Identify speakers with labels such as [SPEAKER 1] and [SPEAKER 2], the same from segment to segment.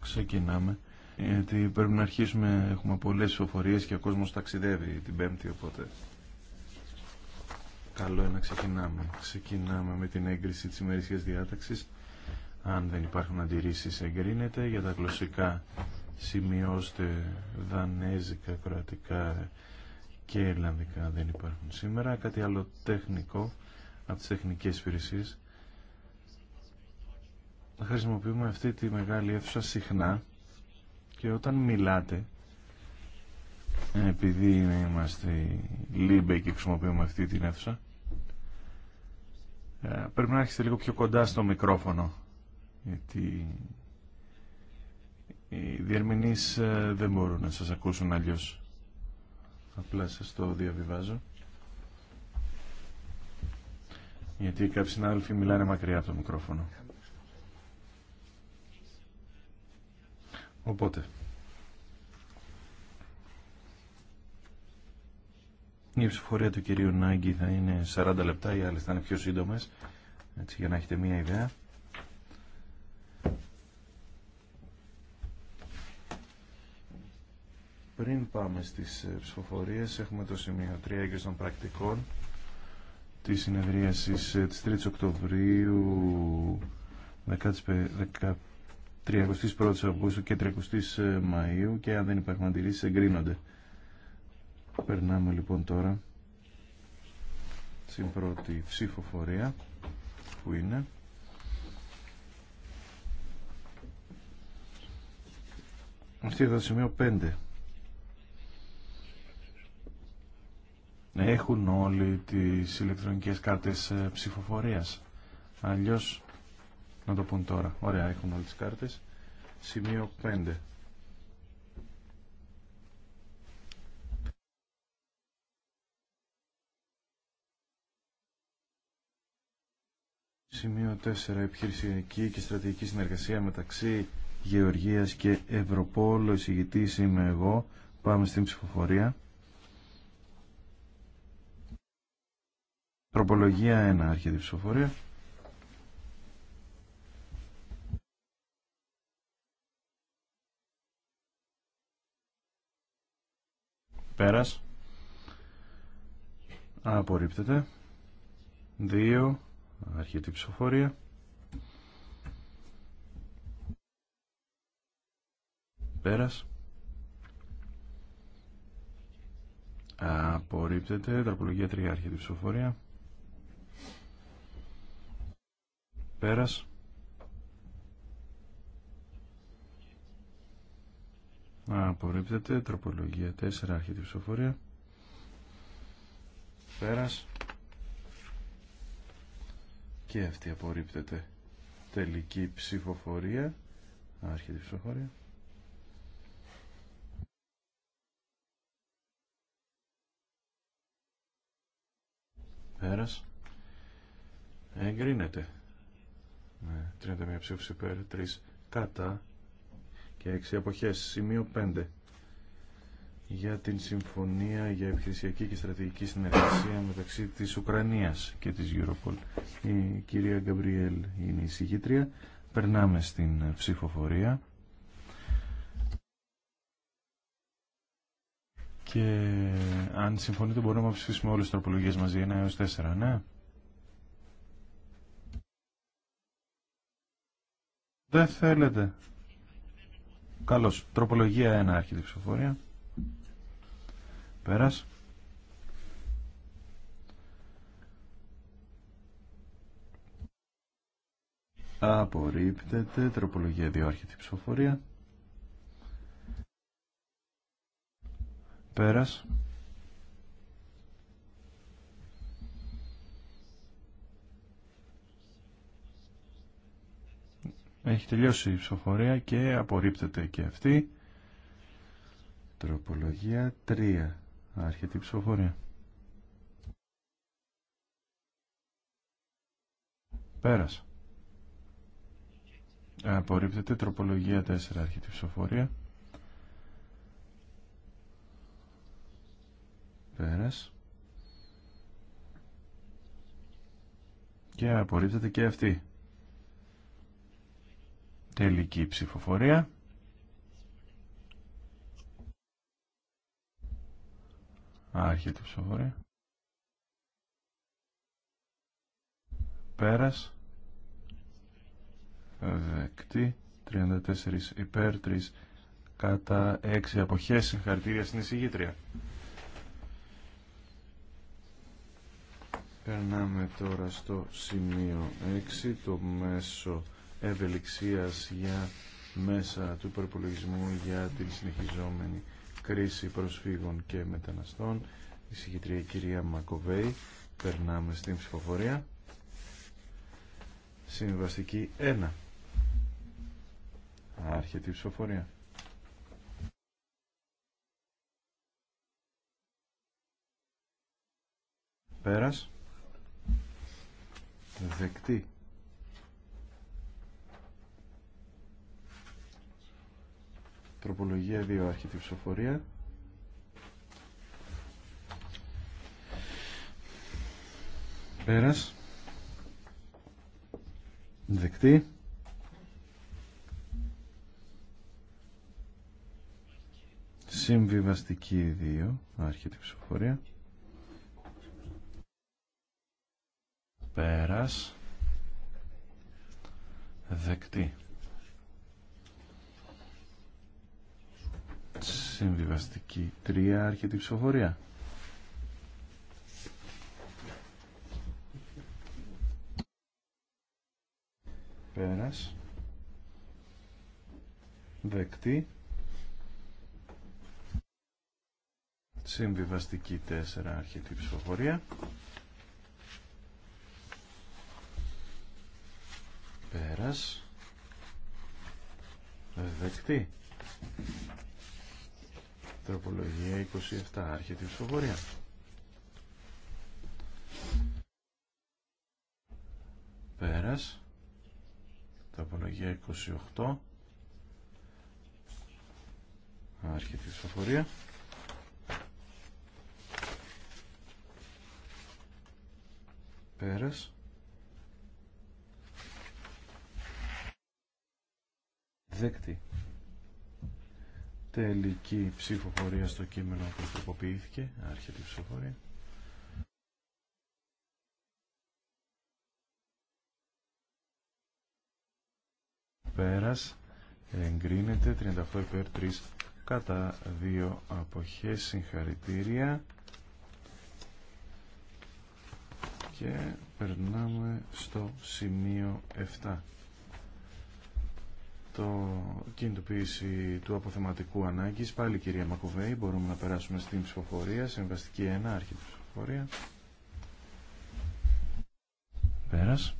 [SPEAKER 1] Ξεκινάμε. Γιατί πρέπει να αρχίσουμε, έχουμε πολλές ψηφοφορίες και ο κόσμος ταξιδεύει την Πέμπτη, οπότε καλό είναι να ξεκινάμε. Ξεκινάμε με την έγκριση της ημερήσιας διάταξης. Αν δεν υπάρχουν αντιρρήσεις, εγκρίνεται. Για τα γλωσσικά σημειώστε δανέζικα, κροατικά και ελλανδικά δεν υπάρχουν σήμερα. Κάτι άλλο τεχνικό από τις τεχνικές υπηρεσίες χρησιμοποιούμε αυτή τη μεγάλη αίθουσα συχνά και όταν μιλάτε επειδή είμαστε λίμπε και χρησιμοποιούμε αυτή την αίθουσα ε, πρέπει να έρχεστε λίγο πιο κοντά στο μικρόφωνο γιατί οι διερμηνείς ε, δεν μπορούν να σας ακούσουν αλλιώς απλά σας το διαβιβάζω γιατί κάποιοι συνάδελφοι μιλάνε μακριά από το μικρόφωνο Οπότε, η ψηφορία του κυρίου Νάγκη θα είναι 40 λεπτά, οι άλλες θα είναι πιο σύντομες, έτσι για να έχετε μία ιδέα. Πριν πάμε στις ε, ψηφοφορίες, έχουμε το σημείο 3 των πρακτικών της συνεδρίασης ε, της 3 Οκτωβρίου 31 Αυγούστου και 30 ε, Μαΐου και αν δεν υπάρχουν αντιρρήσεις εγκρίνονται. Περνάμε λοιπόν τώρα στην πρώτη ψηφοφορία που είναι αυτή εδώ σημείο 5 έχουν όλοι τις ηλεκτρονικές κάρτες ε, ψηφοφορίας αλλιώς να το πούν τώρα. Ωραία, έχουμε όλες τις κάρτες. Σημείο 5. Σημείο 4. Επιχειρησιακή και στρατηγική συνεργασία μεταξύ Γεωργίας και Ευρωπόλ. Ο εισηγητής είμαι εγώ. Πάμε στην ψηφοφορία. Τροπολογία 1. Αρχιετή ψηφοφορία. Πέρας. Απορρίπτεται. 2. Αρχιτή ψηφοφορία. Πέρας. Απορρίπτεται. Τραπολογία 3. Αρχιτή ψηφοφορία. Πέρας. Απορρίπτεται. Τροπολογία 4. αρχή ψηφοφορία. Πέρας. Και αυτή απορρίπτεται. Τελική ψηφοφορία. Άρχη ψηφοφορία. Πέρας. Εγκρίνεται. Ναι, 31 ψήφους υπέρ, 3 κατά και 6 εποχές. Σημείο 5 για την Συμφωνία για Επιχειρησιακή και Στρατηγική Συνεργασία μεταξύ της Ουκρανίας και της Europol. Η κυρία Γκαμπριέλ είναι η συγγήτρια. Περνάμε στην ψηφοφορία. Και αν συμφωνείτε μπορούμε να ψηφίσουμε όλες τις τροπολογίες μαζί, 1 έως 4, ναι. Δεν θέλετε. Καλώς. Τροπολογία 1 άρχιτε ψηφοφορία. Πέρας. Απορρίπτεται. Τροπολογία 2 άρχιτε ψηφοφορία. Πέρας. Έχει τελειώσει η ψηφοφορία και απορρίπτεται και αυτή. Τροπολογία 3. Άρχεται η ψηφοφορία. Πέρασε. Απορρίπτεται τροπολογία 4 άρχεται η ψηφοφορία. Πέρας. Και απορρίπτεται και αυτή. Τελική ψηφοφορία. Άρχεται η ψηφοφορία. Πέρας. Δεκτή. 34 υπέρ 3 κατά 6 αποχές. Συγχαρητήρια στην εισηγήτρια. Περνάμε τώρα στο σημείο 6, το μέσο ευελιξίας για μέσα του προπολογισμού για την συνεχιζόμενη κρίση προσφύγων και μεταναστών. Η συγκεκριά κυρία Μακοβέη. Περνάμε στην ψηφοφορία. Συμβαστική 1. Άρχεται η ψηφοφορία. Πέρας. Δεκτή. Τροπολογία 2. Άρχεται ψηφοφορία. Πέρας. Δεκτή. Συμβιβαστική 2. Άρχεται ψηφοφορία. Πέρας. Δεκτή. Συμβιβαστική 3 άρχεται ψηφοφορία. Πέρας. Δεκτή. Συμβιβαστική τέσσερα άρχεται ψηφοφορία. Πέρας. Δεκτή. Τροπολογία 27. Άρχεται η ψηφοφορία. Πέρας. Τροπολογία 28. Άρχεται η ψηφοφορία. Πέρας. Δέκτη τελική ψηφοφορία στο κείμενο που τροποποιήθηκε. Άρχεται η ψηφοφορία. Πέρας εγκρίνεται 38 υπέρ 3 κατά 2 αποχές συγχαρητήρια και περνάμε στο σημείο 7 το κινητοποίηση του αποθεματικού ανάγκης. Πάλι κυρία Μακοβέη, μπορούμε να περάσουμε στην ψηφοφορία. Συμβαστική 1, άρχη ψηφοφορία. Πέρας.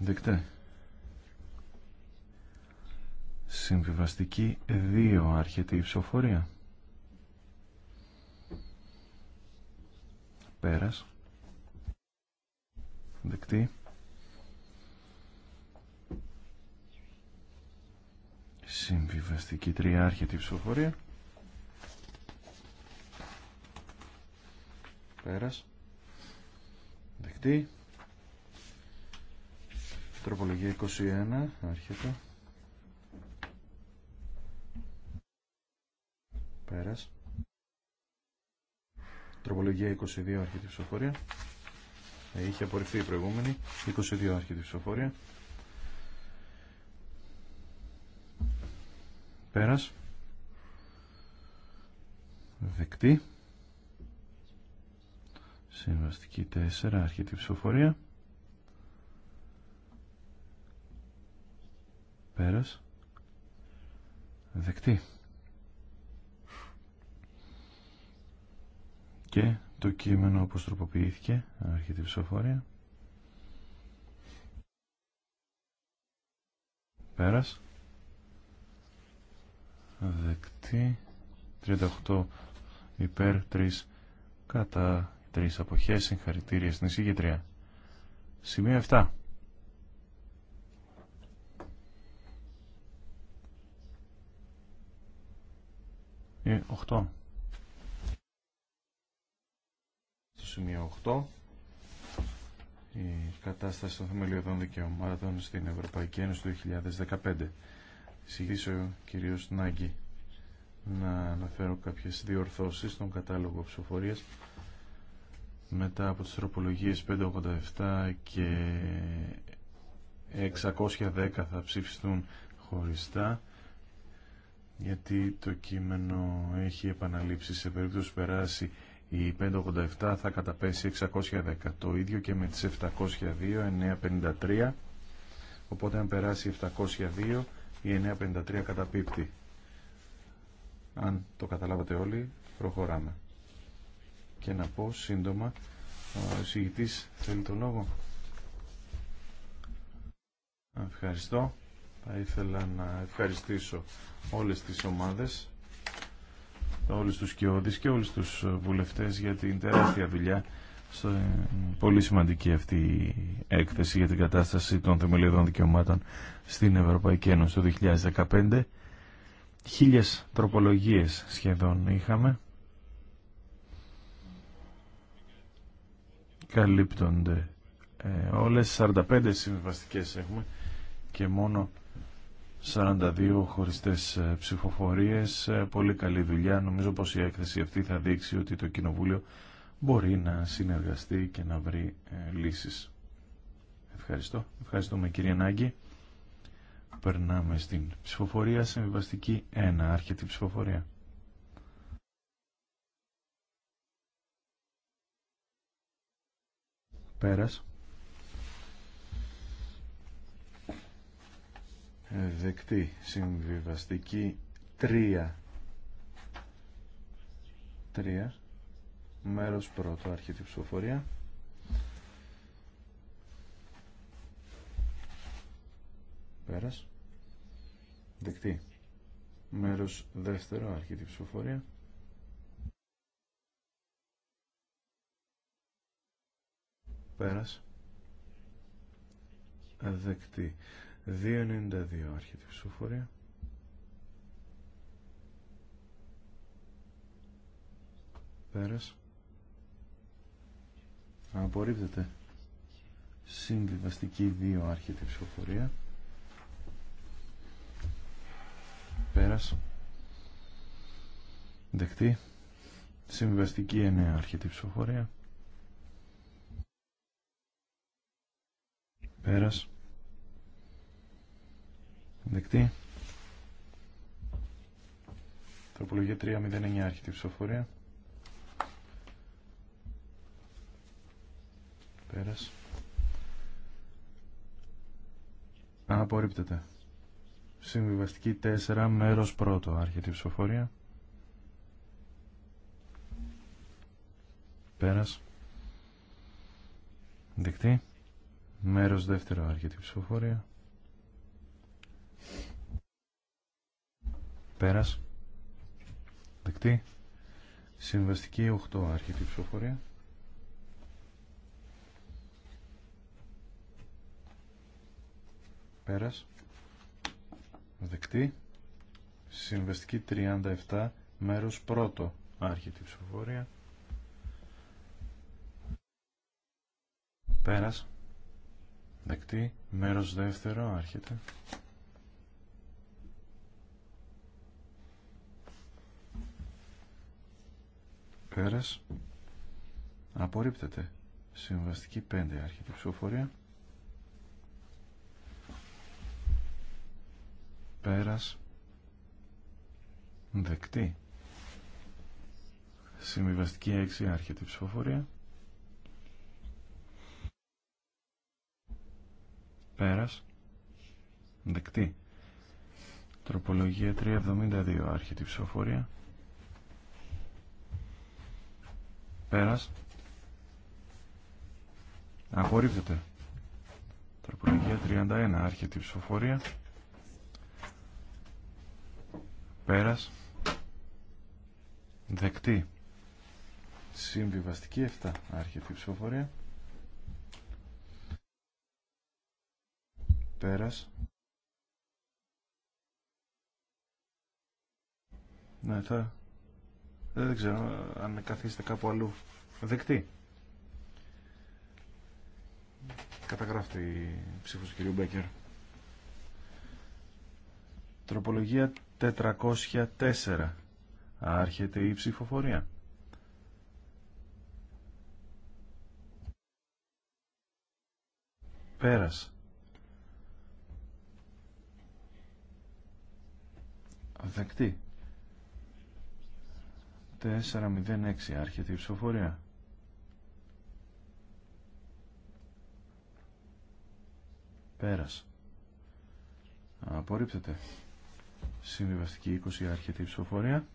[SPEAKER 1] Δεκτέ. Συμβιβαστική 2, άρχεται η ψηφοφορία. Πέρας. Δεκτή. Συμβιβαστική 3 άρχεται ψηφοφορία. Πέρας. Δεκτή. Τροπολογία 21 άρχεται. Πέρας. Τροπολογία 22 άρχεται η ψηφοφορία. Είχε απορριφθεί η προηγούμενη. 22 άρχεται η ψηφοφορία. πέρας δεκτή συμβαστική 4 αρχιτή ψηφοφορία πέρας δεκτή και το κείμενο όπως τροποποιήθηκε αρχιτή ψηφοφορία πέρας δεκτή 38 υπέρ 3 κατά 3 αποχές συγχαρητήρια στην εισηγήτρια σημείο 7 8 ε, στο σημείο 8 η κατάσταση των θεμελιωδών δικαιωμάτων στην Ευρωπαϊκή Ένωση του 2015 συγχύσω ο κύριος Νάγκη να αναφέρω κάποιες διορθώσεις στον κατάλογο ψηφοφορίας μετά από τις τροπολογίες 587 και 610 θα ψηφιστούν χωριστά γιατί το κείμενο έχει επαναλήψει σε περίπτωση περάσει η 587 θα καταπέσει 610 το ίδιο και με τις 702 953 οπότε αν περάσει 702 η 953 καταπίπτει. Αν το καταλάβατε όλοι, προχωράμε. Και να πω σύντομα, ο εισηγητής θέλει τον λόγο. Ευχαριστώ. Θα ήθελα να ευχαριστήσω όλες τις ομάδες, όλους τους κοιόδης και όλους τους βουλευτές για την τεράστια δουλειά πολύ σημαντική αυτή η έκθεση για την κατάσταση των θεμελιωδών δικαιωμάτων στην Ευρωπαϊκή Ένωση το 2015. Χίλιες τροπολογίες σχεδόν είχαμε. Καλύπτονται ε, όλες, 45 συμβαστικές έχουμε και μόνο 42 χωριστές ε, ψηφοφορίες. Ε, πολύ καλή δουλειά. Νομίζω πως η έκθεση αυτή θα δείξει ότι το Κοινοβούλιο μπορεί να συνεργαστεί και να βρει ε, λύσεις. Ευχαριστώ. Ευχαριστούμε κύριε Νάγκη. Περνάμε στην ψηφοφορία συμβιβαστική 1. Άρχεται η ψηφοφορία. Πέρας. Ε, δεκτή συμβιβαστική 3. 3 μέρος πρώτο αρχή ψηφοφορία. Πέρας. Δεκτή. Μέρος δεύτερο αρχή ψηφοφορία. Πέρας. Δεκτή. 2.92 αρχή ψηφοφορία. Πέρας. Απορρίπτεται. Συμβιβαστική 2 άρχεται ψηφοφορία. Πέρας. Δεκτή. Συμβιβαστική 9 άρχεται ψηφοφορία. Πέρας. Δεκτή. Τροπολογία 309 άρχεται η ψηφοφορία. Πέρας. Απορρίπτεται. Συμβιβαστική 4, μέρος 1, Άρχεται η ψηφοφορία. Πέρας. Δεκτή. Μέρος 2, Άρχεται η ψηφοφορία. Πέρας. Δεκτή. Συμβαστική 8, άρχεται η ψηφοφορία. Πέρας. Δεκτή. Συμβεστική 37 μέρος πρώτο. Άρχεται η ψηφοφορία. Πέρας. Δεκτή. Μέρος δεύτερο. Άρχεται. Πέρας. Απορρίπτεται. Συμβαστική 5 άρχεται η ψηφοφορία. πέρας δεκτή συμβιβαστική 6 άρχεται η ψηφοφορία πέρας δεκτή τροπολογία 372 άρχεται η ψηφοφορία πέρας απορρίπτεται τροπολογία 31 άρχεται η ψηφοφορία Πέρας. Δεκτή. Συμβιβαστική 7. Άρχεται ψηφοφορία. Πέρας. Ναι, θα... Ε, δεν ξέρω αν καθίστε κάπου αλλού. Δεκτή. Καταγράφεται η ψήφος κ. Μπέκερ. Τροπολογία 404. Άρχεται η ψηφοφορία. Πέρας. Δεκτή. 406. Άρχεται η ψηφοφορία. Πέρας. Απορρίπτεται. Συμβιβαστική 20 αρχιετη ψηφοφορία.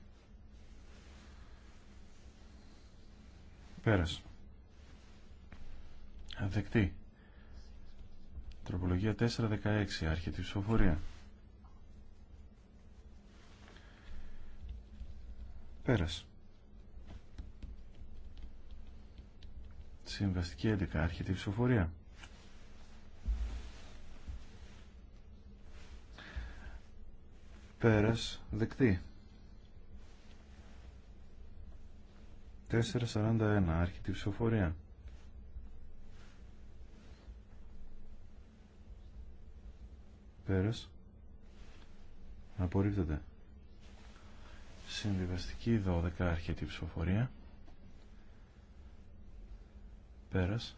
[SPEAKER 1] Πέρας. Πέρας. Τροπολογία 416 16. η ψηφοφορία. Πέρας. Συμβαστική 11 αρχιετή ψηφοφορία. πέρας δεκτή 441 άρχιτη ψηφοφορία πέρας απορρίπτεται Συμβιβαστική 12 αρχιτή ψηφοφορία. Πέρας.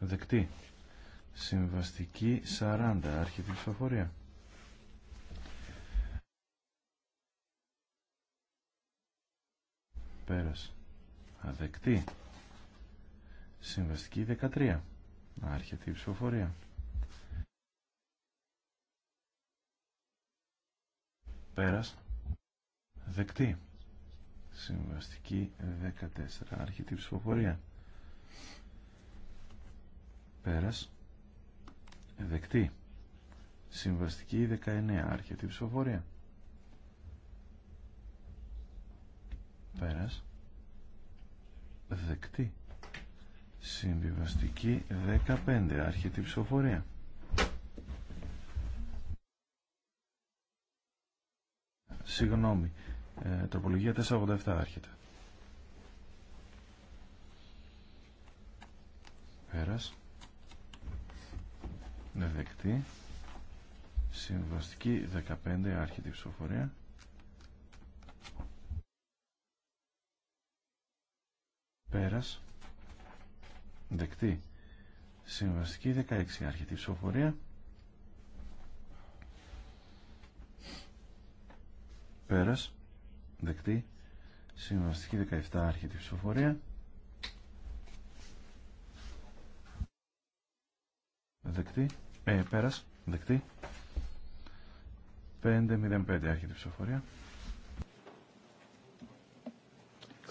[SPEAKER 1] Δεκτή. Συμβαστική 40 Άρχιτη ψηφοφορία. πέρας αδεκτή συμβαστική 13 άρχεται η ψηφοφορία πέρας δεκτή συμβαστική 14 άρχεται η ψηφοφορία πέρας δεκτή συμβαστική 19 άρχεται η ψηφοφορία Πέρας. Δεκτή. Συμβιβαστική 15. Άρχεται η ψηφοφορία. Συγγνώμη. Ε, τροπολογία 487 άρχεται. Πέρας. Δεκτή. Συμβιβαστική 15. Άρχεται η ψηφοφορία. Πέρας. Δεκτή. Συμβαστική 16. Άρχεται ψηφοφορία. Πέρας. Δεκτή. Συμβαστική 17. Άρχεται ψηφοφορία. Δεκτή. Ε, πέρας. Δεκτή. 5.05. Άρχεται η ψηφοφορία.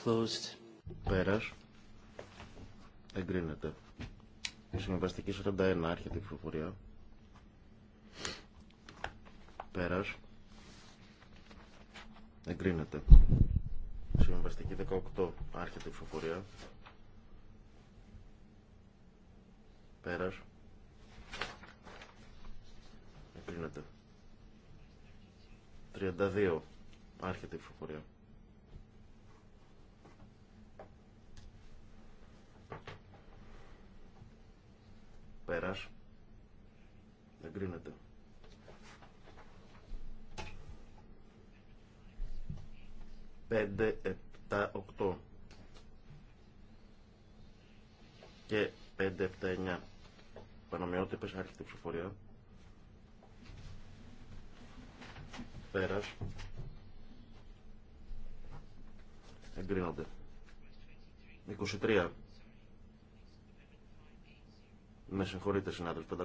[SPEAKER 2] Closed. Πέρας. Εγκρίνεται. Συμβαστική 41. Άρχεται η ψηφοφορία. Πέρας. Εγκρίνεται. Συμβαστική 18. Άρχεται η ψηφοφορία. Πέρας. Εγκρίνεται. 32. Άρχεται η ψηφοφορία. Πέρας. Εγκρίνεται. 5, 7, 8 και 5, 7, 9. Πανομοιότυπες άρχεται η ψηφορία. Πέρας. Εγκρίνονται. 23. Με συγχωρείτε συνάδελφοι, 580.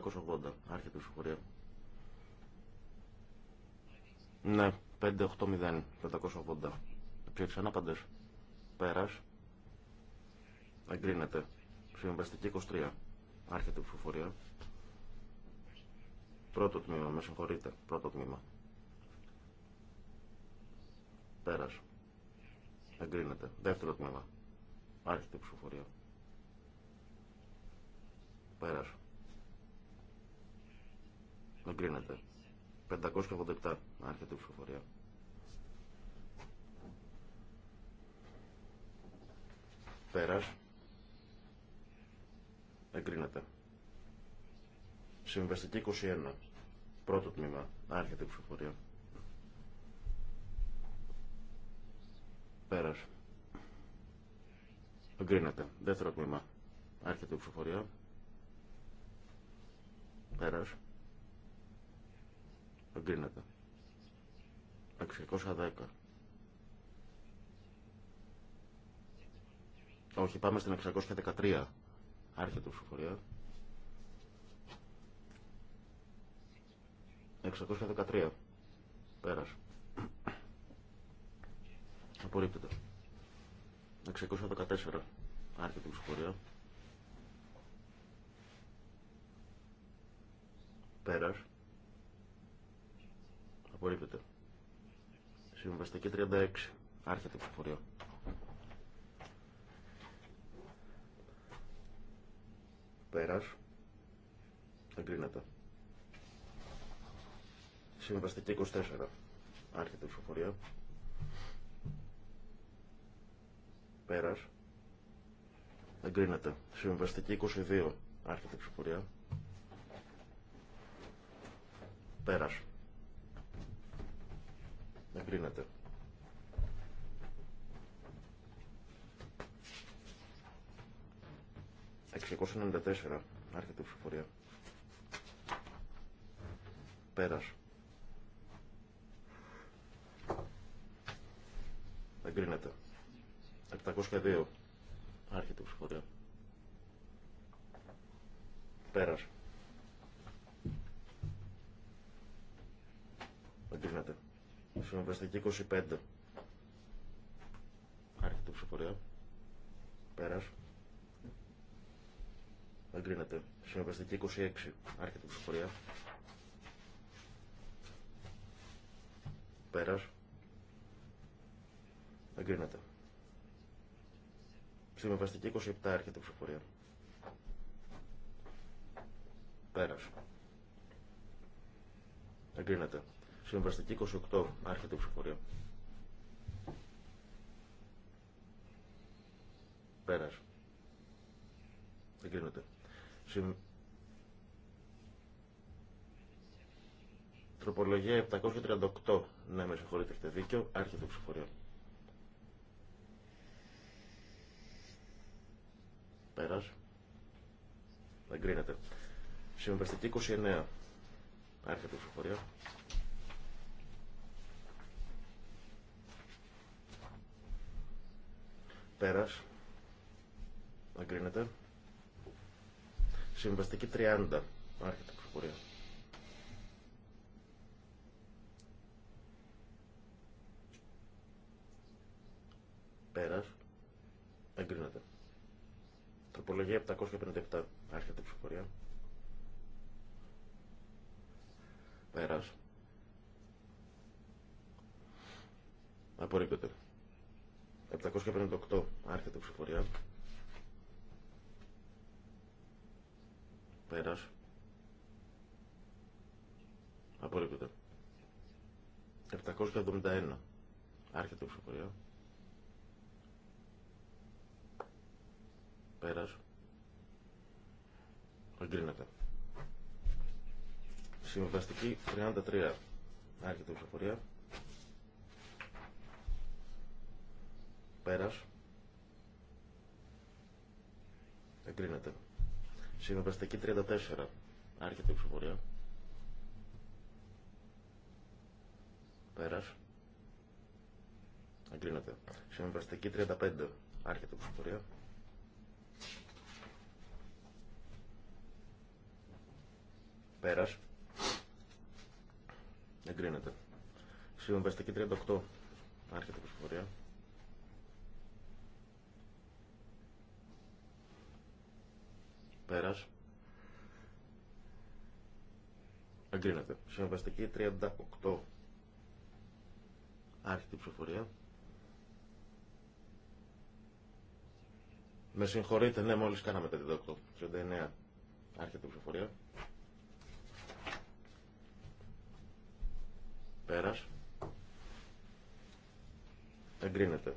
[SPEAKER 2] Άρχεται η συγχωρία. Ναι, 580. 580. ξανά παντε Πέρα. Εγκρίνεται. Συμβαστική 23. Άρχεται η ψηφοφορία. Πρώτο τμήμα, με συγχωρείτε. Πρώτο τμήμα. Πέρα. Εγκρίνεται. Δεύτερο τμήμα. Άρχεται η ψηφοφορία. Πέρας. Εγκρίνεται. 587. Άρχεται η ψηφοφορία. Πέρας. Εγκρίνεται. συμβεστική 21. Πρώτο τμήμα. Άρχεται η ψηφοφορία. Πέρας. Εγκρίνεται. Δεύτερο τμήμα. Άρχεται η ψηφοφορία. Πέρας. Εγκρίνεται. 610. Όχι, πάμε στην 613. Άρχεται η ψηφοφορία. 613. πέρας Απορρίπτεται. 614. Άρχεται η ψηφοφορία. Πέρας. Απορρίπτεται. Συμβαστική 36. Άρχεται η ψηφοφορία. Πέρας. Εγκρίνεται. Συμβαστική 24. Άρχεται η ψηφοφορία. Πέρας. Εγκρίνεται. Συμβαστική 22. Άρχεται η ψηφοφορία. Πέρας. Δεν Εγκρίνεται. 694. άρχεται η ψηφορία. Πέρας. Δεν Εγκρίνεται. 702. Άρχεται η ψηφορία. Πέρας. εγκρίνεται. Συμβαστική 25. Άρχεται το ψηφορία. Πέρας. Εγκρίνεται. 26. Άρχεται το ψηφορία. Πέρας. Εγκρίνεται. 27. Άρχεται το ψηφορία. Πέρας. Συμβαστική 28. Άρχεται η ψηφοφορία. Πέρας. Εγκρίνεται. Συμ... Τροπολογία 738. Ναι, με συγχωρείτε, έχετε δίκιο. Άρχεται η ψηφοφορία. Πέρας. Εγκρίνεται. Συμβαστική 29. Άρχεται η ψηφοφορία. Πέρας. Αγκρίνεται. Συμβαστική 30. Άρχεται η ψηφοφορία. Πέρας. Αγκρίνεται. Τροπολογία 757. Άρχεται η ψηφοφορία. Πέρας. Απορρίπτεται. 758 άρχεται η ψηφορία. Πέρας. Απορρίπτεται. 771 άρχεται η ψηφορία. Πέρας. Εγκρίνεται. Συμβαστική 33 άρχεται η ψηφορία. Πέρας. Εγκρίνεται. Συμβαστική 34. Άρχεται η ψηφοφορία. Πέρας. Εγκρίνεται. Συμβαστική 35. Άρχεται η ψηφοφορία. Πέρας. Εγκρίνεται. Συμβαστική 38. Άρχεται η Πέρας. Αγκρίνεται. Συμβαστική 38. Άρχιτη ψηφοφορία. Με συγχωρείτε, ναι, μόλις κάναμε τα διδόκτω. 39. Άρχεται η ψηφοφορία. Πέρας. Εγκρίνεται.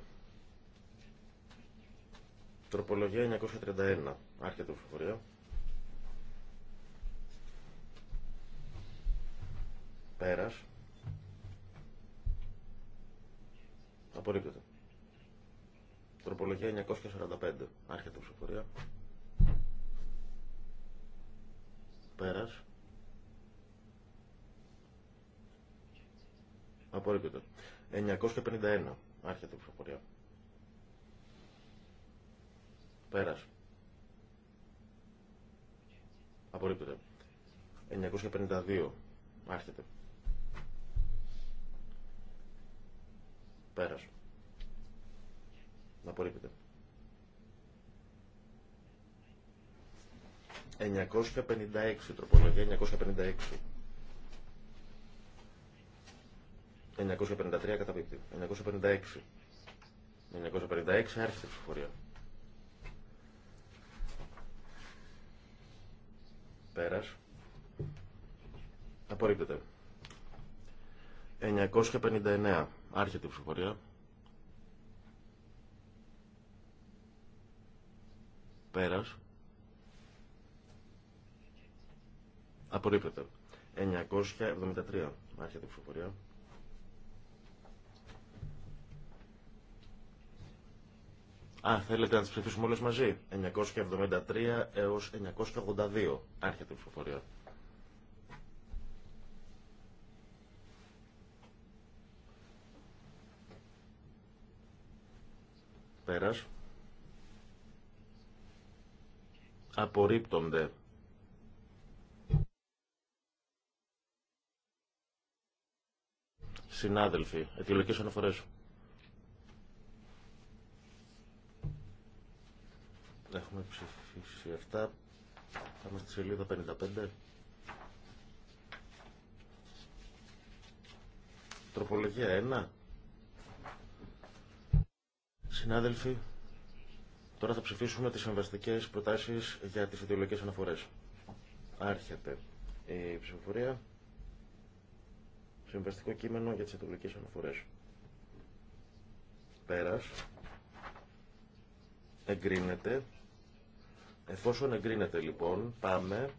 [SPEAKER 2] Τροπολογία 931. Άρχεται η ψηφοφορία. Πέρας. Απορρίπτεται. Τροπολογία 945. Άρχεται η ψηφοφορία. Πέρας. Απορρίπτεται. 951. Άρχεται η ψηφοφορία. Πέρας. Απορρίπτεται. 952. Άρχεται. Πέρασε. Απορρίπτεται. 956. Τροπολογία 956. 953 καταπίπτει. 956. 956 Άρχεται η ψηφορία. Πέρας. Απορρίπτεται. 959. Άρχεται η ψηφοφορία. Πέρας. Απορρίπτεται. 973. Άρχεται η ψηφοφορία. Α, θέλετε να τις ψηφίσουμε όλες μαζί. 973 έως 982. Άρχεται η ψηφοφορία. Πέρας. Απορρίπτονται. Συνάδελφοι, αιτιολογικές αναφορές. Έχουμε ψηφίσει 7. Θα είμαστε στη σελίδα 55. Τροπολογία 1. Συνάδελφοι, τώρα θα ψηφίσουμε τις συμβαστικές προτάσεις για τις ιδεολογικές αναφορές. Άρχεται η ψηφοφορία. Συμβαστικό κείμενο για τις ιδεολογικές αναφορές. Πέρας. Εγκρίνεται. Εφόσον εγκρίνεται λοιπόν, πάμε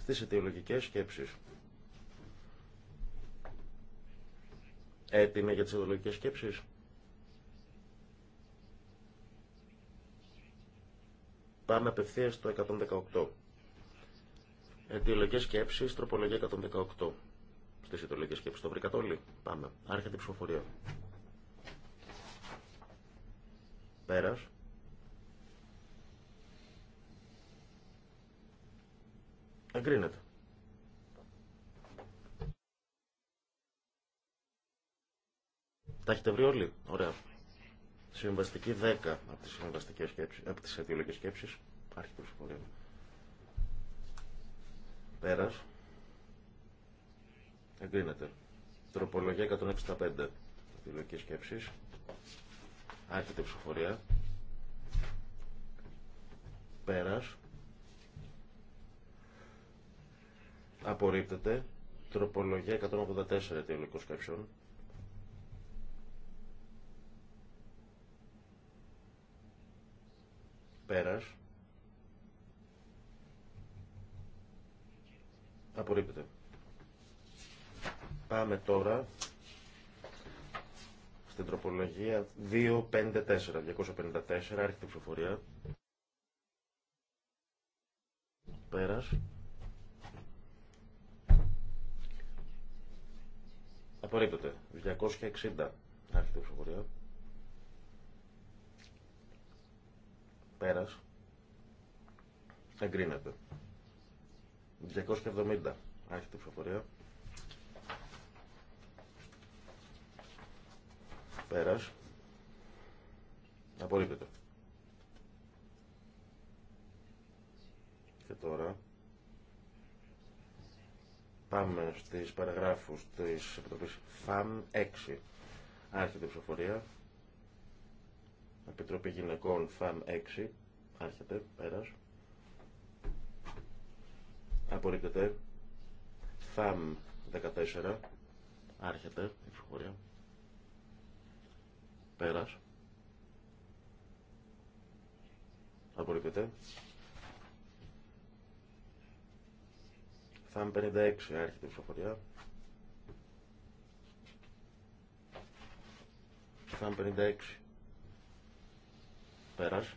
[SPEAKER 2] στις αιτιολογικές σκέψεις. Έτοιμε για τις αιτιολογικές σκέψεις. Πάμε απευθεία στο 118. Αιτιολογικές σκέψεις, τροπολογία 118. Στις αιτιολογικές σκέψεις το βρήκατε όλοι. Πάμε. Άρχεται η ψηφοφορία. Πέρας. Εγκρίνεται. Τα έχετε βρει όλοι. Ωραία. Συμβαστική 10 από τις, συμβαστικές σκέψεις, από τις αιτιολογικές σκέψεις. Άρχιτε ψηφοφορία. Πέρας. Εγκρίνεται. Τροπολογία 165. Αιτιολογικές σκέψεις. Άρχιτε ψηφορία. Πέρας. απορρίπτεται. Τροπολογία 184 αιτιολογικός καψιών. Πέρας. Απορρίπτεται. Πάμε τώρα στην τροπολογία 254, 254, η ψηφοφορία. Πέρας. Απορρίπτεται. 260. Άρχιτε, η ψηφοφορία. Πέρας. Εγκρίνεται. 270. Άρχιτε, η ψηφοφορία. Πέρας. Απορρίπτεται. Και τώρα Πάμε στι παραγράφου τη Επιτροπής ΦΑΜ 6. Άρχεται η ψηφοφορία. Επιτροπή Γυναικών ΦΑΜ 6. Άρχεται, πέρας. Απορρίπτεται. ΦΑΜ 14. Άρχεται η ψηφοφορία. Πέρας. Απορρίπτεται. ΦΑΜ 56 έρχεται η ψηφοφορία. ΦΑΜ 56 πέρας.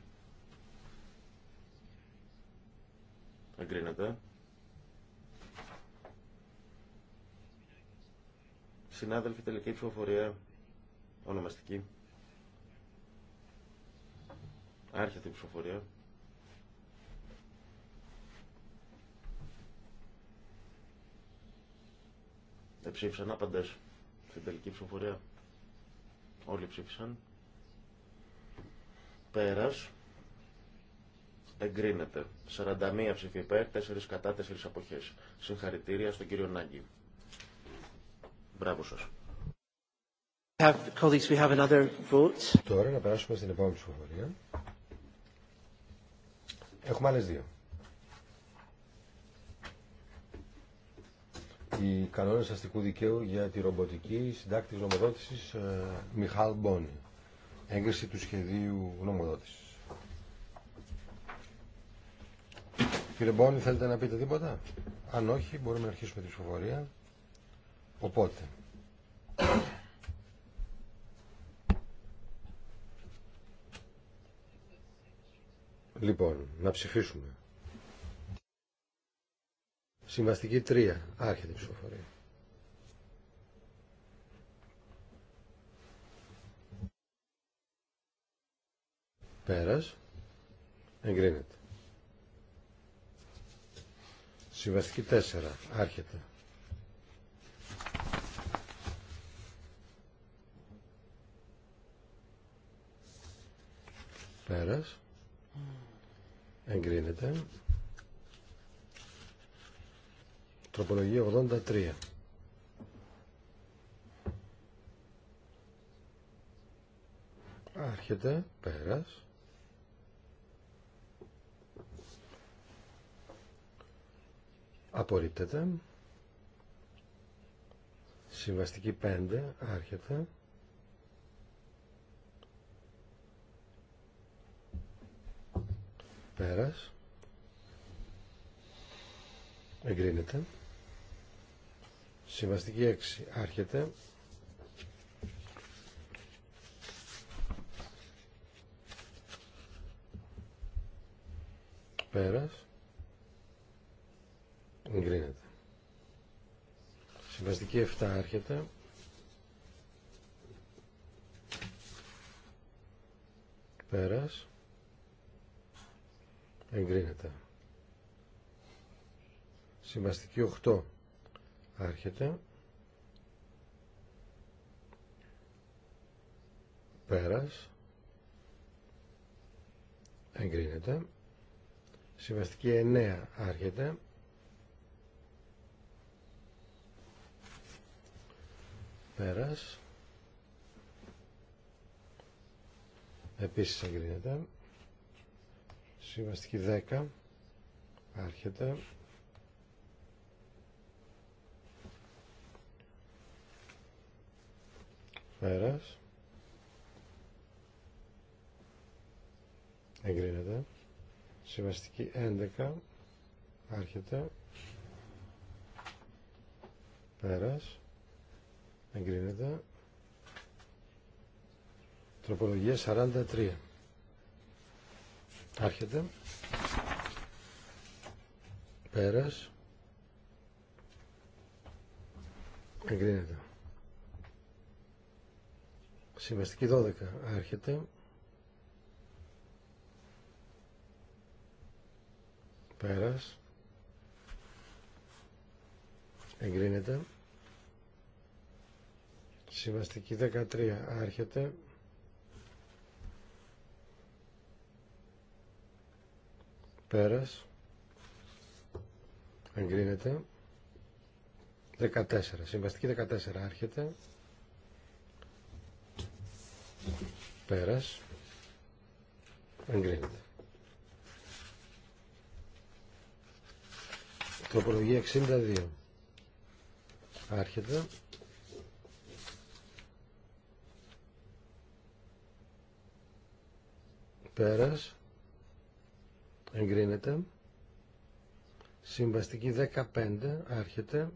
[SPEAKER 2] Εγκρίνεται. Συνάδελφοι, τελική ψηφοφορία ονομαστική. Άρχεται η ψηφοφορία. Ε, ψήφισαν άπαντε στην τελική ψηφοφορία. Όλοι ψήφισαν. Πέρα. Εγκρίνεται. 41 ψήφοι υπέρ, 4 κατά, 4 αποχέ. Συγχαρητήρια στον κύριο Νάγκη. Μπράβο σα.
[SPEAKER 3] Τώρα να περάσουμε στην επόμενη ψηφοφορία.
[SPEAKER 4] Έχουμε άλλε δύο. οι κανόνες αστικού δικαίου για τη ρομποτική συντάκτη νομοδότησης ε, Μιχάλ Μπόνι. Έγκριση του σχεδίου νομοδότησης. Κύριε Μπόνι, θέλετε να πείτε τίποτα. Αν όχι, μπορούμε να αρχίσουμε τη ψηφοφορία. Οπότε. Λοιπόν, να ψηφίσουμε. Συμβαστική 3. Άρχεται η ψηφοφορία. Πέρας. Εγκρίνεται. Συμβαστική 4. Άρχεται. Πέρας. Εγκρίνεται. Τροπολογία 83. Άρχεται, πέρας. Απορρίπτεται. Συμβαστική 5, άρχεται. Πέρας. Εγκρίνεται. Συμβαστική 6 άρχεται. Πέρας. Εγκρίνεται. Συμβαστική 7 άρχεται. Πέρας. Εγκρίνεται. Συμβαστική 8 Άρχεται. Πέρας. Εγκρίνεται. Συμβαστική 9 άρχεται. Πέρας. Επίσης εγκρίνεται. Συμβαστική 10 άρχεται. Πέρας. Εγκρίνεται. Συμβαστική 11. Άρχεται. Πέρας. Εγκρίνεται. Τροπολογία 43. Άρχεται. Πέρας. Εγκρίνεται. Συμβαστική 12 άρχεται. Πέρας. Εγκρίνεται. Συμβαστική 13 άρχεται. Πέρας. Εγκρίνεται. 14. Συμβαστική 14 άρχεται. Πέρας. Εγκρίνεται. Τροπολογία 62. Άρχεται. Πέρας. Εγκρίνεται. Συμβαστική 15. Άρχεται.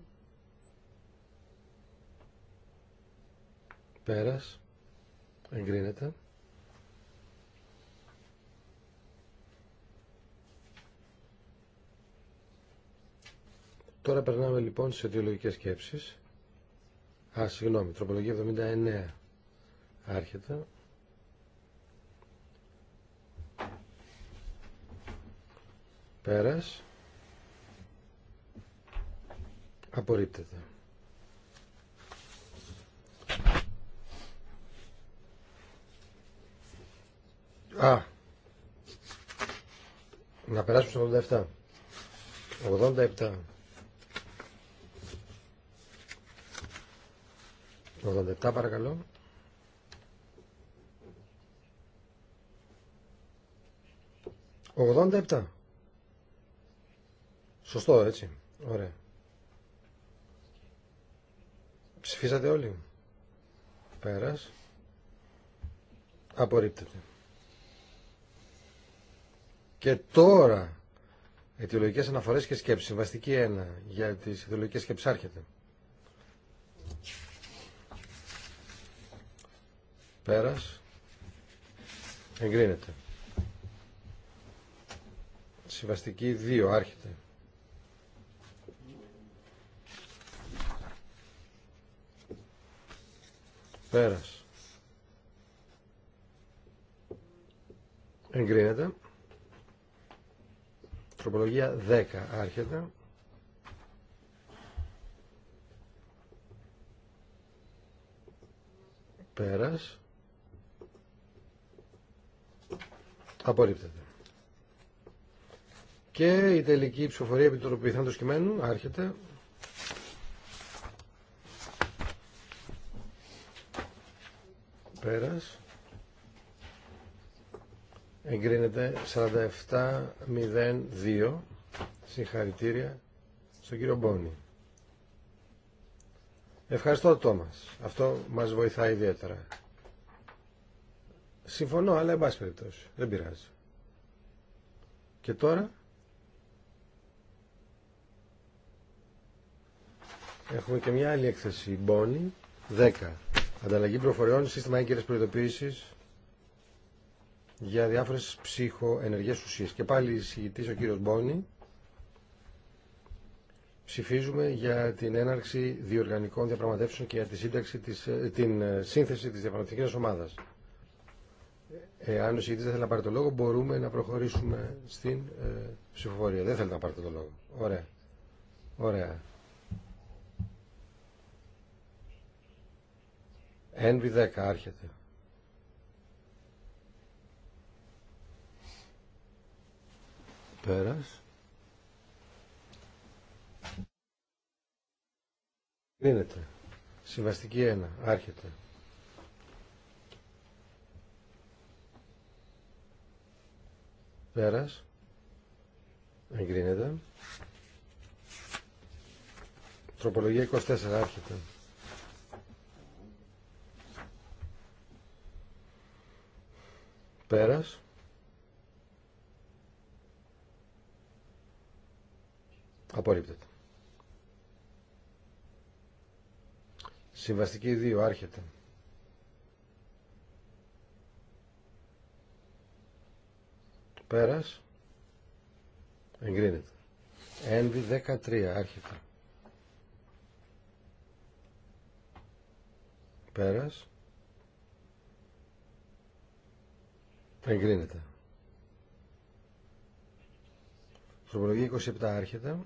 [SPEAKER 4] Πέρας εγκρίνεται. Τώρα περνάμε λοιπόν στις αιτιολογικές σκέψεις. Α, συγγνώμη, τροπολογία 79 άρχεται. Πέρας. Απορρίπτεται. Α, να περάσουμε στο 87. 87. 87 παρακαλώ. 87 Σωστό έτσι. Ωραία. Ψηφίσατε όλοι. Πέρας. Απορρίπτεται. Και τώρα, αιτιολογικές αναφορές και σκέψεις. Συμβαστική 1 για τις αιτιολογικές σκέψεις άρχεται. Πέρας. Εγκρίνεται. Συμβαστική 2 άρχεται. Πέρας. Εγκρίνεται. Τροπολογία 10 άρχεται. Πέρας. Απορρίπτεται. Και η τελική ψηφοφορία επί του κειμένου άρχεται. Πέρας εγκρίνεται 4702 συγχαρητήρια στον κύριο Μπόνι ευχαριστώ Τόμας αυτό μας βοηθάει ιδιαίτερα συμφωνώ αλλά εν περιπτώσει δεν πειράζει και τώρα έχουμε και μια άλλη έκθεση Μπόνι 10 Ανταλλαγή προφοριών, σύστημα έγκυρες προειδοποίησης για διάφορες ψυχοενεργές ουσίες. Και πάλι εισηγητής ο κύριος Μπόνη. Ψηφίζουμε για την έναρξη διοργανικών διαπραγματεύσεων και για τη της, ε, την ε, σύνθεση της διαπραγματευτικής ομάδας. Εάν ο εισηγητής δεν θέλει να πάρει το λόγο, μπορούμε να προχωρήσουμε στην ε, ψηφοφορία. Δεν θέλει να πάρει το λόγο. Ωραία. Ωραία. 10 άρχεται. Πέρας. Δίνεται. Συμβαστική 1. Άρχεται. Πέρας. Εγκρίνεται. Τροπολογία 24. Άρχεται. Πέρας. Απορρίπτεται. Συμβαστική 2. Άρχεται. Πέρας. Εγκρίνεται. Ενδυ 13. Άρχεται. Πέρας. Εγκρίνεται. Στροπολογία 27 άρχεται.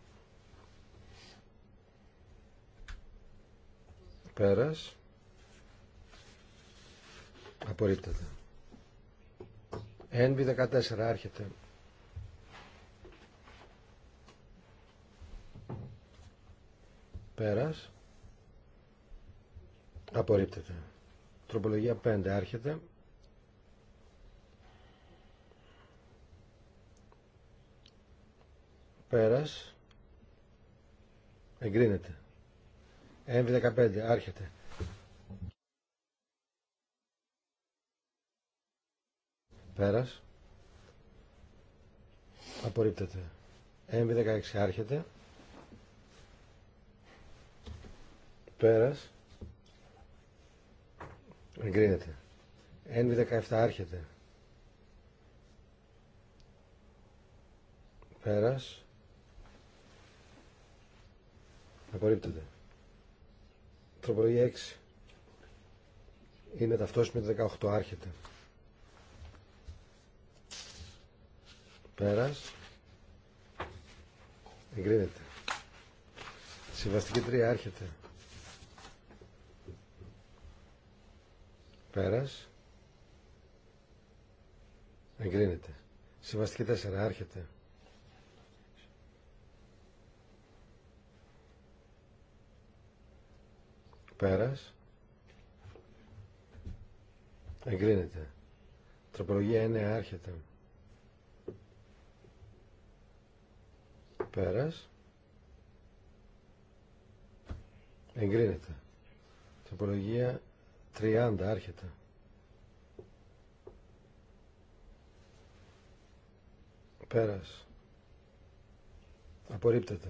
[SPEAKER 4] Πέρας. Απορρίπτεται. Ένβι 14 άρχεται. Πέρας. Απορρίπτεται. Τροπολογία 5 άρχεται. Πέρας. Εγκρίνεται. MV15 άρχεται. Πέρας. Απορρίπτεται. MV16 άρχεται. Πέρας. Εγκρίνεται. NV17 άρχεται. Πέρας. Απορρίπτεται. Τροπολογία 6. Είναι ταυτόσιμη με το 18. Άρχεται. Πέρας. Εγκρίνεται. Συμβαστική 3. Άρχεται. Πέρας. Εγκρίνεται. Συμβαστική 4. Άρχεται. Πέρας. Εγκρίνεται. Τροπολογία 9 άρχεται. Πέρας. Εγκρίνεται. Τροπολογία 30 άρχεται. Πέρας. Απορρίπτεται.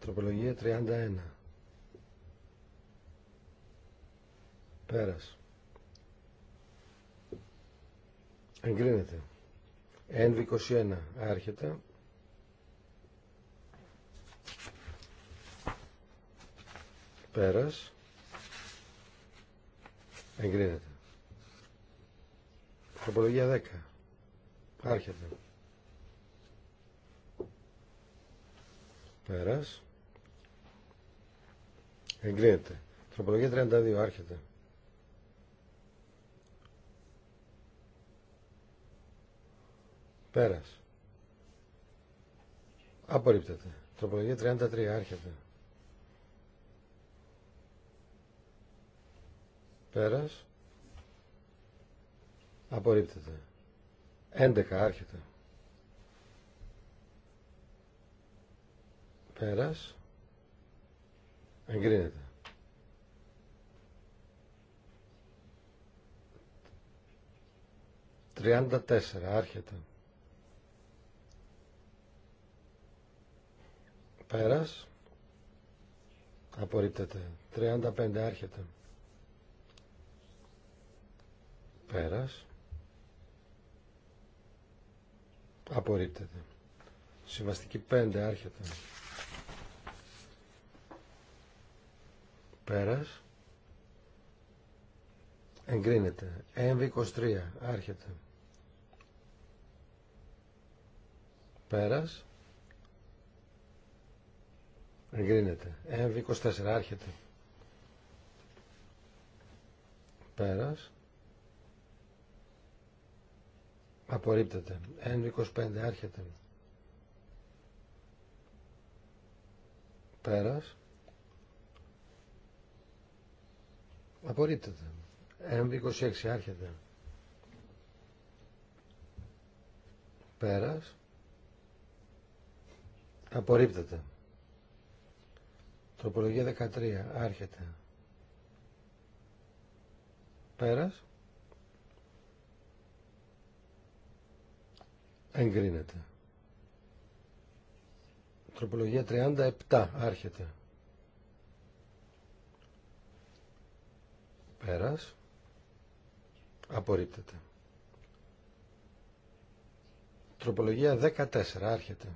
[SPEAKER 4] Τροπολογία 31. Πέρας. Εγκρίνεται. Ένβη 21. Άρχεται. Πέρας. Εγκρίνεται. Τροπολογία 10. Άρχεται. Πέρας. Εγκρίνεται. Τροπολογία 32. Άρχεται. Πέρας. Απορρίπτεται. Τροπολογία 33. Άρχεται. Πέρας. Απορρίπτεται. 11. Άρχεται. Πέρας. Εγκρίνεται. 34, τέσσερα. Άρχεται. Πέρας. Απορρίπτεται. 35 άρχεται. Πέρας. Απορρίπτεται. Συμβαστική 5 άρχεται. Πέρας. Εγκρίνεται. Έμβη 23 άρχεται. Πέρας. Εγκρίνεται. Έμβη 24. Άρχεται. Πέρας. Απορρίπτεται. Έμβη 25. Άρχεται. Πέρας. Απορρίπτεται. Έμβη 26. Άρχεται. Πέρας. Απορρίπτεται. Τροπολογία 13. Άρχεται. Πέρας. Εγκρίνεται. Τροπολογία 37. Άρχεται. Πέρας. Απορρίπτεται. Τροπολογία 14. Άρχεται.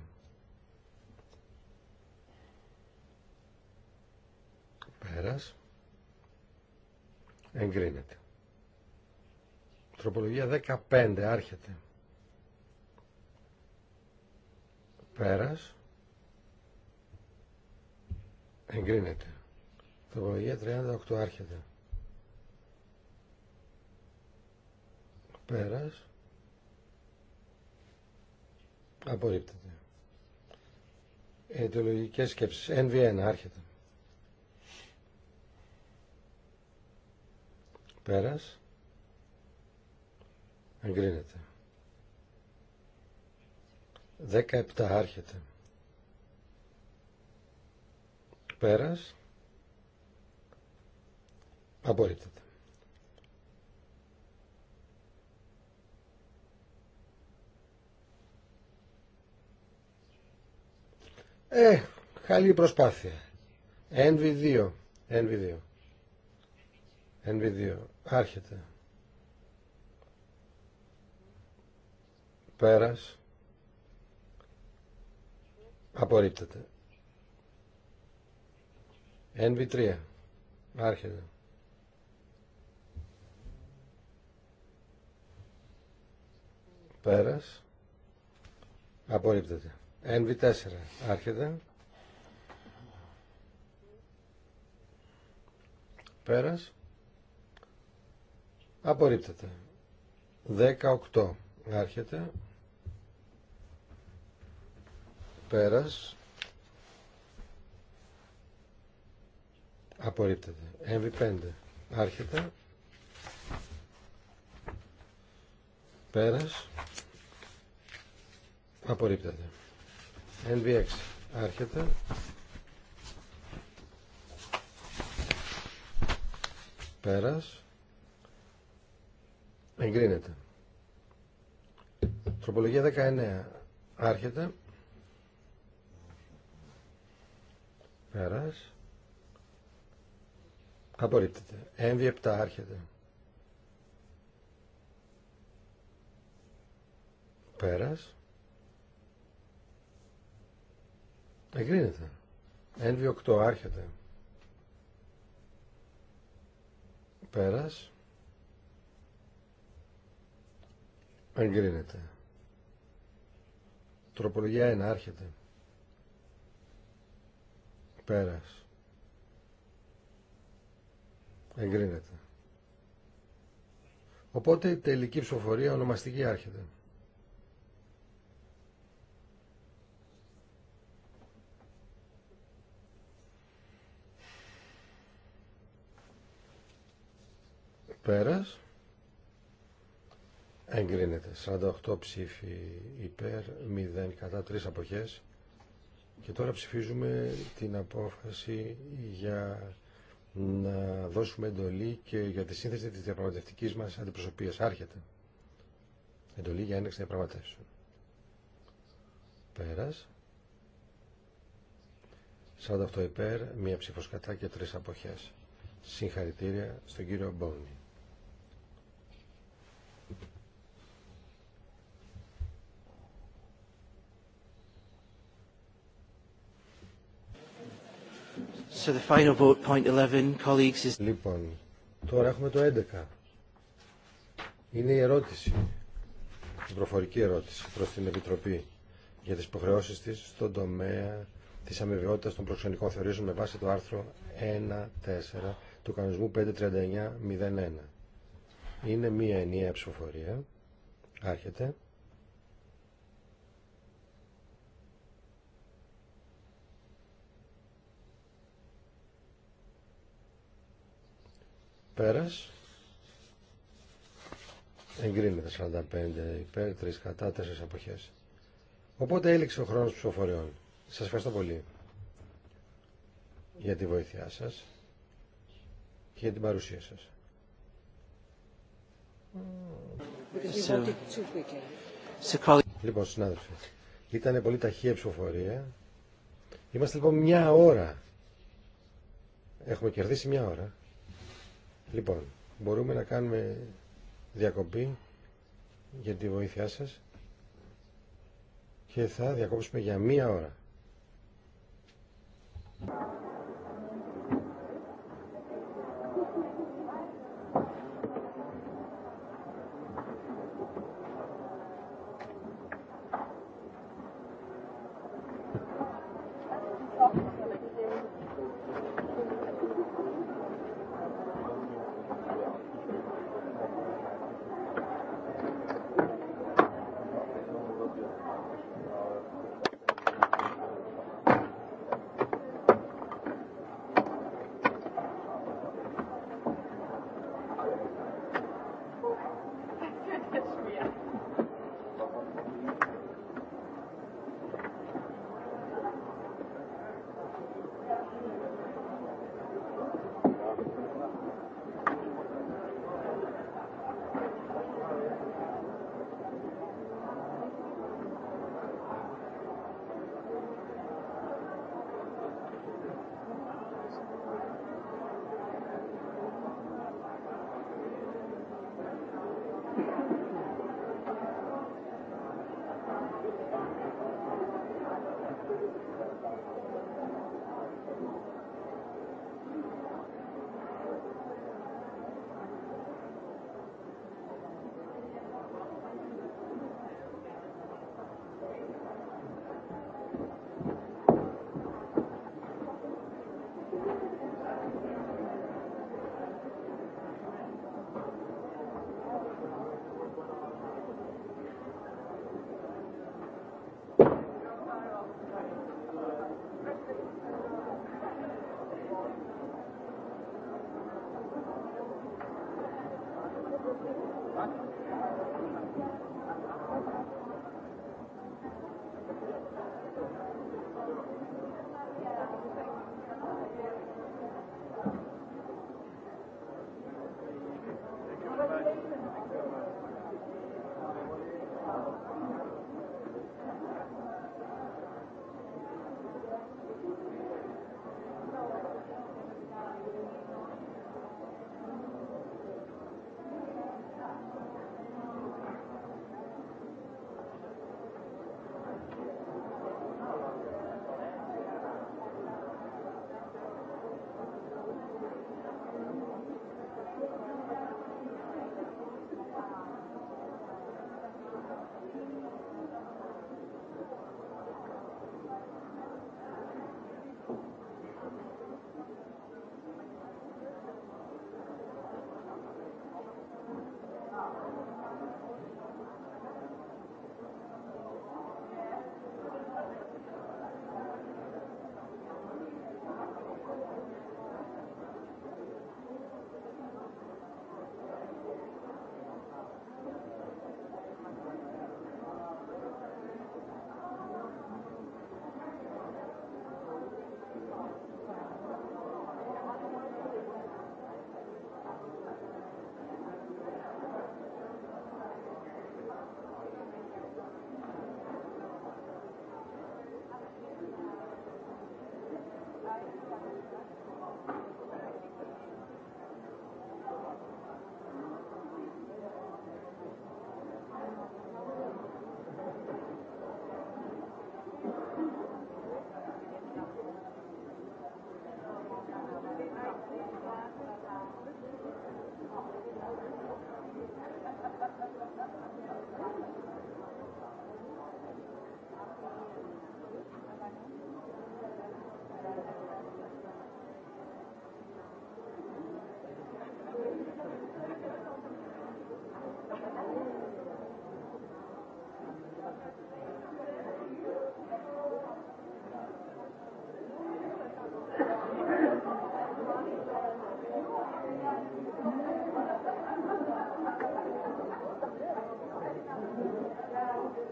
[SPEAKER 4] Πέρας. Εγκρίνεται. Τροπολογία 15. Άρχεται. Πέρας. Εγκρίνεται. Τροπολογία 38. Άρχεται. Πέρας. Απορρίπτεται. Αιτιολογικές ε, σκέψεις. NV1. Άρχεται. Πέρας. Εγκρίνεται. 17 άρχεται. Πέρας. Απορρίπτεται. Ε, καλή προσπάθεια. NV2. NV2. NV2. Άρχεται. Πέρας. Απορρίπτεται. NV3. Άρχεται. Πέρας. Απορρίπτεται. NV4. Άρχεται. Πέρας. Απορρίπτεται. 18 άρχεται. Πέρας. Απορρίπτεται. MV5 άρχεται. Πέρας. Απορρίπτεται. NV6 άρχεται. Πέρας. Εγκρίνεται. Τροπολογία 19. Άρχεται. Πέρας. Απορρίπτεται. Έμβι 7. Άρχεται. Πέρας. Εγκρίνεται. Έμβι 8. Άρχεται. Πέρας. Εγκρίνεται. Τροπολογία 1. Άρχεται. Πέρας. Εγκρίνεται. Οπότε η τελική ψηφοφορία ονομαστική άρχεται. Πέρας. Εγκρίνεται. 48 ψήφοι υπέρ, 0 κατά, 3 αποχές. Και τώρα ψηφίζουμε την απόφαση για να δώσουμε εντολή και για τη σύνθεση της διαπραγματευτικής μας αντιπροσωπείας. Άρχεται. Εντολή για ένεξη διαπραγματεύσεων. Πέρας. 48 υπέρ, μία ψήφος κατά και τρεις αποχές. Συγχαρητήρια στον κύριο Μπόνι. Λοιπόν, τώρα έχουμε το 11. Είναι η ερώτηση,
[SPEAKER 3] η προφορική ερώτηση προς την Επιτροπή
[SPEAKER 4] για τις υποχρεώσεις της στον τομέα της αμοιβαιότητας των προξενικών θεωρήσεων με βάση το άρθρο 1.4 του κανονισμού 539.01. Είναι μία ενιαία ψηφοφορία. Άρχεται. Πέρας. Εγκρίνεται 45 υπέρ, 3 κατά, 4 εποχές. Οπότε έληξε ο χρόνος ψηφοφοριών. Σας ευχαριστώ πολύ για τη βοήθειά σας και για την παρουσία σας. Λοιπόν, συνάδελφοι, ήταν πολύ ταχεία ψηφοφορία. Είμαστε λοιπόν μια ώρα. Έχουμε κερδίσει μια ώρα. Λοιπόν, μπορούμε να κάνουμε διακοπή για τη βοήθειά σας και θα διακόψουμε για μία ώρα.
[SPEAKER 5] Thank you.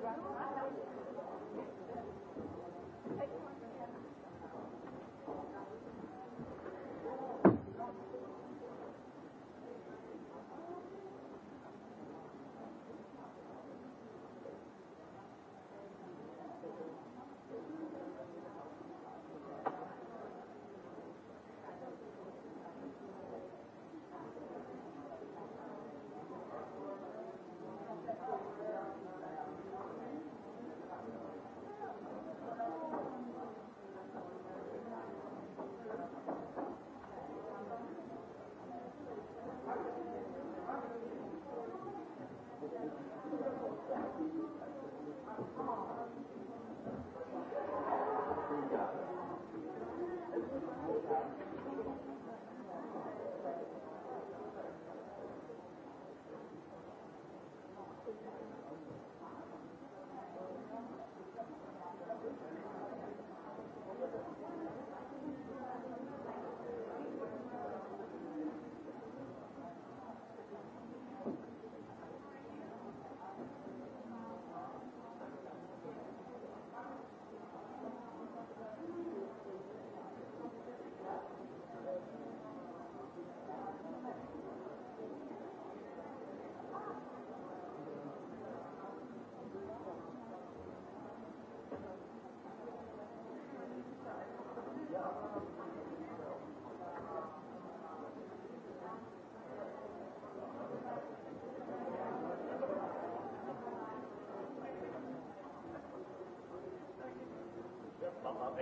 [SPEAKER 5] Thank Ευχαριστώ.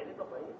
[SPEAKER 5] Έλεγε το παιδί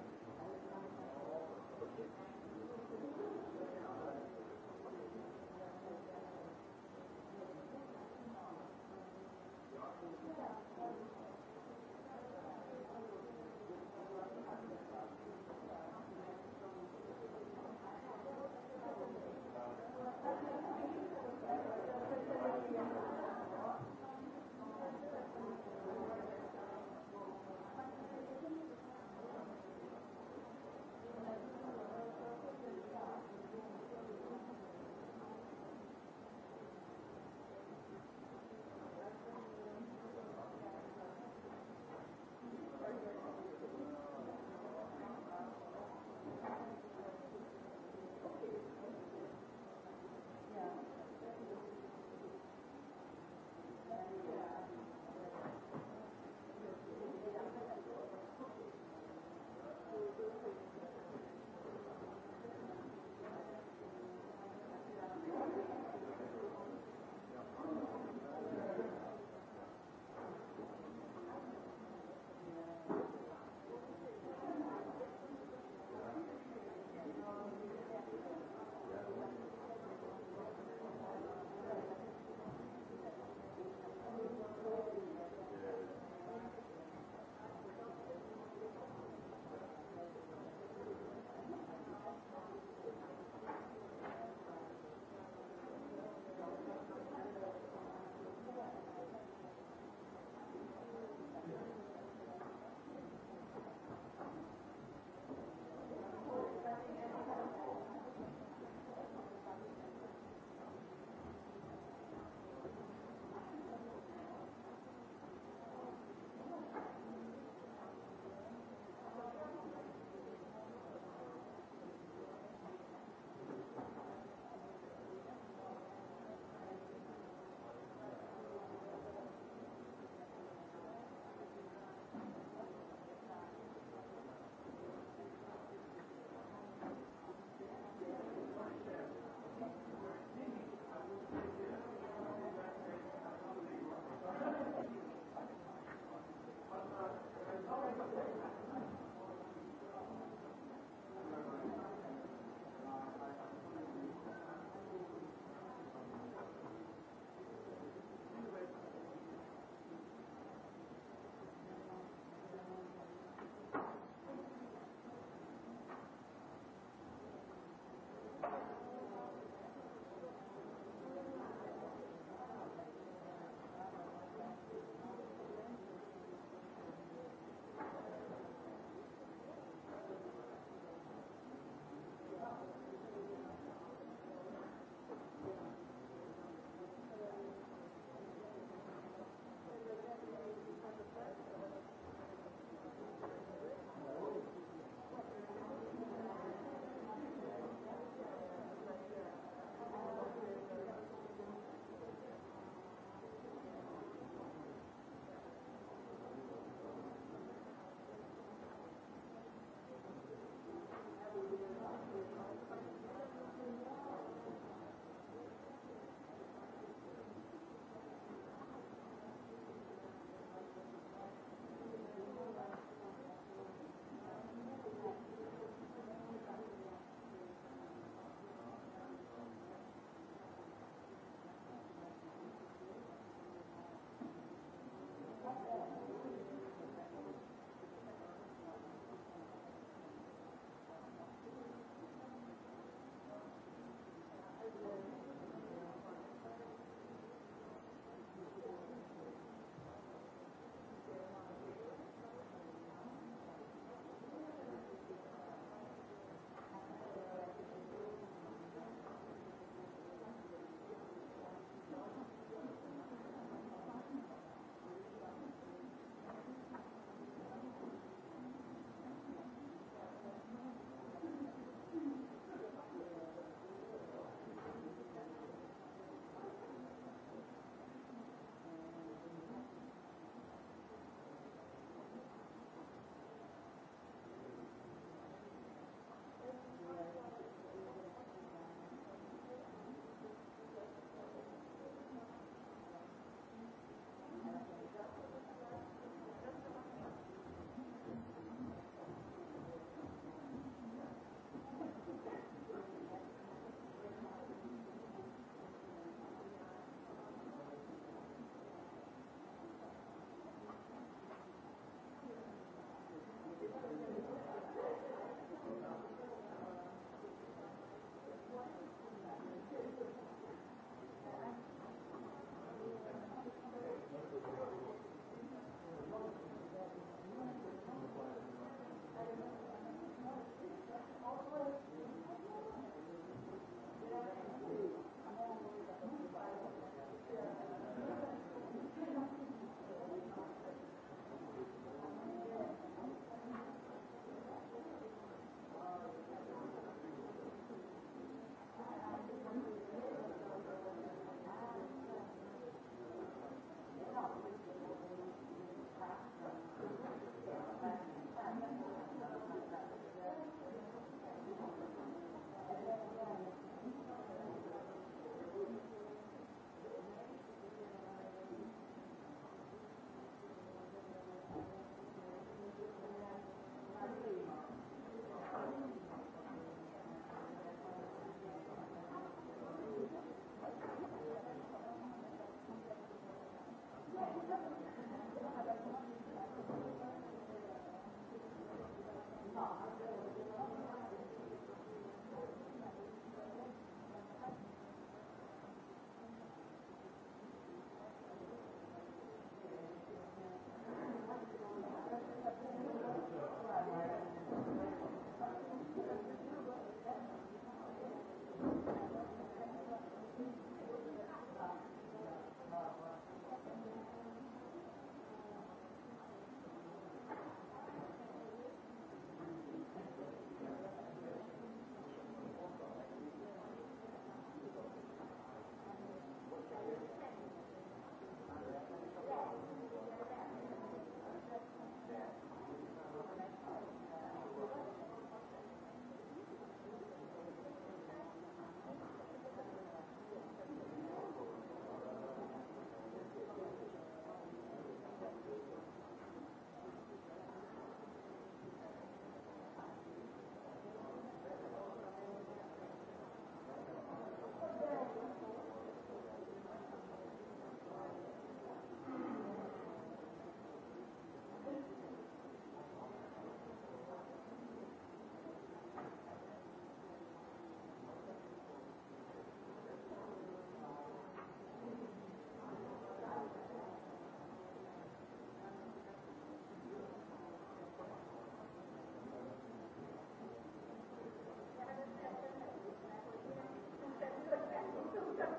[SPEAKER 5] Thank you.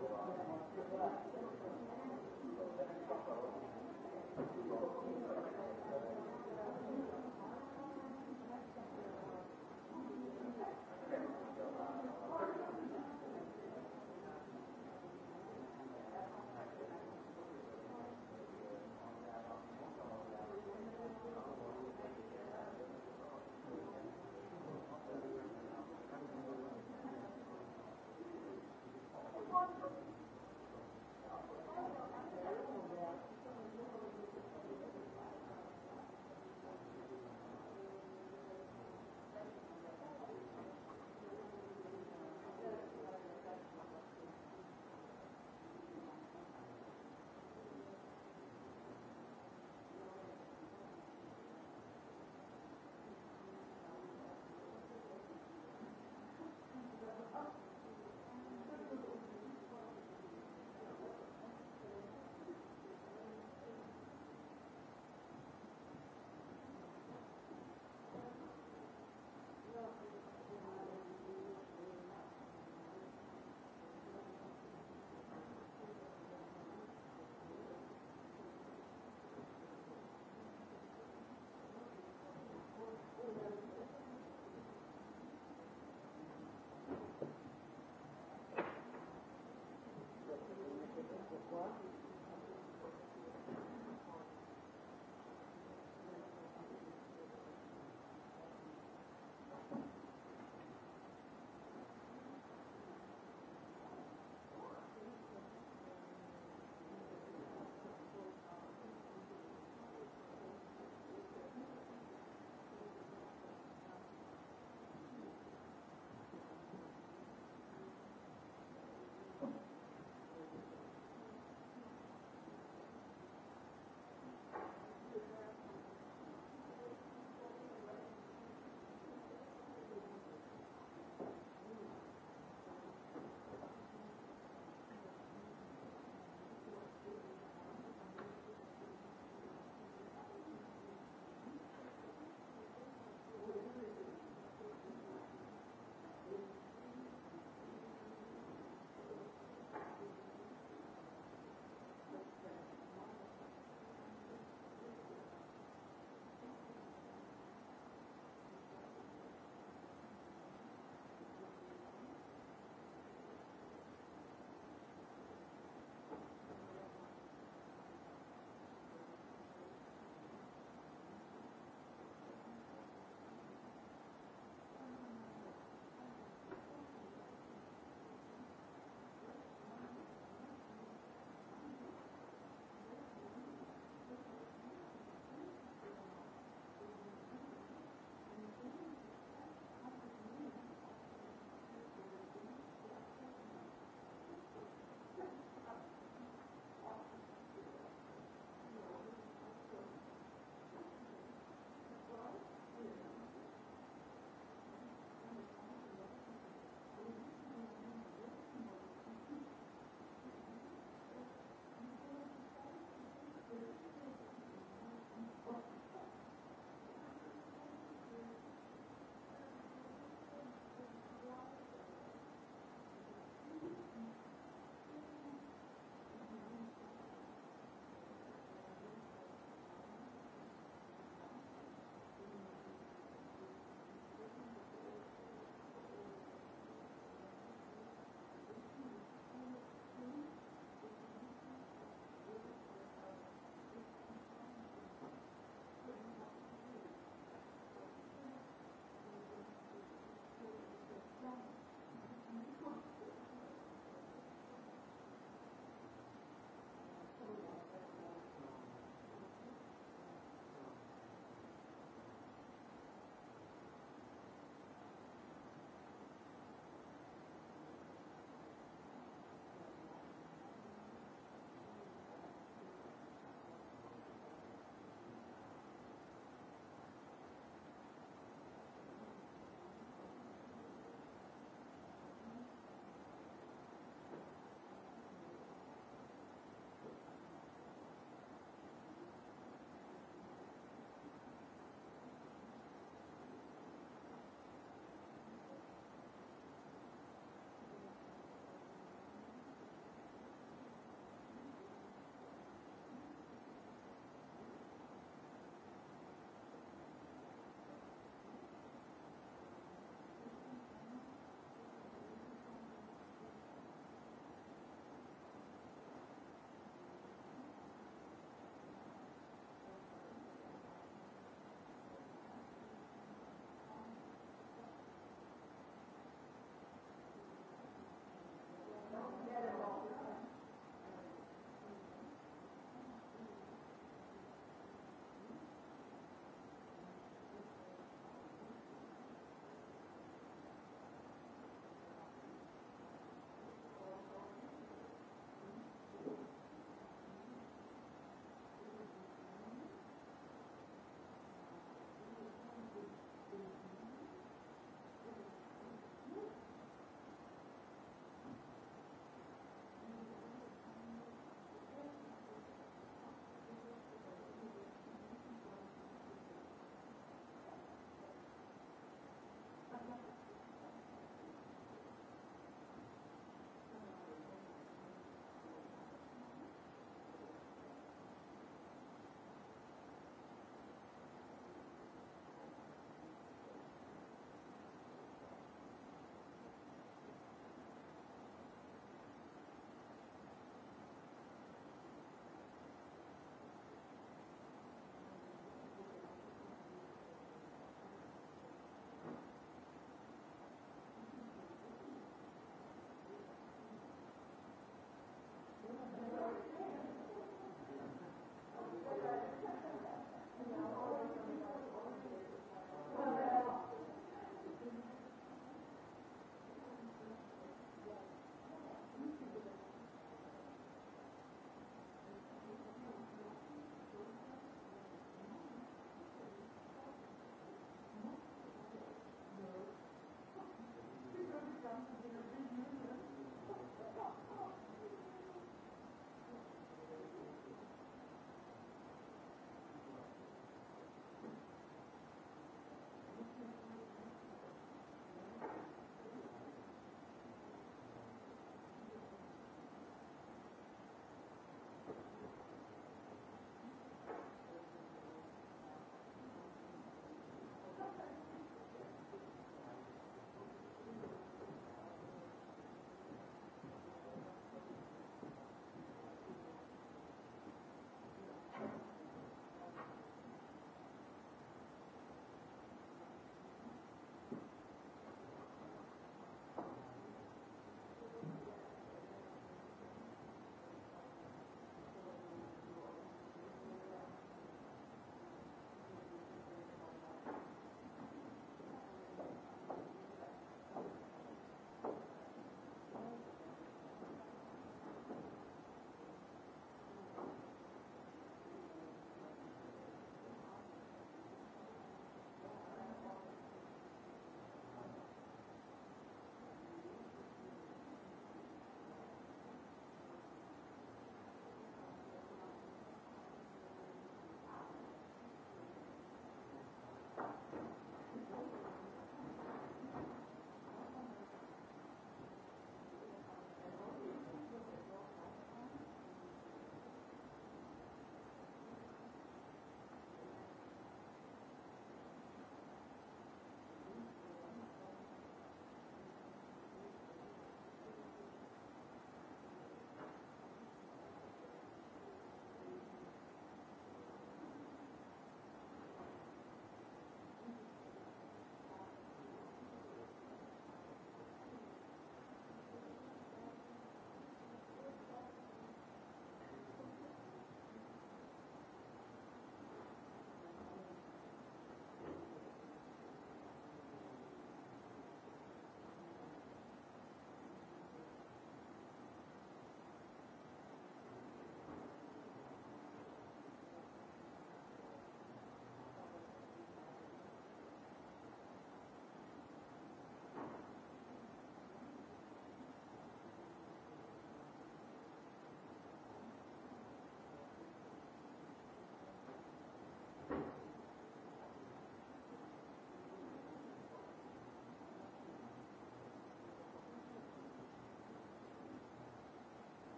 [SPEAKER 5] Thank you.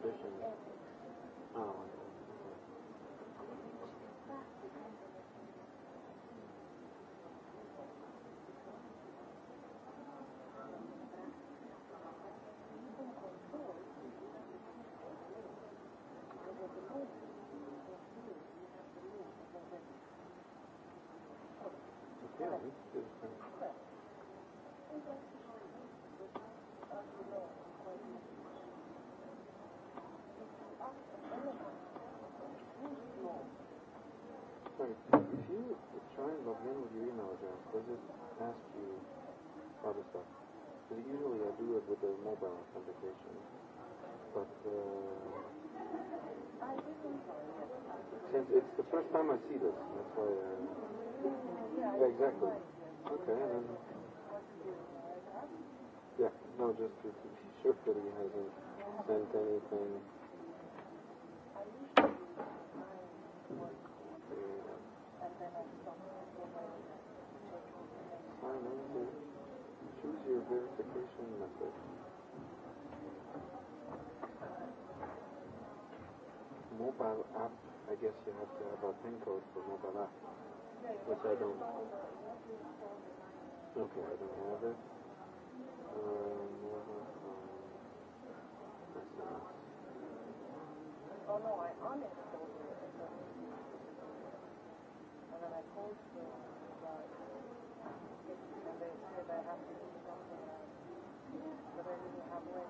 [SPEAKER 6] tradition μια login with your email address. Does it ask you other stuff? usually I do it with a mobile application. But since it's the first time I see this, that's why.
[SPEAKER 5] yeah, exactly. Okay. Then,
[SPEAKER 6] yeah. No, just to be sure that he hasn't sent anything. Choose your verification method. Mobile app, I guess you have to have a PIN code for mobile app, which I don't. Okay, I don't have it. Um,
[SPEAKER 5] Oh no, I on it. And then I told them about and they said I have to do something else, but I didn't have way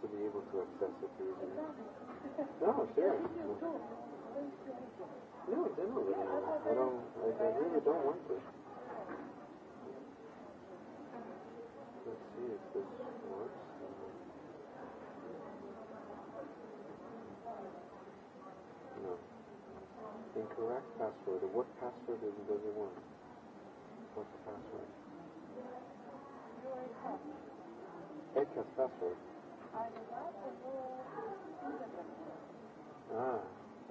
[SPEAKER 6] to be able to access it easily. No, sure. No, generally, I don't. I, I really don't want to.
[SPEAKER 5] Let's
[SPEAKER 6] see if this works. No. Incorrect password. What password does it want? What's the password? Edcast password. Ah,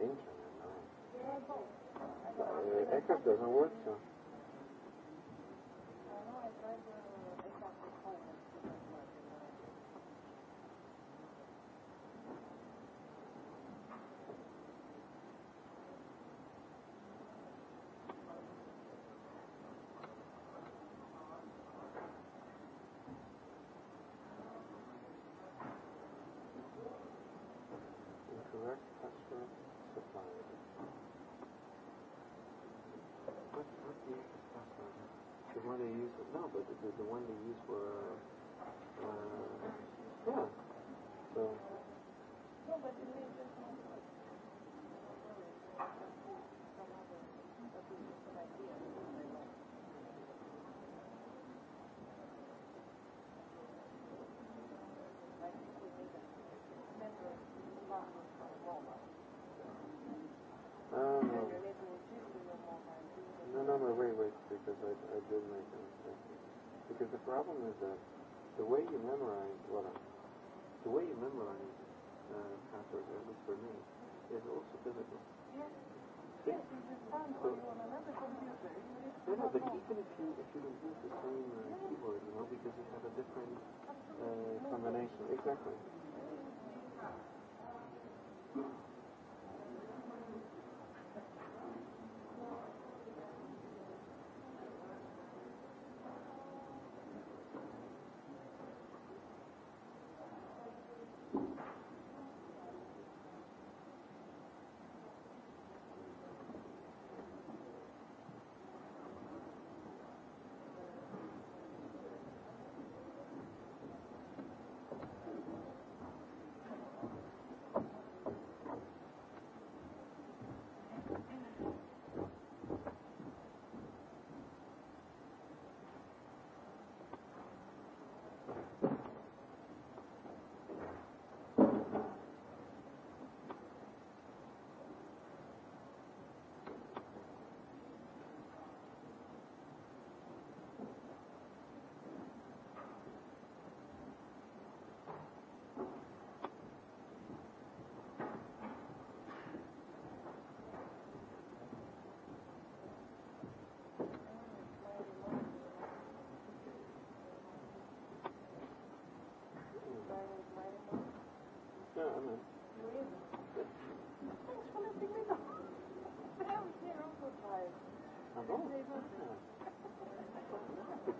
[SPEAKER 6] internet,
[SPEAKER 5] no.
[SPEAKER 6] Uh, doesn't work, so.
[SPEAKER 5] I tried the
[SPEAKER 6] the, the one they use for, uh uh, yeah. So. is that the way you memorize, well, the way you memorize uh, passwords, at least for me, is also physical. Yes. See? Yes, you so, on another No, but even if you, if you use the same uh, keyboard, you know, because you have a different uh, combination. Exactly.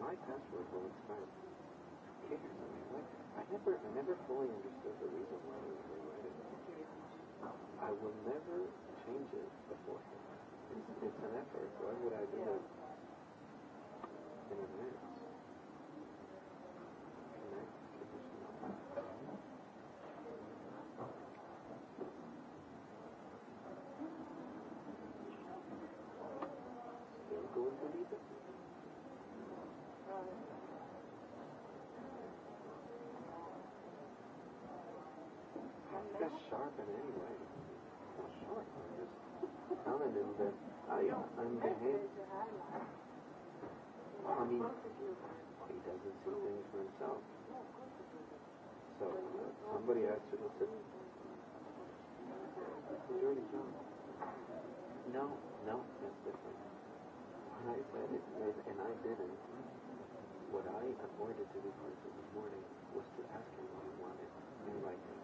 [SPEAKER 6] my password will expire. Kickers, I mean, I never, I never fully understood the reason why I was rewriting it. I will never change it beforehand. It's, it's an effort. Why would I do that in a minute? Mary avoided the person of the morning was to ask him what he wanted in writing.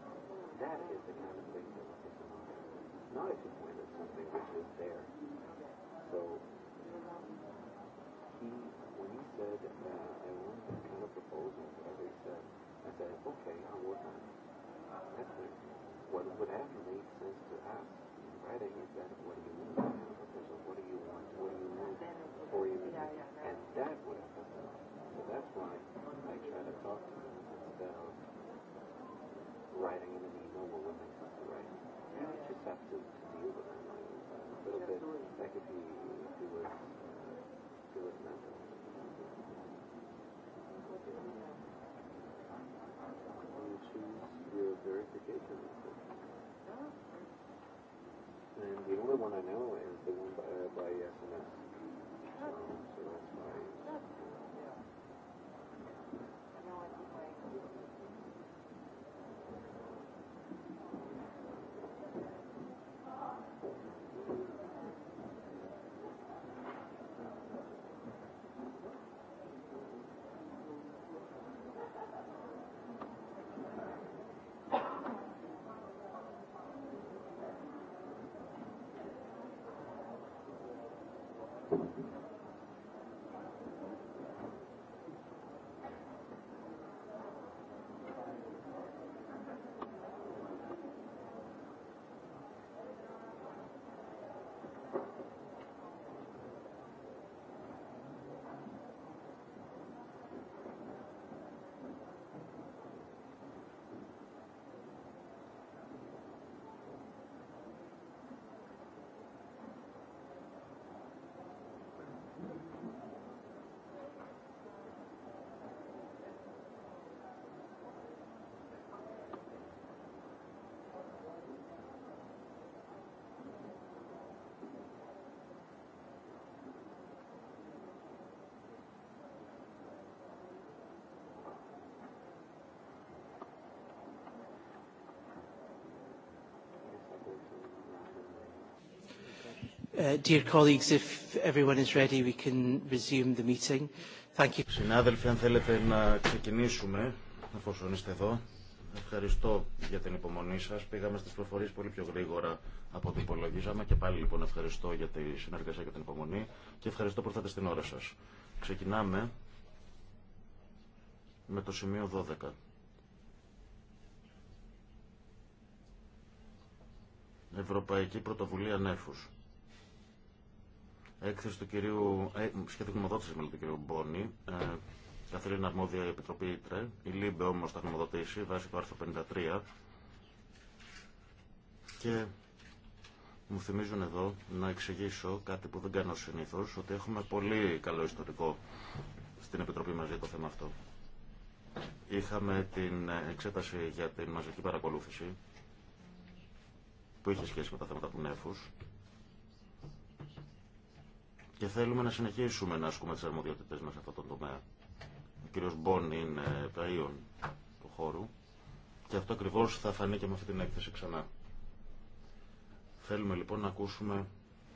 [SPEAKER 6] That is the kind of thing that is allowed. Not if you pointed something which is there. So he, when he said that uh, I want that kind of proposal, whatever he said, I said, okay, I'll work on it. That's What would have made sense to ask. in writing is that what do you mean? And the only one I know is the one by, by
[SPEAKER 3] Uh, dear colleagues, if Συνάδελφοι, αν θέλετε να ξεκινήσουμε, να είστε εδώ,
[SPEAKER 2] ευχαριστώ για την υπομονή σας. Πήγαμε στις προφορίες πολύ πιο γρήγορα από ό,τι υπολογίζαμε και πάλι λοιπόν ευχαριστώ για τη συνεργασία και την υπομονή και ευχαριστώ που ήρθατε στην ώρα σας. Ξεκινάμε με το σημείο 12. Ευρωπαϊκή Πρωτοβουλία Νέφους έκθεση του κυρίου, ε, σχέδιο γνωμοδότηση με τον κύριο Μπόνη, ε, είναι αρμόδια η Επιτροπή Ήτρε. Η ΛΥΜΠΕ όμως θα γνωμοδοτήσει βάσει του άρθρου 53. Και μου θυμίζουν εδώ να εξηγήσω κάτι που δεν κάνω συνήθω, ότι έχουμε πολύ καλό ιστορικό στην Επιτροπή μας για το θέμα αυτό. Είχαμε την εξέταση για την μαζική παρακολούθηση που είχε σχέση με τα θέματα του νέφους και θέλουμε να συνεχίσουμε να ασκούμε τι αρμοδιότητε μα σε αυτόν τον τομέα. Ο κύριο Μπόνι είναι πραίων του χώρου και αυτό ακριβώ θα φανεί και με αυτή την έκθεση ξανά. Θέλουμε λοιπόν να ακούσουμε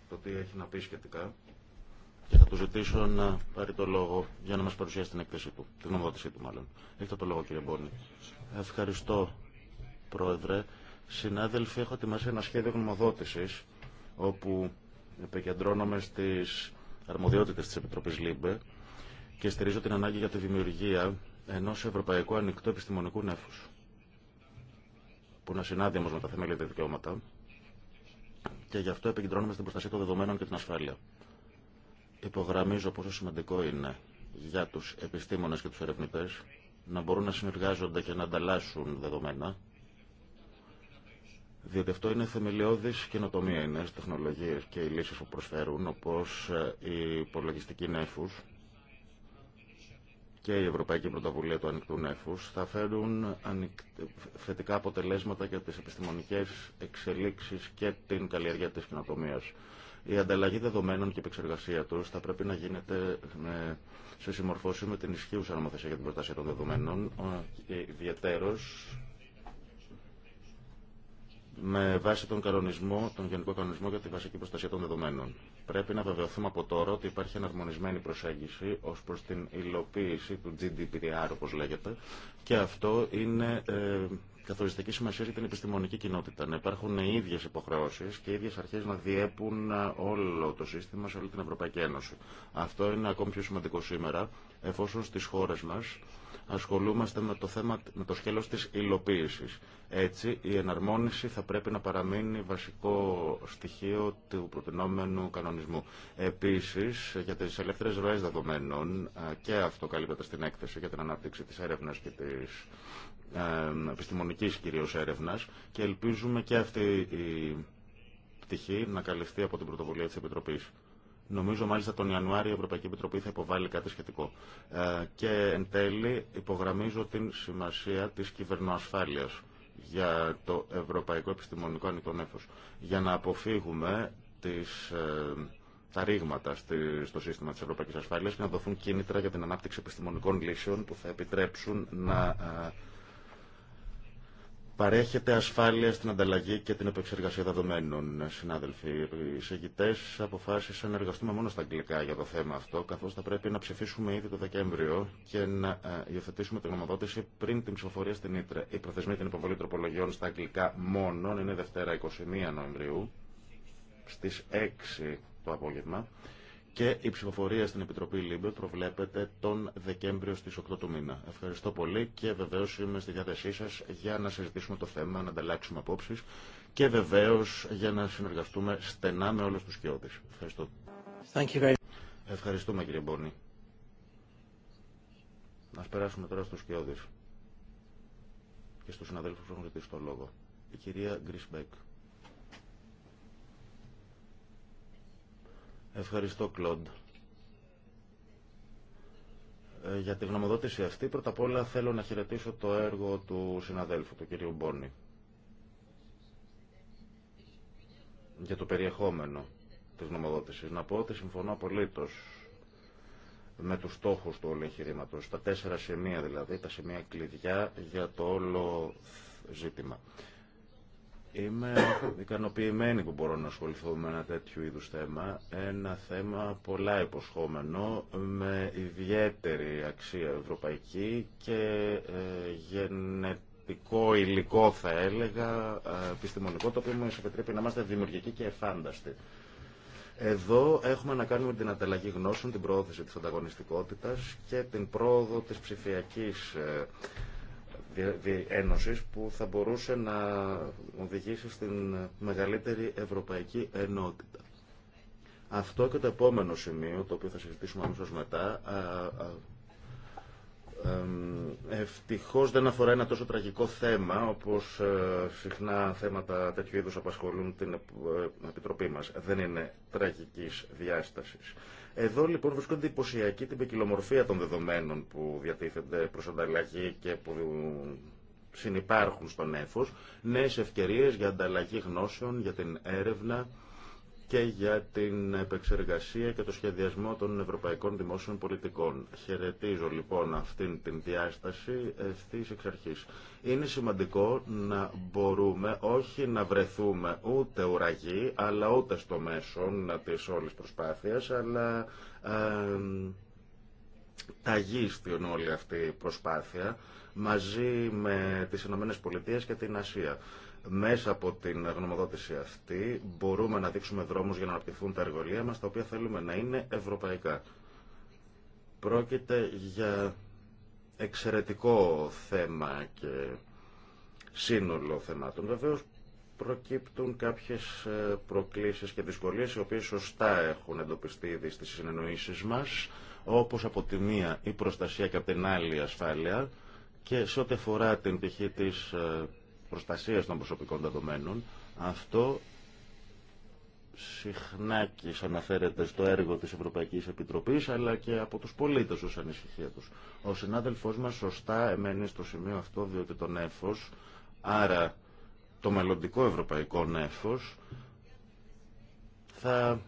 [SPEAKER 2] το τι έχει να πει σχετικά και θα του ζητήσω να πάρει το λόγο για να μα παρουσιάσει την έκθεση του, την νομοδότησή του μάλλον. Έχετε το λόγο κύριε Μπόνι. Ευχαριστώ πρόεδρε. Συνάδελφοι, έχω ετοιμάσει ένα σχέδιο γνωμοδότηση όπου επικεντρώνομαι στις αρμοδιότητες της Επιτροπής ΛΥΜΠΕ και στηρίζω την ανάγκη για τη δημιουργία ενός ευρωπαϊκού ανοιχτού επιστημονικού νέφους που να συνάδει με τα θεμελιώδη δικαιώματα και γι' αυτό επικεντρώνομαι στην προστασία των δεδομένων και την ασφάλεια. Υπογραμμίζω πόσο σημαντικό είναι για τους επιστήμονες και τους ερευνητές να μπορούν να συνεργάζονται και να ανταλλάσσουν δεδομένα διότι αυτό είναι θεμελιώδη καινοτομία. Οι νέε τεχνολογίε και οι λύσει που προσφέρουν, όπω ε, η υπολογιστική νεφου και η Ευρωπαϊκή Πρωτοβουλία του Ανοιχτού Νεφου, θα φέρουν θετικά αποτελέσματα για τι επιστημονικέ εξελίξει και την καλλιεργία τη καινοτομία. Η ανταλλαγή δεδομένων και η επεξεργασία του θα πρέπει να γίνεται σε συμμορφώση με την ισχύουσα νομοθεσία για την προστασία των δεδομένων, ε, ιδιαίτερω με βάση τον κανονισμό, τον Γενικό Κανονισμό για τη Βασική Προστασία των Δεδομένων. Πρέπει να βεβαιωθούμε από τώρα ότι υπάρχει αναρμονισμένη προσέγγιση ω προ την υλοποίηση του GDPR, όπω λέγεται, και αυτό είναι ε, καθοριστική σημασία για την επιστημονική κοινότητα. Να υπάρχουν οι ίδιε υποχρεώσει και οι ίδιε αρχέ να διέπουν ε, όλο το σύστημα σε όλη την Ευρωπαϊκή Ένωση. Αυτό είναι ακόμη πιο σημαντικό σήμερα, εφόσον στι χώρε μα ασχολούμαστε με το, θέμα, με το σκέλος της υλοποίηση. Έτσι, η εναρμόνιση θα πρέπει να παραμείνει βασικό στοιχείο του προτινόμενου κανονισμού. Επίσης, για τις ελεύθερες ροές δεδομένων, ε, και αυτό καλύπτεται στην έκθεση για την ανάπτυξη της έρευνας και της ε, επιστημονικής κυρίως έρευνας, και ελπίζουμε και αυτή η πτυχή να καλυφθεί από την πρωτοβουλία της Επιτροπής. Νομίζω μάλιστα τον Ιανουάριο η Ευρωπαϊκή Επιτροπή θα υποβάλει κάτι σχετικό. Ε, και εν τέλει υπογραμμίζω την σημασία της κυβερνοασφάλειας για το Ευρωπαϊκό Επιστημονικό Ανικονέφος για να αποφύγουμε τις, ε, τα ρήγματα στο σύστημα της Ευρωπαϊκής Ασφάλειας και να δοθούν κίνητρα για την ανάπτυξη επιστημονικών λύσεων που θα επιτρέψουν να ε, Παρέχεται ασφάλεια στην ανταλλαγή και την επεξεργασία δεδομένων. Συνάδελφοι, οι εισηγητέ αποφάσισαν να εργαστούμε μόνο στα αγγλικά για το θέμα αυτό, καθώ θα πρέπει να ψηφίσουμε ήδη το Δεκέμβριο και να ε, υιοθετήσουμε την γνωμοδότηση πριν την ψηφοφορία στην Ήτρε. Η προθεσμία την υποβολή τροπολογιών στα αγγλικά μόνο είναι Δευτέρα 21 Νοεμβρίου στι 6 το απόγευμα και η ψηφοφορία στην Επιτροπή ΛΥΜΠΕ προβλέπεται τον Δεκέμβριο στις 8 του μήνα. Ευχαριστώ πολύ και βεβαίως είμαι στη διάθεσή σας για να συζητήσουμε το θέμα, να ανταλλάξουμε απόψεις και βεβαίως για να συνεργαστούμε στενά με όλους τους κοιόδης. Ευχαριστώ. Thank you very Ευχαριστούμε κύριε Μπόνη. Να περάσουμε τώρα στους κοιόδης και στους συναδέλφους που έχουν ζητήσει το λόγο. Η κυρία Γκρισμπέκ. Ευχαριστώ, Κλοντ. Ε, για τη γνωμοδότηση αυτή, πρώτα απ' όλα θέλω να χαιρετήσω το έργο του συναδέλφου, του κυρίου Μπόνη. Για το περιεχόμενο της γνωμοδότησης. Να πω ότι συμφωνώ απολύτως με τους στόχους του όλου τα τέσσερα σημεία δηλαδή, τα σημεία κλειδιά για το όλο ζήτημα. Είμαι ικανοποιημένη που μπορώ να ασχοληθώ με ένα τέτοιο είδους θέμα. Ένα θέμα πολλά υποσχόμενο, με ιδιαίτερη αξία ευρωπαϊκή και ε, γενετικό υλικό, θα έλεγα, ε, επιστημονικό, το οποίο μας επιτρέπει να είμαστε δημιουργικοί και εφάνταστοι. Εδώ έχουμε να κάνουμε την ανταλλαγή γνώσεων, την πρόθεση της ανταγωνιστικότητας και την πρόοδο της ψηφιακής ε, που θα μπορούσε να οδηγήσει στην μεγαλύτερη ευρωπαϊκή ενότητα. Αυτό και το επόμενο σημείο, το οποίο θα συζητήσουμε αμέσως μετά, ευτυχώς δεν αφορά ένα τόσο τραγικό θέμα όπως ε, συχνά θέματα τέτοιου είδους απασχολούν την ε, Επιτροπή μας. Δεν είναι τραγικής διάστασης. Εδώ λοιπόν βρίσκονται υποσιακή την ποικιλομορφία των δεδομένων που διατίθεται προς ανταλλαγή και που συνυπάρχουν στον έφος, νέες ευκαιρίες για ανταλλαγή γνώσεων, για την έρευνα, και για την επεξεργασία και το σχεδιασμό των ευρωπαϊκών δημόσιων πολιτικών. Χαιρετίζω λοιπόν αυτήν την διάσταση ευθύ εξ αρχή. Είναι σημαντικό να μπορούμε όχι να βρεθούμε ούτε ουραγή, αλλά ούτε στο μέσο τη όλη προσπάθεια, αλλά ε, όλη αυτή η προσπάθεια μαζί με τις ΗΠΑ και την Ασία. Μέσα από την γνωμοδότηση αυτή μπορούμε να δείξουμε δρόμους για να αναπτυχθούν τα εργολεία μας, τα οποία θέλουμε να είναι ευρωπαϊκά. Πρόκειται για εξαιρετικό θέμα και σύνολο θεμάτων. Βεβαίως προκύπτουν κάποιες ε, προκλήσεις και δυσκολίες, οι οποίες σωστά έχουν εντοπιστεί ήδη στις συνεννοήσεις μας, όπως από τη μία η προστασία και από την άλλη η ασφάλεια, και σε ό,τι αφορά την πτυχή της ε, προστασίας των προσωπικών δεδομένων. Αυτό συχνά και αναφέρεται στο έργο της Ευρωπαϊκής Επιτροπής αλλά και από τους πολίτες ως ανησυχία τους. Ο συνάδελφός μας σωστά εμένει στο σημείο αυτό διότι το νέφος, άρα το μελλοντικό ευρωπαϊκό νέφος, θα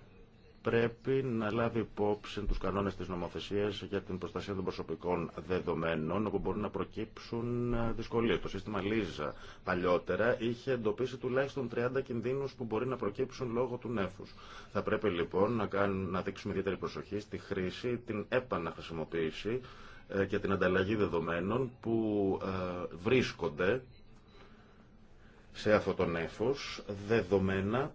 [SPEAKER 2] πρέπει να λάβει υπόψη τους κανόνες της νομοθεσίας για την προστασία των προσωπικών δεδομένων όπου μπορούν να προκύψουν ε, δυσκολίες. Το σύστημα Λίζα παλιότερα είχε εντοπίσει τουλάχιστον 30 κινδύνους που μπορεί να προκύψουν λόγω του νέφους. Θα πρέπει λοιπόν να, κάνουν, να δείξουμε ιδιαίτερη προσοχή στη χρήση, την επαναχρησιμοποίηση ε, και την ανταλλαγή δεδομένων που ε, βρίσκονται σε αυτό το νέφος δεδομένα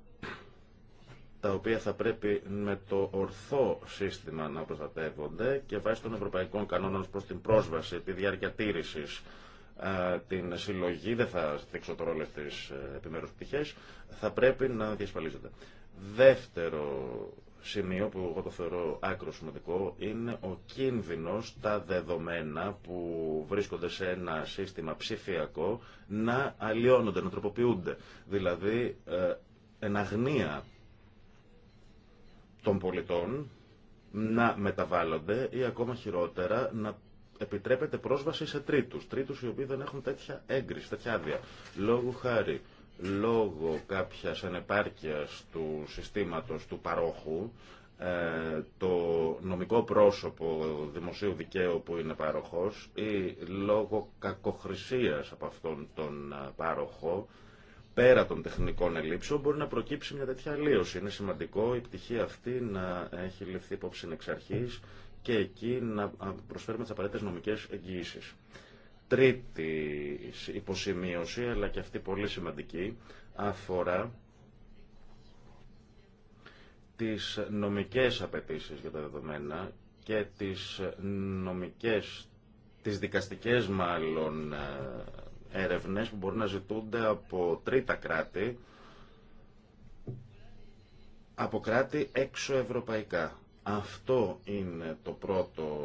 [SPEAKER 2] τα οποία θα πρέπει με το ορθό σύστημα να προστατεύονται και βάσει των ευρωπαϊκών κανόνων προς την πρόσβαση, τη διάρκεια τήρησης, την συλλογή, δεν θα δείξω τώρα της της ε, επιμέρους πτυχές, θα πρέπει να διασφαλίζονται. Δεύτερο σημείο που εγώ το θεωρώ άκρο σημαντικό είναι ο κίνδυνος τα δεδομένα που βρίσκονται σε ένα σύστημα ψηφιακό να αλλοιώνονται, να τροποποιούνται. Δηλαδή, ε, εναγνία των πολιτών να μεταβάλλονται ή ακόμα χειρότερα να επιτρέπεται πρόσβαση σε τρίτους, τρίτους οι οποίοι δεν έχουν τέτοια έγκριση, τέτοια άδεια. Λόγου χάρη, λόγω κάποιας ανεπάρκειας του συστήματος του παρόχου, ε, το νομικό πρόσωπο δημοσίου δικαίου που είναι παροχός ή λόγω κακοχρησίας από αυτόν τον ε, πάροχο, πέρα των τεχνικών ελλείψεων μπορεί να προκύψει μια τέτοια αλλίωση. Είναι σημαντικό η πτυχή αυτή να έχει ληφθεί υπόψη εξ αρχή και εκεί να προσφέρουμε τι απαραίτητε νομικέ εγγυήσει. Τρίτη υποσημείωση, αλλά και αυτή πολύ σημαντική, αφορά τις νομικές απαιτήσει για τα δεδομένα και τις νομικές, τις δικαστικές μάλλον ε, έρευνες που μπορεί να ζητούνται από τρίτα κράτη, από κράτη έξω ευρωπαϊκά. Αυτό είναι το πρώτο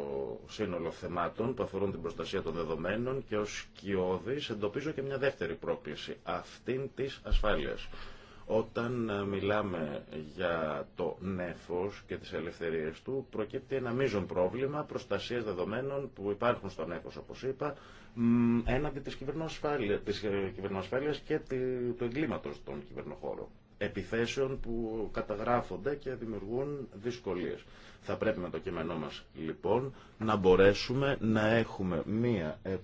[SPEAKER 2] σύνολο θεμάτων που αφορούν την προστασία των δεδομένων και ως κοιόδης εντοπίζω και μια δεύτερη πρόκληση, αυτήν της ασφάλειας. Όταν ε, μιλάμε για το νέφος και τις ελευθερίες του, προκύπτει ένα μείζον πρόβλημα προστασίας δεδομένων που υπάρχουν στο νέφος, όπως είπα, έναντι της ε, κυβερνοασφάλειας, και του εγκλήματος των κυβερνοχώρων επιθέσεων που καταγράφονται και δημιουργούν δυσκολίες. Θα πρέπει με το κείμενό μας λοιπόν να μπορέσουμε να έχουμε μία ε,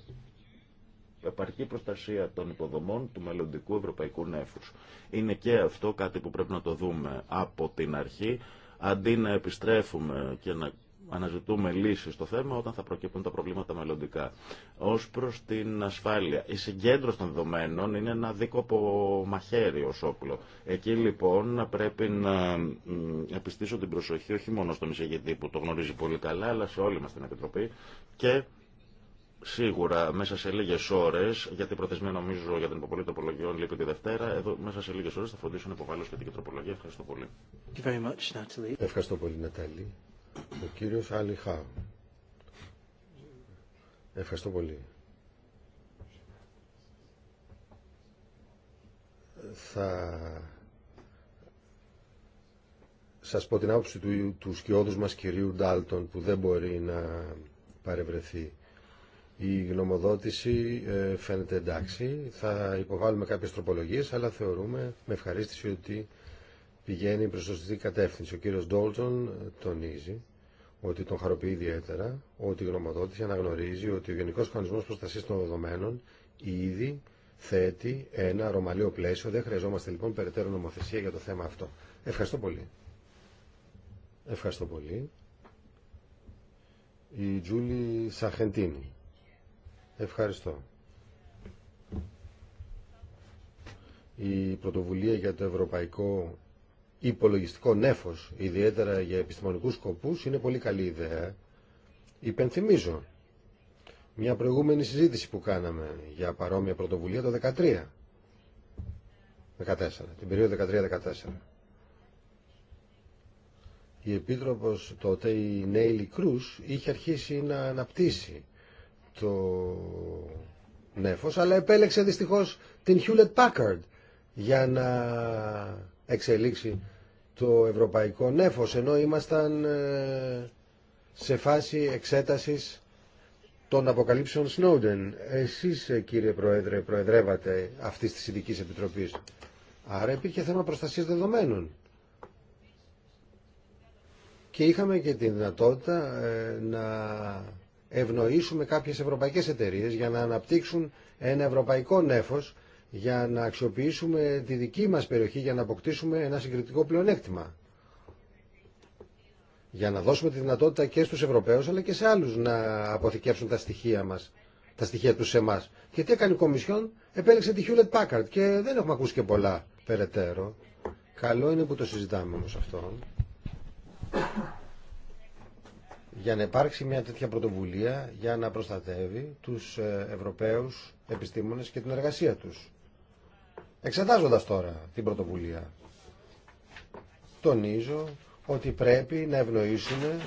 [SPEAKER 2] επαρκή προστασία των υποδομών του μελλοντικού ευρωπαϊκού νέφους. Είναι και αυτό κάτι που πρέπει να το δούμε από την αρχή, αντί να επιστρέφουμε και να αναζητούμε λύσεις στο θέμα όταν θα προκύπτουν τα προβλήματα μελλοντικά. Ως προς την ασφάλεια, η συγκέντρωση των δεδομένων είναι ένα δίκοπο μαχαίρι ως όπλο. Εκεί λοιπόν πρέπει να επιστήσω την προσοχή όχι μόνο στον εισηγητή που το γνωρίζει πολύ καλά, αλλά σε όλη μας την Επιτροπή και σίγουρα μέσα σε λίγε ώρε, γιατί προθεσμία νομίζω για την υποβολή τροπολογιών λείπει τη Δευτέρα, εδώ μέσα σε λίγε ώρε θα φροντίσω να υποβάλω σχετική τροπολογία. Ευχαριστώ πολύ.
[SPEAKER 4] Ευχαριστώ πολύ, Νατάλη. Ο κύριος Αλιχά. Ευχαριστώ πολύ. Θα σας πω την άποψη του, του σκιώδους μας κυρίου Ντάλτον που δεν μπορεί να παρευρεθεί. Η γνωμοδότηση ε, φαίνεται εντάξει. Θα υποβάλουμε κάποιες τροπολογίες αλλά θεωρούμε με ευχαρίστηση ότι πηγαίνει προς σωστή κατεύθυνση. Ο κύριος Ντόλτον τονίζει ότι τον χαροποιεί ιδιαίτερα, ότι η γνωμοδότηση αναγνωρίζει ότι ο Γενικός Κανονισμός Προστασίας των Δεδομένων ήδη θέτει ένα ρωμαλαίο πλαίσιο. Δεν χρειαζόμαστε λοιπόν περαιτέρω νομοθεσία για το θέμα αυτό. Ευχαριστώ πολύ. Ευχαριστώ πολύ. Η Τζούλη Σαχεντίνη. Ευχαριστώ. Η πρωτοβουλία για το Ευρωπαϊκό υπολογιστικό νέφος, ιδιαίτερα για επιστημονικούς σκοπούς, είναι πολύ καλή ιδέα. Υπενθυμίζω μια προηγούμενη συζήτηση που κάναμε για παρόμοια πρωτοβουλία το 2013. 14, την περίοδο 13-14. Η Επίτροπος τότε, η Νέιλι Κρούς, είχε αρχίσει να αναπτύσσει το νέφος, αλλά επέλεξε δυστυχώς την Hewlett Packard για να εξελίξει το ευρωπαϊκό νέφος ενώ ήμασταν ε, σε φάση εξέτασης των αποκαλύψεων Σνόντεν. Εσείς ε, κύριε Πρόεδρε προεδρεύατε αυτής της ειδική Επιτροπής. Άρα υπήρχε θέμα προστασίας δεδομένων. Και είχαμε και τη δυνατότητα ε, να ευνοήσουμε κάποιες ευρωπαϊκές εταιρείες για να αναπτύξουν ένα ευρωπαϊκό νέφος για να αξιοποιήσουμε τη δική μας περιοχή για να αποκτήσουμε ένα συγκριτικό πλεονέκτημα. Για να δώσουμε τη δυνατότητα και στους Ευρωπαίους αλλά και σε άλλους να αποθηκεύσουν τα στοιχεία μας, τα στοιχεία τους σε εμάς. Και τι έκανε η Κομισιόν, επέλεξε τη Hewlett Packard και δεν έχουμε ακούσει και πολλά περαιτέρω. Καλό είναι που το συζητάμε όμως αυτό. Για να υπάρξει μια τέτοια πρωτοβουλία για να προστατεύει τους ε, Ευρωπαίους επιστήμονες και την εργασία τους. Εξετάζοντας τώρα την πρωτοβουλία, τονίζω ότι πρέπει να ευνοήσουμε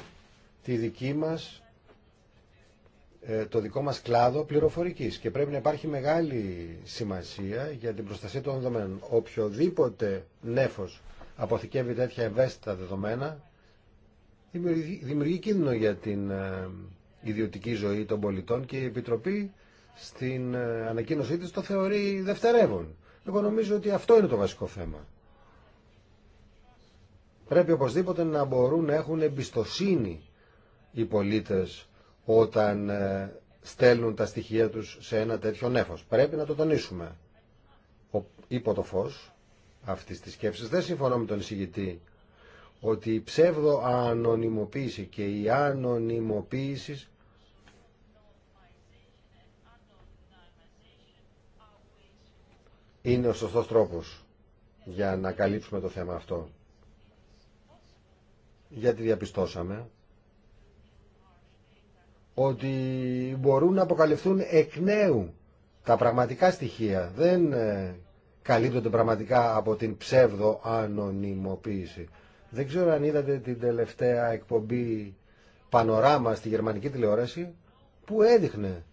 [SPEAKER 4] τη δική μας, ε, το δικό μας κλάδο πληροφορικής και πρέπει να υπάρχει μεγάλη σημασία για την προστασία των δεδομένων. Οποιοδήποτε νέφος αποθηκεύει τέτοια ευαίσθητα δεδομένα δημιουργεί, δημιουργεί κίνδυνο για την ε, ιδιωτική ζωή των πολιτών και η Επιτροπή στην ε, ανακοίνωσή της το θεωρεί δευτερεύον. Εγώ νομίζω ότι αυτό είναι το βασικό θέμα. Πρέπει οπωσδήποτε να μπορούν να έχουν εμπιστοσύνη οι πολίτες όταν ε, στέλνουν τα στοιχεία τους σε ένα τέτοιο νέφος. Πρέπει να το τονίσουμε. Ο, υπό το φως αυτής της σκέψης δεν συμφωνώ με τον εισηγητή ότι η ψεύδο ανωνυμοποίηση και η ανωνυμοποίηση είναι ο σωστός τρόπος για να καλύψουμε το θέμα αυτό. Γιατί διαπιστώσαμε ότι μπορούν να αποκαλυφθούν εκ νέου τα πραγματικά στοιχεία. Δεν ε, καλύπτονται πραγματικά από την ψεύδο ανωνυμοποίηση. Δεν ξέρω αν είδατε την τελευταία εκπομπή Πανοράμα στη γερμανική τηλεόραση που έδειχνε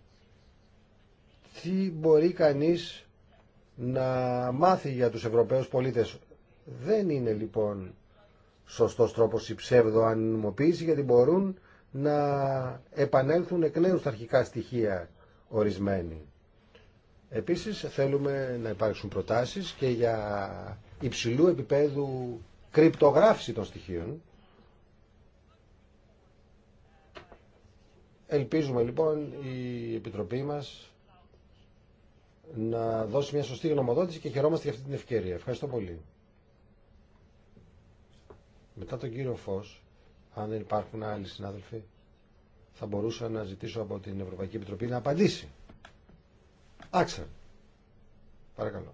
[SPEAKER 4] τι μπορεί κανείς να μάθει για τους Ευρωπαίους πολίτες. Δεν είναι λοιπόν σωστός τρόπος η ανημοποίηση γιατί μπορούν να επανέλθουν εκ νέου στα αρχικά στοιχεία ορισμένοι. Επίσης θέλουμε να υπάρξουν προτάσεις και για υψηλού επίπεδου κρυπτογράφηση των στοιχείων. Ελπίζουμε λοιπόν η Επιτροπή μας να δώσει μια σωστή γνωμοδότηση και χαιρόμαστε για αυτή την ευκαιρία. Ευχαριστώ πολύ. Μετά τον κύριο Φως, αν δεν υπάρχουν άλλοι συνάδελφοι, θα μπορούσα να ζητήσω από την Ευρωπαϊκή Επιτροπή να απαντήσει. Άξερ. Παρακαλώ.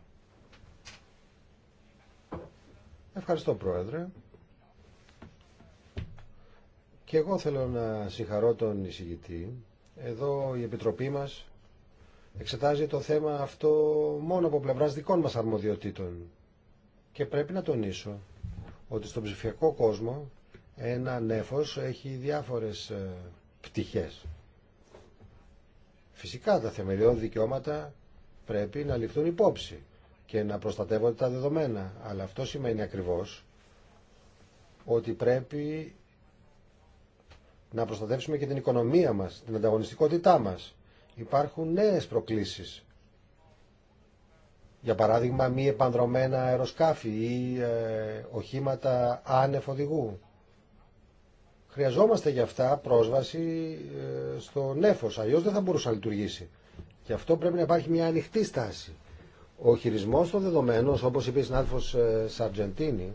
[SPEAKER 4] Ευχαριστώ Πρόεδρε. Και εγώ θέλω να συγχαρώ τον εισηγητή. Εδώ η Επιτροπή μας εξετάζει το θέμα αυτό μόνο από πλευράς δικών μας αρμοδιοτήτων. Και πρέπει να τονίσω ότι στον ψηφιακό κόσμο ένα νέφος έχει διάφορες ε, πτυχές. Φυσικά τα θεμελιώδη δικαιώματα πρέπει να ληφθούν υπόψη και να προστατεύονται τα δεδομένα. Αλλά αυτό σημαίνει ακριβώς ότι πρέπει να προστατεύσουμε και την οικονομία μας, την ανταγωνιστικότητά μας υπάρχουν νέες προκλήσεις. Για παράδειγμα, μη επανδρομένα αεροσκάφη ή ε, οχήματα άνευ οδηγού. Χρειαζόμαστε για αυτά πρόσβαση ε, στο νέφος, αλλιώς δεν θα μπορούσε να λειτουργήσει. Γι' αυτό πρέπει να υπάρχει μια ανοιχτή στάση. Ο χειρισμός των δεδομένων, όπως είπε η συνάδελφος ε, Σαρτζεντίνη,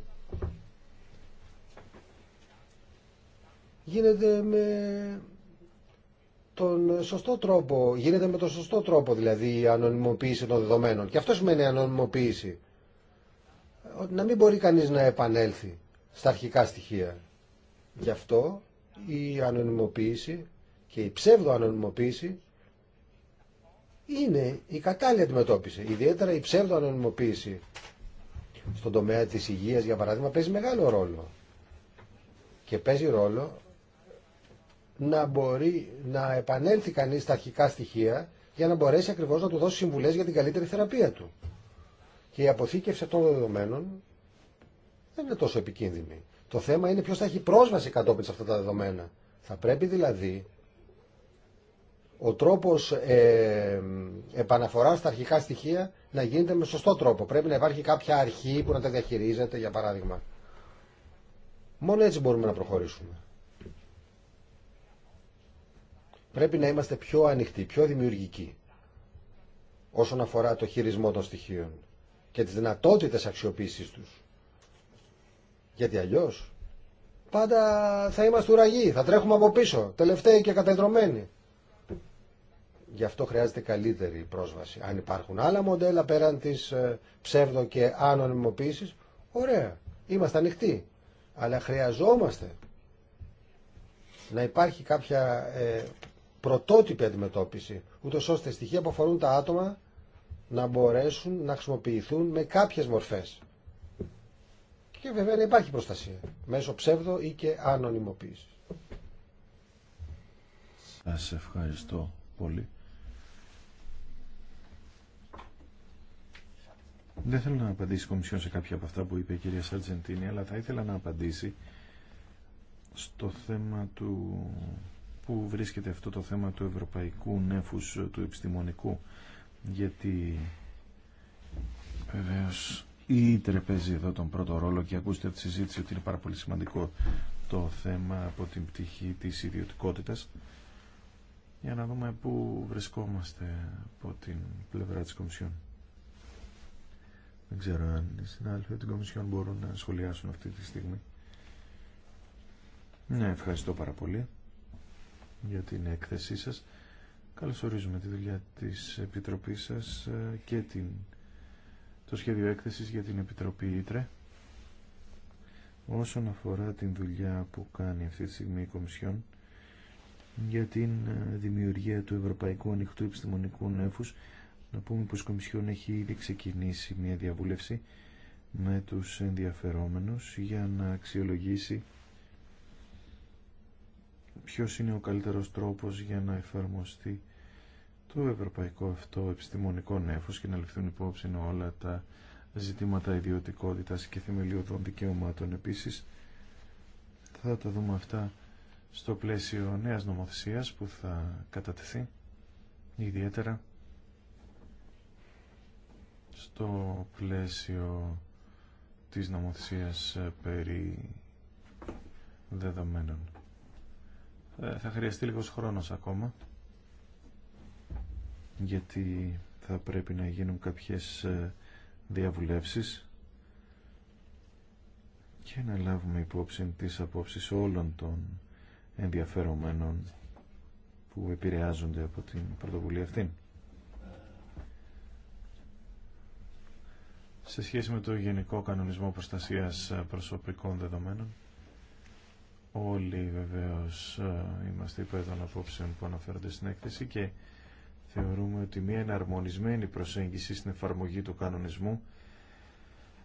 [SPEAKER 4] γίνεται με τον σωστό τρόπο, γίνεται με τον σωστό τρόπο δηλαδή η ανωνυμοποίηση των δεδομένων. Και αυτό σημαίνει ανωνυμοποίηση. Να μην μπορεί κανείς να επανέλθει στα αρχικά στοιχεία. Γι' αυτό η ανωνυμοποίηση και η ψεύδοανωνυμοποίηση είναι η κατάλληλη αντιμετώπιση. Ιδιαίτερα η ψεύδοανωνυμοποίηση στον τομέα της υγείας, για παράδειγμα, παίζει μεγάλο ρόλο. Και παίζει ρόλο να μπορεί να επανέλθει κανείς στα αρχικά στοιχεία για να μπορέσει ακριβώς να του δώσει συμβουλές για την καλύτερη θεραπεία του. Και η αποθήκευση αυτών των δεδομένων δεν είναι τόσο επικίνδυνη. Το θέμα είναι ποιος θα έχει πρόσβαση κατόπιν σε αυτά τα δεδομένα. Θα πρέπει δηλαδή ο τρόπος ε, επαναφοράς στα αρχικά στοιχεία να γίνεται με σωστό τρόπο. Πρέπει να υπάρχει κάποια αρχή που να τα διαχειρίζεται, για παράδειγμα. Μόνο έτσι μπορούμε να προχωρήσουμε. Πρέπει να είμαστε πιο ανοιχτοί, πιο δημιουργικοί όσον αφορά το χειρισμό των στοιχείων και τις δυνατότητες αξιοποίησης τους. Γιατί αλλιώς πάντα θα είμαστε ουραγοί, θα τρέχουμε από πίσω, τελευταίοι και κατεδρομένοι. Γι' αυτό χρειάζεται καλύτερη πρόσβαση. Αν υπάρχουν άλλα μοντέλα πέραν της ε, ψεύδο και άνωνυμοποίησης, ωραία, είμαστε ανοιχτοί. Αλλά χρειαζόμαστε να υπάρχει κάποια ε, πρωτότυπη αντιμετώπιση, ούτω ώστε στοιχεία που αφορούν τα άτομα να μπορέσουν να χρησιμοποιηθούν με κάποιες μορφές. Και βέβαια να υπάρχει προστασία μέσω ψεύδο ή και ανωνυμοποίηση.
[SPEAKER 1] Σας ευχαριστώ πολύ. Δεν θέλω να απαντήσει η Κομισιόν σε κάποια Σαλτσεντίνη, που είπε η κυρία Σαρτζεντίνη, αλλά θα ήθελα να απαντήσει στο θέμα του που βρίσκεται αυτό το θέμα του ευρωπαϊκού νέφους του επιστημονικού γιατί βεβαίω η Ήτρε παίζει εδώ τον πρώτο ρόλο και ακούστε τη συζήτηση ότι είναι πάρα πολύ σημαντικό το θέμα από την πτυχή της ιδιωτικότητας για να δούμε πού βρισκόμαστε από την πλευρά της Κομισιόν. Δεν ξέρω αν οι συνάδελφοι την Κομισιόν μπορούν να σχολιάσουν αυτή τη στιγμή. Ναι, ευχαριστώ πάρα πολύ για την έκθεσή σας. Καλωσορίζουμε τη δουλειά της Επιτροπής σας ε, και την... το σχέδιο έκθεσης για την Επιτροπή Ήτρε. Όσον αφορά την δουλειά που κάνει αυτή τη στιγμή η Κομισιόν για την ε, δημιουργία του Ευρωπαϊκού Ανοιχτού Επιστημονικού Νέφους, να πούμε πως η Κομισιόν έχει ήδη ξεκινήσει μια διαβούλευση με τους ενδιαφερόμενους για να αξιολογήσει ποιος είναι ο καλύτερος τρόπος για να εφαρμοστεί το ευρωπαϊκό αυτό επιστημονικό νέφος και να ληφθούν υπόψη όλα τα ζητήματα ιδιωτικότητας και θεμελιωδών δικαιωμάτων. Επίσης, θα τα δούμε αυτά στο πλαίσιο νέας νομοθεσίας που θα κατατεθεί ιδιαίτερα στο πλαίσιο της νομοθεσίας περί δεδομένων. Ε, θα χρειαστεί λίγος χρόνος ακόμα γιατί θα πρέπει να γίνουν κάποιες ε, διαβουλεύσεις και να λάβουμε υπόψη τις απόψεις όλων των ενδιαφερομένων που επηρεάζονται από την πρωτοβουλία αυτή. Σε σχέση με το Γενικό Κανονισμό Προστασίας Προσωπικών Δεδομένων όλοι βεβαίως ε, είμαστε υπέρ των απόψεων που αναφέρονται στην έκθεση και θεωρούμε ότι μια εναρμονισμένη προσέγγιση στην εφαρμογή του κανονισμού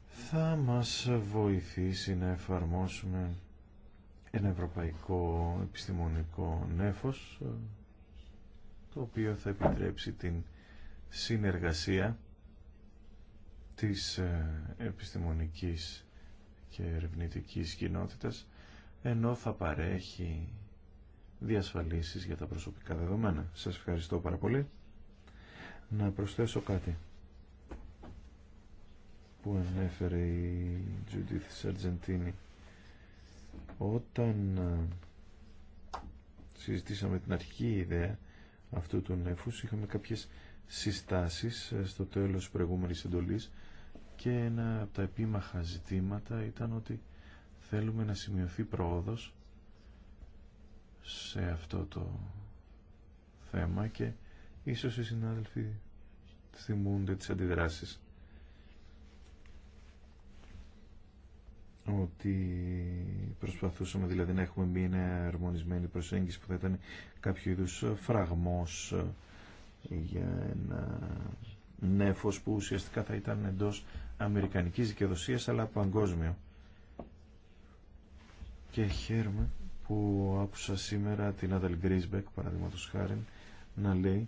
[SPEAKER 1] θα μας βοηθήσει να εφαρμόσουμε ένα ευρωπαϊκό επιστημονικό νέφος ε, το οποίο θα επιτρέψει την συνεργασία της ε, επιστημονικής και ερευνητικής κοινότητας ενώ θα παρέχει διασφαλίσεις για τα προσωπικά δεδομένα. Σας ευχαριστώ πάρα πολύ. Να προσθέσω κάτι που ανέφερε η Judith Sargentini. Όταν ε, συζητήσαμε την αρχική ιδέα αυτού του νεφούς, είχαμε κάποιες συστάσεις ε, στο τέλος προηγούμενης εντολής και ένα από τα επίμαχα ζητήματα ήταν ότι θέλουμε να σημειωθεί πρόοδος σε αυτό το θέμα και ίσως οι συνάδελφοι θυμούνται τις αντιδράσεις ότι προσπαθούσαμε δηλαδή να έχουμε μπει μια αρμονισμένη προσέγγιση που θα ήταν κάποιο είδους φραγμός για ένα νέφος που ουσιαστικά θα ήταν εντός αμερικανικής δικαιοδοσίας αλλά παγκόσμιο και χαίρομαι που άκουσα σήμερα την Adel Γκρίσμπεκ, παραδείγματο χάρη, να λέει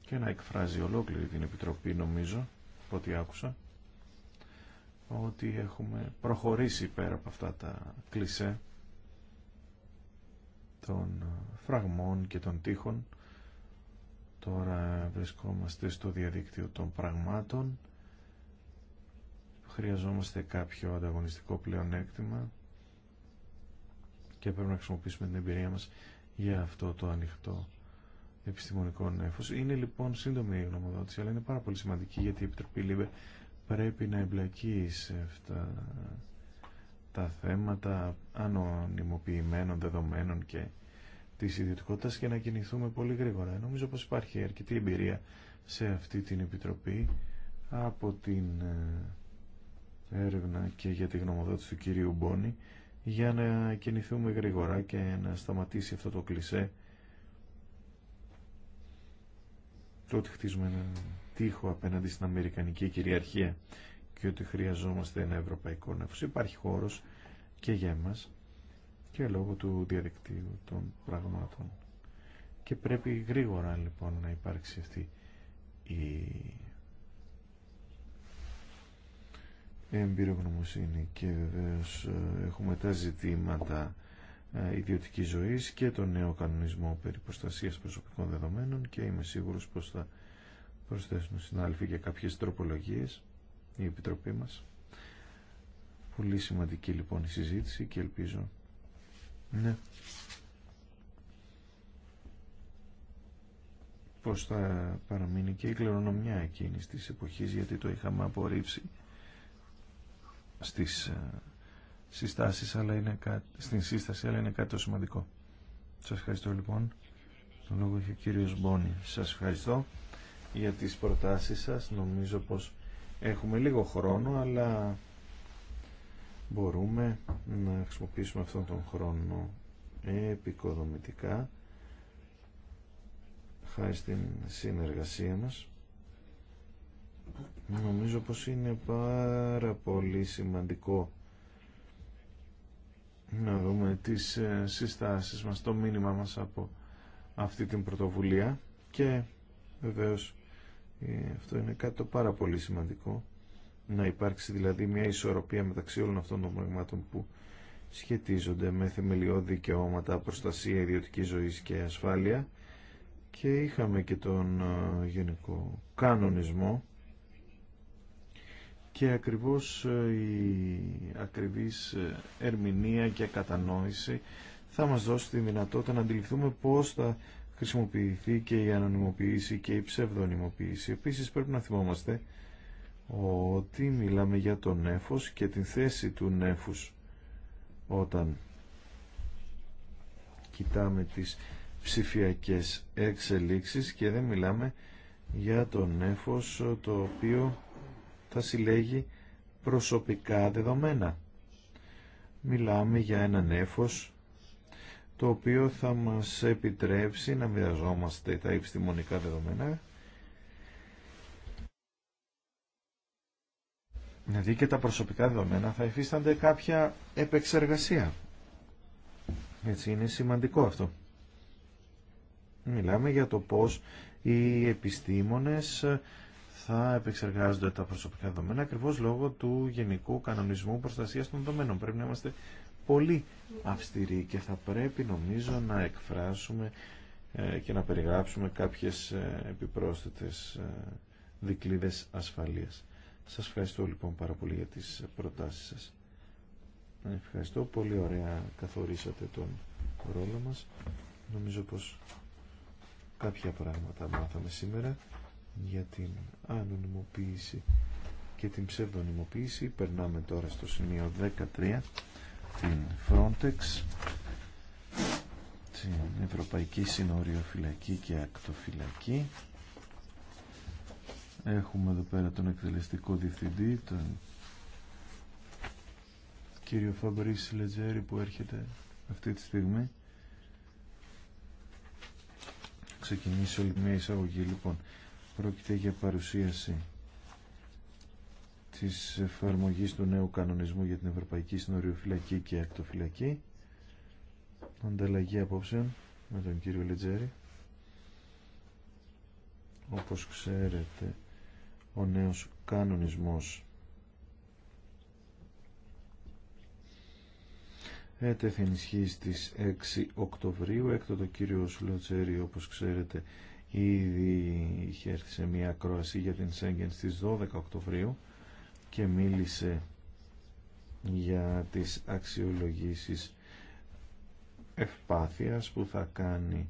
[SPEAKER 1] και να εκφράζει ολόκληρη την Επιτροπή, νομίζω, από ό,τι άκουσα, ότι έχουμε προχωρήσει πέρα από αυτά τα κλισέ των φραγμών και των τείχων. Τώρα βρισκόμαστε στο διαδίκτυο των πραγμάτων. Χρειαζόμαστε κάποιο ανταγωνιστικό πλεονέκτημα και πρέπει να χρησιμοποιήσουμε την εμπειρία μας για αυτό το ανοιχτό επιστημονικό νέφος. Είναι λοιπόν σύντομη η γνωμοδότηση, αλλά είναι πάρα πολύ σημαντική γιατί η Επιτροπή ΛΥΒΕ πρέπει να εμπλακεί σε αυτά τα θέματα ανωνυμοποιημένων δεδομένων και τη ιδιωτικότητα και να κινηθούμε πολύ γρήγορα. Νομίζω πως υπάρχει αρκετή εμπειρία σε αυτή την Επιτροπή από την ε, έρευνα και για τη γνωμοδότηση του κυρίου Μπόνη για να κινηθούμε γρήγορα και να σταματήσει αυτό το κλισέ το ότι χτίζουμε έναν τείχο απέναντι στην Αμερικανική κυριαρχία και ότι χρειαζόμαστε ένα ευρωπαϊκό νεύος. Υπάρχει χώρος και για εμάς και λόγω του διαδικτύου των πραγμάτων. Και πρέπει γρήγορα λοιπόν να υπάρξει αυτή η εμπειρογνωμοσύνη και βεβαίως ε, έχουμε τα ζητήματα ε, ιδιωτικής ζωής και το νέο κανονισμό περί προστασίας προσωπικών δεδομένων και είμαι σίγουρος πως θα προσθέσουν συνάλφοι και κάποιες τροπολογίες η Επιτροπή μας. Πολύ σημαντική λοιπόν η συζήτηση και ελπίζω ναι. πως θα παραμείνει και η κληρονομιά εκείνης της εποχής γιατί το είχαμε απορρίψει στις ε, συστάσεις, αλλά είναι στην σύσταση, αλλά είναι κάτι το σημαντικό. Σας ευχαριστώ λοιπόν. Τον λόγο είχε ο κύριος Μπόνη. Σας ευχαριστώ για τις προτάσεις σας. Νομίζω πως έχουμε λίγο χρόνο, αλλά μπορούμε να χρησιμοποιήσουμε αυτόν τον χρόνο επικοδομητικά χάρη στην συνεργασία μας Νομίζω πως είναι πάρα πολύ σημαντικό να δούμε τις ε, συστάσεις μας, το μήνυμα μας από αυτή την πρωτοβουλία και βεβαίως ε, αυτό είναι κάτι το πάρα πολύ σημαντικό να υπάρξει δηλαδή μια ισορροπία μεταξύ όλων αυτών των πραγμάτων που σχετίζονται με θεμελιώδη δικαιώματα, προστασία ιδιωτική ζωής και ασφάλεια και είχαμε και τον ε, γενικό κανονισμό και ακριβώς ε, η ακριβής ε, ερμηνεία και κατανόηση θα μας δώσει τη δυνατότητα να αντιληφθούμε πώς θα χρησιμοποιηθεί και η ανωνυμοποίηση και η ψευδονυμοποίηση. Επίσης πρέπει να θυμόμαστε ότι μιλάμε για τον νέφος και την θέση του νέφους όταν κοιτάμε τις ψηφιακές εξελίξεις και δεν μιλάμε για τον νέφος το οποίο θα συλλέγει προσωπικά δεδομένα. Μιλάμε για έναν έφος το οποίο θα μας επιτρέψει να μοιραζόμαστε τα επιστημονικά δεδομένα Δηλαδή και τα προσωπικά δεδομένα θα υφίστανται κάποια επεξεργασία. Έτσι είναι σημαντικό αυτό. Μιλάμε για το πώς οι επιστήμονες θα επεξεργάζονται τα προσωπικά δεδομένα ακριβώ λόγω του Γενικού Κανονισμού Προστασία των Δεδομένων. Πρέπει να είμαστε πολύ αυστηροί και θα πρέπει νομίζω να εκφράσουμε ε, και να περιγράψουμε κάποιες ε, επιπρόσθετες ε, δικλείδες ασφαλείας. Σας ευχαριστώ λοιπόν πάρα πολύ για τις προτάσεις σας. Ευχαριστώ. Πολύ ωραία καθορίσατε τον ρόλο μας. Νομίζω πως κάποια πράγματα μάθαμε σήμερα για την ανωνυμοποίηση και την ψευδονυμοποίηση. Περνάμε τώρα στο σημείο 13, την Frontex, την Ευρωπαϊκή Συνοριοφυλακή και Ακτοφυλακή. Έχουμε εδώ πέρα τον εκτελεστικό διευθυντή, τον κύριο Φαμπρίς Λετζέρη που έρχεται αυτή τη στιγμή. Ξεκινήσει όλη μια εισαγωγή λοιπόν. Πρόκειται για παρουσίαση της εφαρμογής του νέου κανονισμού για την Ευρωπαϊκή Συνοριοφυλακή και Ακτοφυλακή. Ανταλλαγή απόψεων με τον κύριο Λετζέρη. Όπως ξέρετε, ο νέος κανονισμός έτεθεν της στις 6 Οκτωβρίου. Έκτοτε ο κύριος Λετζέρη, όπως ξέρετε, Ήδη είχε έρθει σε μια ακρόαση για την Σέγγεν στις 12 Οκτωβρίου και μίλησε για τις αξιολογήσεις ευπάθειας που θα κάνει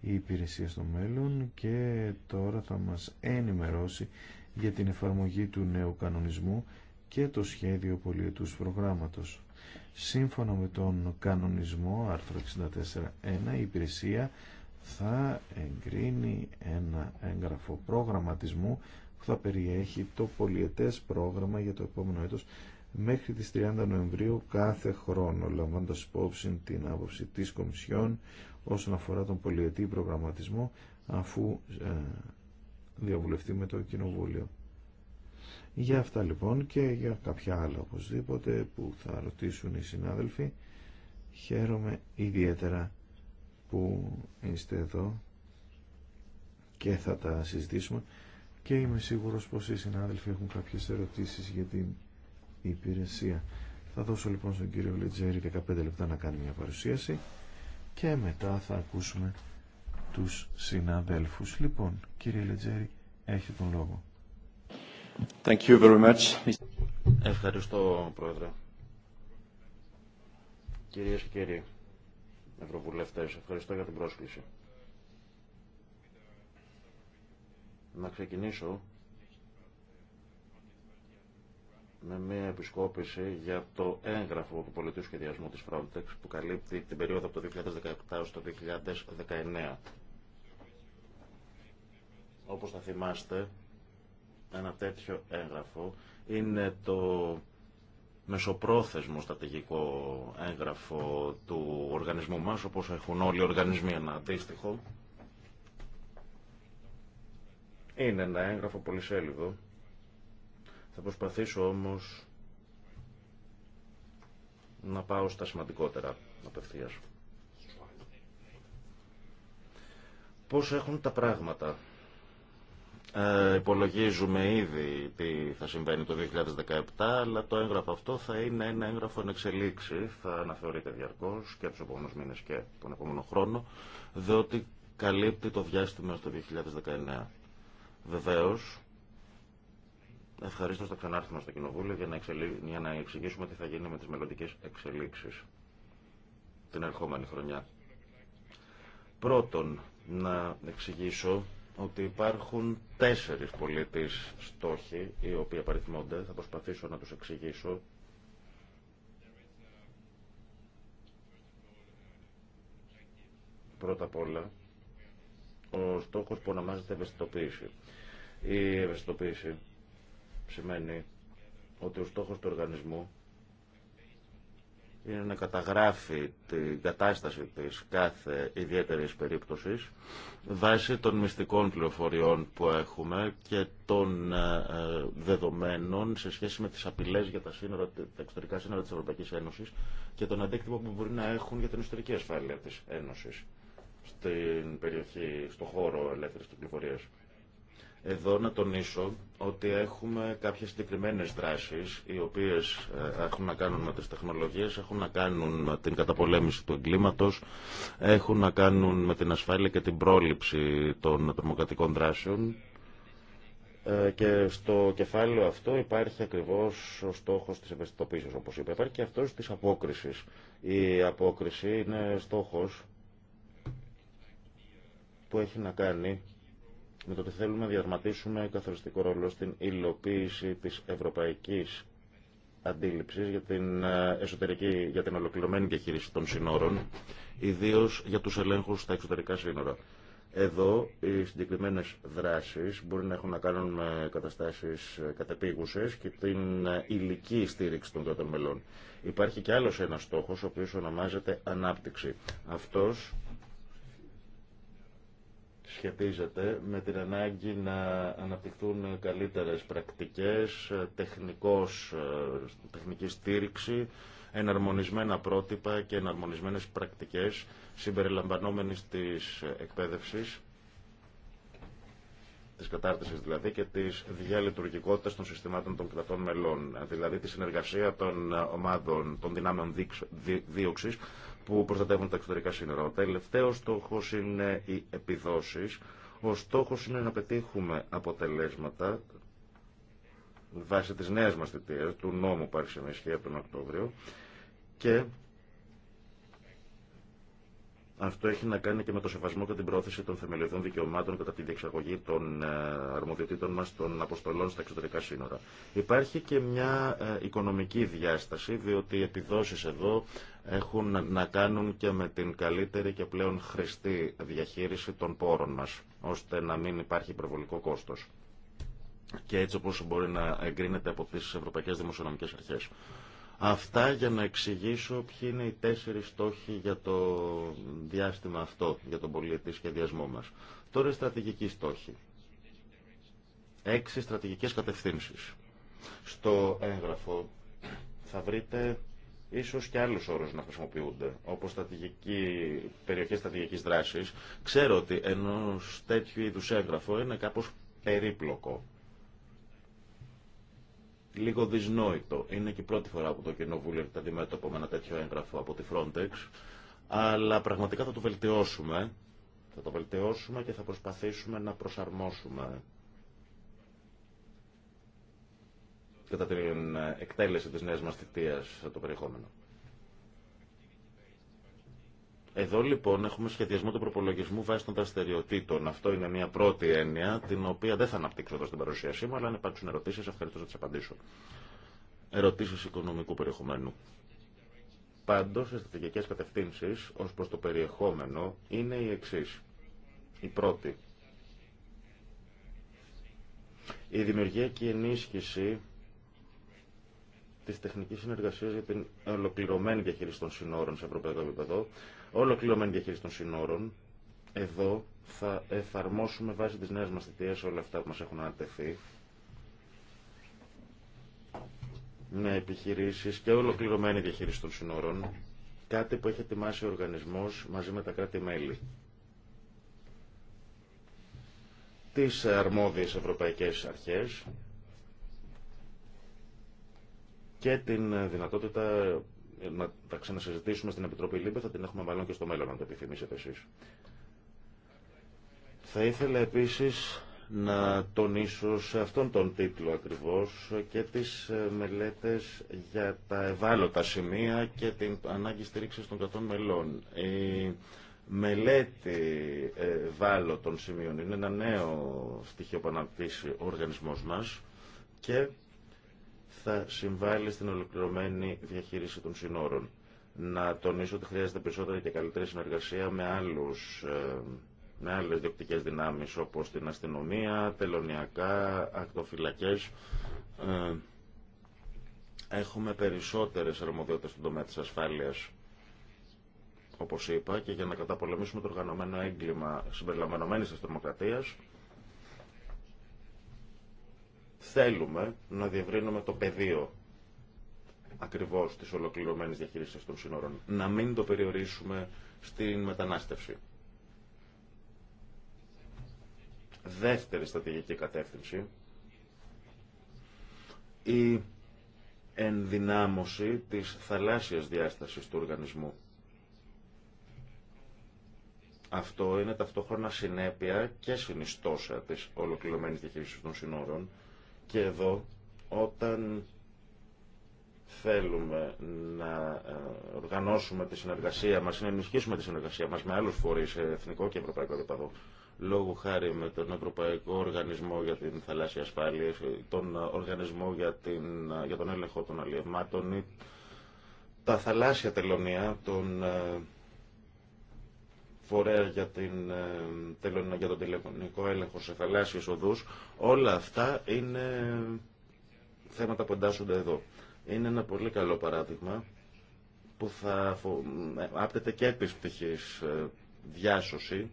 [SPEAKER 1] η υπηρεσία στο μέλλον και τώρα θα μας ενημερώσει για την εφαρμογή του νέου κανονισμού και το σχέδιο πολιετούς προγράμματος. Σύμφωνα με τον κανονισμό άρθρο 64.1 η υπηρεσία θα εγκρίνει ένα έγγραφο προγραμματισμού που θα περιέχει το πολιετές πρόγραμμα για το επόμενο έτος μέχρι τις 30 Νοεμβρίου κάθε χρόνο, λαμβάνοντας υπόψη την άποψη της Κομισιόν όσον αφορά τον πολιετή προγραμματισμό, αφού ε, διαβουλευτεί με το Κοινοβούλιο. Για αυτά λοιπόν και για κάποια άλλα οπωσδήποτε που θα ρωτήσουν οι συνάδελφοι, χαίρομαι ιδιαίτερα που είστε εδώ και θα τα συζητήσουμε και είμαι σίγουρος πως οι συνάδελφοι έχουν κάποιες ερωτήσεις για την υπηρεσία. Θα δώσω λοιπόν στον κύριο Λετζέρη 15 λεπτά να κάνει μια παρουσίαση και μετά θα ακούσουμε τους συναδέλφους. Λοιπόν,
[SPEAKER 2] κύριε Λετζέρη,
[SPEAKER 1] έχετε τον λόγο. Thank
[SPEAKER 7] you very much.
[SPEAKER 2] Ευχαριστώ, Πρόεδρε. Κυρίες και κύριοι, ευρωβουλευτές. Ευχαριστώ για την πρόσκληση. Να ξεκινήσω με μια επισκόπηση για το έγγραφο του πολιτικού σχεδιασμού της Frontex που καλύπτει την περίοδο από το 2017 έως το 2019. Όπως θα θυμάστε, ένα τέτοιο έγγραφο είναι το μεσοπρόθεσμο στρατηγικό έγγραφο του οργανισμού μας, όπως έχουν όλοι οι οργανισμοί ένα αντίστοιχο. Είναι ένα έγγραφο πολυσέλιδο. Θα προσπαθήσω όμως να πάω στα σημαντικότερα απευθείας. Πώς έχουν τα πράγματα ε, υπολογίζουμε ήδη τι θα συμβαίνει το 2017, αλλά το έγγραφο αυτό θα είναι ένα έγγραφο εν εξελίξη. Θα αναθεωρείται διαρκώ και του επόμενου μήνε και τον επόμενο χρόνο, διότι καλύπτει το διάστημα στο 2019. Βεβαίω, ευχαρίστω θα ξανάρθουμε στο Κοινοβούλιο για να, για να εξηγήσουμε τι θα γίνει με τι μελλοντικέ εξελίξει την ερχόμενη χρονιά. Πρώτον, να εξηγήσω ότι υπάρχουν τέσσερις πολίτες στόχοι οι οποίοι απαριθμώνται. Θα προσπαθήσω να τους εξηγήσω. Πρώτα απ' όλα, ο στόχος που ονομάζεται ευαισθητοποίηση. Η ευαισθητοποίηση σημαίνει ότι ο στόχος του οργανισμού είναι να καταγράφει την κατάσταση της κάθε ιδιαίτερης περίπτωσης βάσει των μυστικών πληροφοριών που έχουμε και των ε, ε, δεδομένων σε σχέση με τις απειλές για τα, σύνορα, τα εξωτερικά σύνορα της Ευρωπαϊκής Ένωσης και τον αντίκτυπο που μπορεί να έχουν για την ιστορική ασφάλεια της Ένωσης στην περιοχή, στον χώρο ελεύθερης πληροφορίας. Εδώ να τονίσω ότι έχουμε κάποιες συγκεκριμένε δράσεις οι οποίες ε, έχουν να κάνουν με τις τεχνολογίες, έχουν να κάνουν με την καταπολέμηση του εγκλήματος, έχουν να κάνουν με την ασφάλεια και την πρόληψη των τρομοκρατικών δράσεων ε, και στο κεφάλαιο αυτό υπάρχει ακριβώς ο στόχος της ευαισθητοποίησης όπως είπα. Υπάρχει και αυτός της απόκρισης. Η απόκριση είναι στόχος που έχει να κάνει με το ότι θέλουμε να διαρματίσουμε καθοριστικό ρόλο στην υλοποίηση της ευρωπαϊκής αντίληψης για την ε, εσωτερική, για την ολοκληρωμένη διαχείριση των συνόρων, ιδίως για τους ελέγχους στα εξωτερικά σύνορα. Εδώ οι συγκεκριμένε δράσει μπορεί να έχουν να κάνουν με καταστάσει ε, κατεπίγουσες και την ε, υλική στήριξη των κρατών μελών. Υπάρχει και άλλο ένα στόχο, ο οποίο ονομάζεται ανάπτυξη. Αυτός σχετίζεται με την ανάγκη να αναπτυχθούν καλύτερες πρακτικές, τεχνικός, τεχνική στήριξη, εναρμονισμένα πρότυπα και εναρμονισμένες πρακτικές συμπεριλαμβανόμενης της εκπαίδευσης, της κατάρτισης δηλαδή και της διαλειτουργικότητας των συστημάτων των κρατών μελών, δηλαδή τη συνεργασία των ομάδων των δυνάμεων δίωξης που προστατεύουν τα εξωτερικά σύνορα. Ο τελευταίο στόχο είναι οι επιδόσει. Ο στόχο είναι να πετύχουμε αποτελέσματα βάσει τη νέα μα του νόμου που άρχισε να ισχύει από τον Οκτώβριο και αυτό έχει να κάνει και με το σεβασμό και την πρόθεση των θεμελιωδών δικαιωμάτων κατά τη διεξαγωγή των ε, αρμοδιοτήτων μα των αποστολών στα εξωτερικά σύνορα. Υπάρχει και μια ε, οικονομική διάσταση, διότι οι επιδόσει εδώ έχουν να κάνουν και με την καλύτερη και πλέον χρηστή διαχείριση των πόρων μα, ώστε να μην υπάρχει υπερβολικό κόστο. Και έτσι όπω μπορεί να εγκρίνεται από τι ευρωπαϊκέ δημοσιονομικέ αρχέ. Αυτά για να εξηγήσω ποιοι είναι οι τέσσερις στόχοι για το διάστημα αυτό, για τον πολιετή σχεδιασμό μας. Τώρα οι στρατηγικοί στόχοι. Έξι στρατηγικές κατευθύνσεις. Στο έγγραφο θα βρείτε ίσως και άλλους όρους να χρησιμοποιούνται, όπως στρατηγική, περιοχές στρατηγικής δράσης. Ξέρω ότι ενός τέτοιου είδους έγγραφο είναι κάπως περίπλοκο λίγο δυσνόητο. Είναι και η πρώτη φορά που το Κοινοβούλιο έρχεται αντιμέτωπο με ένα τέτοιο έγγραφο από τη Frontex, αλλά πραγματικά θα το βελτιώσουμε. Θα το βελτιώσουμε και θα προσπαθήσουμε να προσαρμόσουμε κατά την ε, εκτέλεση της νέας μας θητείας το περιεχόμενο. Εδώ λοιπόν έχουμε σχεδιασμό του προπολογισμού βάσει των δραστηριοτήτων. Αυτό είναι μια πρώτη έννοια, την οποία δεν θα αναπτύξω εδώ στην παρουσίασή μου, αλλά αν υπάρξουν ερωτήσει, ευχαριστώ να τι απαντήσω. Ερωτήσει οικονομικού περιεχομένου. Πάντω, οι στρατηγικέ κατευθύνσει ω προ το περιεχόμενο είναι οι εξή. Η πρώτη. Η δημιουργία και η ενίσχυση τη τεχνική συνεργασία για την ολοκληρωμένη διαχείριση των συνόρων σε ευρωπαϊκό επίπεδο ολοκληρωμένη διαχείριση των συνόρων. Εδώ θα εφαρμόσουμε βάσει της νέας μας θητείας όλα αυτά που μας έχουν ανατεθεί. Με επιχειρήσεις και ολοκληρωμένη διαχείριση των συνόρων. Κάτι που έχει ετοιμάσει ο οργανισμός μαζί με τα κράτη-μέλη. Τις αρμόδιες ευρωπαϊκές αρχές και την δυνατότητα ε, να τα ξανασυζητήσουμε στην Επιτροπή ΛΥΜΠΕ, θα την έχουμε μάλλον και στο μέλλον, αν το επιθυμήσετε εσείς. Θα ήθελα επίσης να τονίσω σε αυτόν τον τίτλο ακριβώς και τις ε, μελέτες για τα ευάλωτα σημεία και την ανάγκη στήριξης των κρατών μελών. Η μελέτη ευάλωτων σημείων είναι ένα νέο στοιχείο που αναπτύσσει ο οργανισμός μας και θα συμβάλλει στην ολοκληρωμένη διαχείριση των συνόρων. Να τονίσω ότι χρειάζεται περισσότερη και καλύτερη συνεργασία με, άλλους, ε, με άλλες διοκτικές δυνάμεις όπως την αστυνομία, τελωνιακά, ακτοφυλακές. Ε, έχουμε περισσότερες αρμοδιότητες στον τομέα της ασφάλειας όπως είπα, και για να καταπολεμήσουμε το οργανωμένο έγκλημα συμπεριλαμβανομένης τη τρομοκρατίας, Θέλουμε να διευρύνουμε το πεδίο ακριβώς της ολοκληρωμένη διαχείρισης των σύνορων. Να μην το περιορίσουμε στην μετανάστευση. Δεύτερη στρατηγική κατεύθυνση, η ενδυνάμωση της θαλάσσιας διάστασης του οργανισμού. Αυτό είναι ταυτόχρονα συνέπεια και συνιστόσα της ολοκληρωμένης διαχείρισης των σύνορων, και εδώ, όταν θέλουμε να ε, οργανώσουμε τη συνεργασία μας, να ενισχύσουμε τη συνεργασία μας με άλλους φορείς εθνικό και ευρωπαϊκό επίπεδο, λόγω χάρη με τον Ευρωπαϊκό Οργανισμό για την Θαλάσσια Ασφάλεια, τον Οργανισμό για, την, για τον Έλεγχο των Αλλιευμάτων τα θαλάσσια τελωνία, τον ε, φορέα για, την, ε, για τον τηλεφωνικό έλεγχο σε θαλάσσιες οδούς, όλα αυτά είναι θέματα που εντάσσονται εδώ. Είναι ένα πολύ καλό παράδειγμα που θα ε, άπτεται και της ε, διάσωση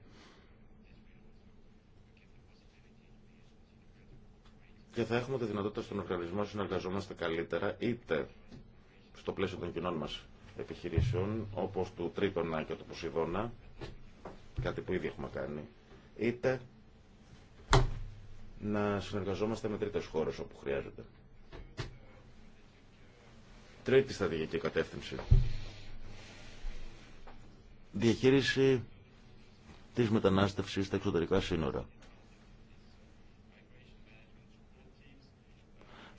[SPEAKER 2] και θα έχουμε τη δυνατότητα στον οργανισμό να συνεργαζόμαστε καλύτερα είτε στο πλαίσιο των κοινών μας επιχειρήσεων όπως του Τρίτονα και του Ποσειδώνα κάτι που ήδη έχουμε κάνει, είτε να συνεργαζόμαστε με τρίτες χώρες όπου χρειάζεται. Τρίτη στρατηγική κατεύθυνση. Διαχείριση της μετανάστευσης στα εξωτερικά σύνορα.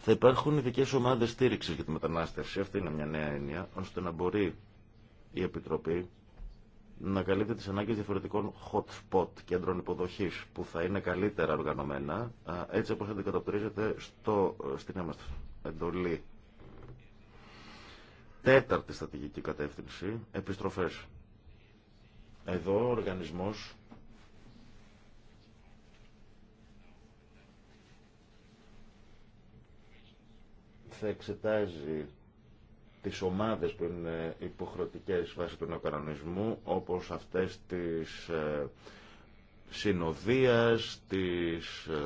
[SPEAKER 2] Θα υπάρχουν ειδικέ ομάδες στήριξης για τη μετανάστευση, αυτή είναι μια νέα έννοια, ώστε να μπορεί η Επιτροπή να καλύπτει τις ανάγκες διαφορετικών hot spot, κέντρων υποδοχής, που θα είναι καλύτερα οργανωμένα, έτσι όπως αντικατοπτρίζεται στο, ε, στην έμαστε εντολή. Τέταρτη στρατηγική κατεύθυνση, επιστροφές. Εδώ ο οργανισμός θα εξετάζει τις ομάδες που είναι υποχρεωτικές βάσει του νεοκανονισμού, όπως αυτές της ε, συνοδείας, της ε,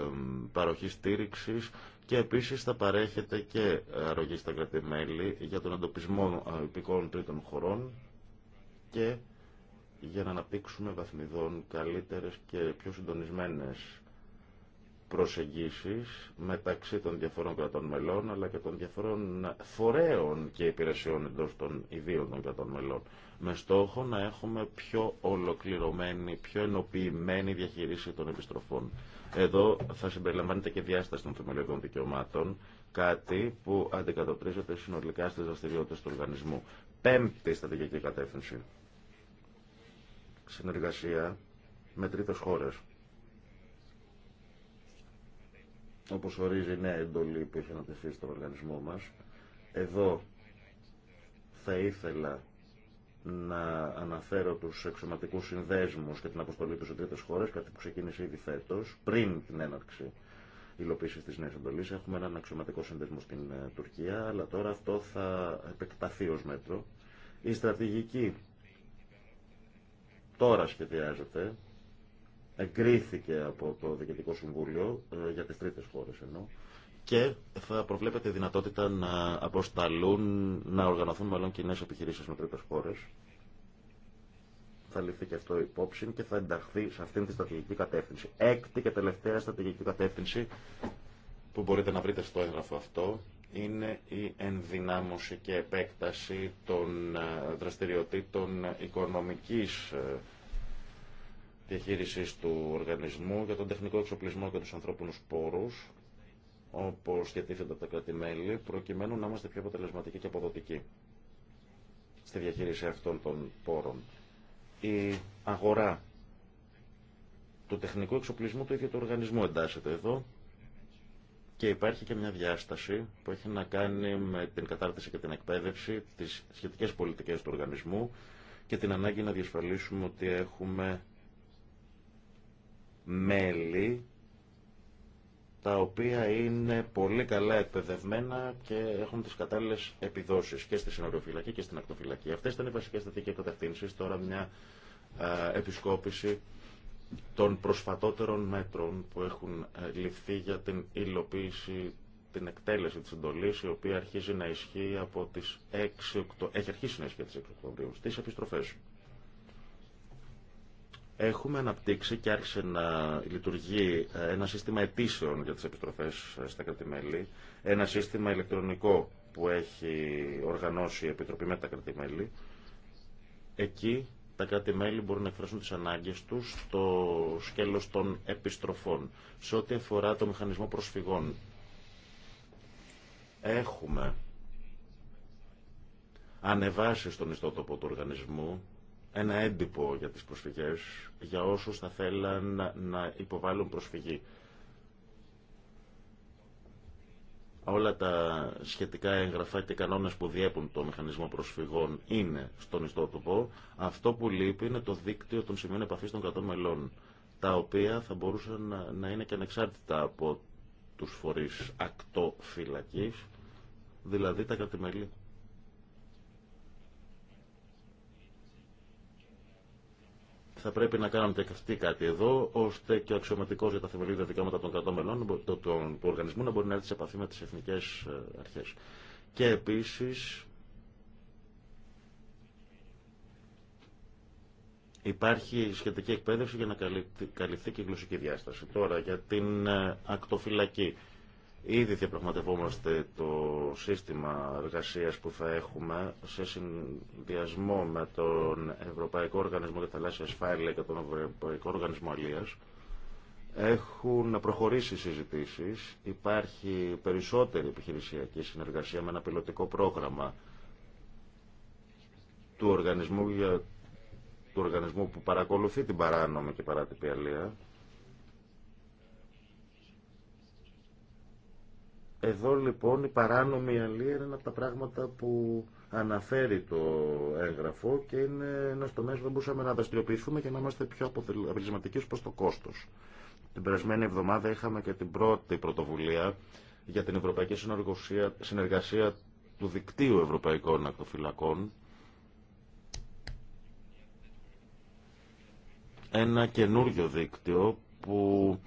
[SPEAKER 2] παροχής στήριξης και επίσης θα παρέχεται και αρρωγή στα κρατημέλη για τον εντοπισμό υπηκών τρίτων χωρών και για να αναπτύξουμε βαθμιδών καλύτερες και πιο συντονισμένες προσεγγίσεις μεταξύ των διαφορών κρατών μελών αλλά και των διαφορών φορέων και υπηρεσιών εντός των ιδίων των κρατών μελών με στόχο να έχουμε πιο ολοκληρωμένη, πιο ενοποιημένη διαχείριση των επιστροφών. Εδώ θα συμπεριλαμβάνεται και διάσταση των θεμελιωδών δικαιωμάτων, κάτι που αντικατοπτρίζεται συνολικά στις δραστηριότητες του οργανισμού. Πέμπτη στρατηγική κατεύθυνση. Συνεργασία με τρίτες χώρες όπως ορίζει η νέα εντολή που έχει ανατεθεί στον οργανισμό μας. Εδώ θα ήθελα να αναφέρω τους εξωματικούς συνδέσμους και την αποστολή τους σε τρίτες χώρες, κάτι που ξεκίνησε ήδη φέτος, πριν την έναρξη υλοποίηση της νέας εντολής. Έχουμε έναν αξιωματικό σύνδεσμο στην ε, Τουρκία, αλλά τώρα αυτό θα επεκταθεί ω μέτρο. Η στρατηγική τώρα σχεδιάζεται εγκρίθηκε από το Διοικητικό Συμβούλιο ε, για τις τρίτες χώρες ενώ και θα προβλέπεται η δυνατότητα να αποσταλούν, να οργανωθούν μάλλον κοινέ επιχειρήσει με τρίτε χώρε. Θα ληφθεί και αυτό υπόψη και θα ενταχθεί σε αυτήν τη στρατηγική κατεύθυνση. Έκτη και τελευταία στρατηγική κατεύθυνση που μπορείτε να βρείτε στο έγγραφο αυτό είναι η ενδυνάμωση και επέκταση των ε, δραστηριοτήτων οικονομικής ε, διαχείριση του οργανισμού, για τον τεχνικό εξοπλισμό και του ανθρώπινου πόρου, όπω διατίθενται από τα κράτη-μέλη, προκειμένου να είμαστε πιο αποτελεσματικοί και αποδοτικοί στη διαχείριση αυτών των πόρων. Η αγορά του τεχνικού εξοπλισμού του ίδιου του οργανισμού εντάσσεται εδώ και υπάρχει και μια διάσταση που έχει να κάνει με την κατάρτιση και την εκπαίδευση, τις σχετικές πολιτικές του οργανισμού και την ανάγκη να διασφαλίσουμε ότι έχουμε μέλη τα οποία είναι πολύ καλά εκπαιδευμένα και έχουν τι κατάλληλε επιδόσει και στη συνοριοφυλακή και στην ακτοφυλακή. Αυτέ ήταν οι βασικέ θετικέ κατευθύνσει. Τώρα μια επισκόπηση των προσφατότερων μέτρων που έχουν ε, ληφθεί για την υλοποίηση, την εκτέλεση της εντολής, η οποία αρχίζει να ισχύει από τις 6, έχει αρχίσει να ισχύει από τις 6 Οκτωβρίου, στις επιστροφές. Έχουμε αναπτύξει και άρχισε να λειτουργεί ε, ένα σύστημα αιτήσεων για τις επιστροφές ε, στα κρατημέλη, ένα σύστημα ηλεκτρονικό που έχει οργανώσει η Επιτροπή με τα κρατημέλη. Εκεί τα κρατη μπορούν να εκφράσουν τις ανάγκες τους στο σκέλος των επιστροφών. Σε ό,τι αφορά το μηχανισμό προσφυγών, έχουμε ανεβάσει στον ιστότοπο του οργανισμού ένα έντυπο για τις προσφυγές, για όσους θα θέλαν να υποβάλουν προσφυγή. Όλα τα σχετικά έγγραφα και κανόνες που διέπουν το μηχανισμό προσφυγών είναι στον ιστότοπο. Αυτό που λείπει είναι το δίκτυο των σημείων επαφής των κρατών μελών, τα οποία θα μπορούσαν να είναι και ανεξάρτητα από τους φορείς ακτοφυλακής, δηλαδή τα κρατημέλη θα πρέπει να κάνουμε και κάτι εδώ, ώστε και ο αξιωματικό για τα θεμελιώδη δικαιώματα των κρατών μελών του οργανισμού να μπορεί να έρθει σε επαφή με τι εθνικέ ε, αρχέ. Και επίση. Υπάρχει σχετική εκπαίδευση για να καλυφθεί και η γλωσσική διάσταση. Τώρα για την ε, ακτοφυλακή. Ήδη διαπραγματευόμαστε το σύστημα εργασία που θα έχουμε σε συνδυασμό με τον Ευρωπαϊκό Οργανισμό για Θαλάσσια Ασφάλεια και τον Ευρωπαϊκό Οργανισμό Αλίας. Έχουν προχωρήσει συζητήσει. συζητήσεις. Υπάρχει περισσότερη επιχειρησιακή συνεργασία με ένα πιλωτικό πρόγραμμα του οργανισμού, για... του οργανισμού που παρακολουθεί την παράνομη και παράτυπη αλία Εδώ λοιπόν η παράνομη αλία είναι ένα από τα πράγματα που αναφέρει το έγγραφο και είναι ένα τομέα που δεν μπορούσαμε να δραστηριοποιηθούμε και να είμαστε πιο αποτελεσματικοί προ το κόστο. Την περασμένη εβδομάδα είχαμε και την πρώτη πρωτοβουλία για την Ευρωπαϊκή Συνεργασία του Δικτύου Ευρωπαϊκών Ακτοφυλακών. Ένα καινούριο δίκτυο που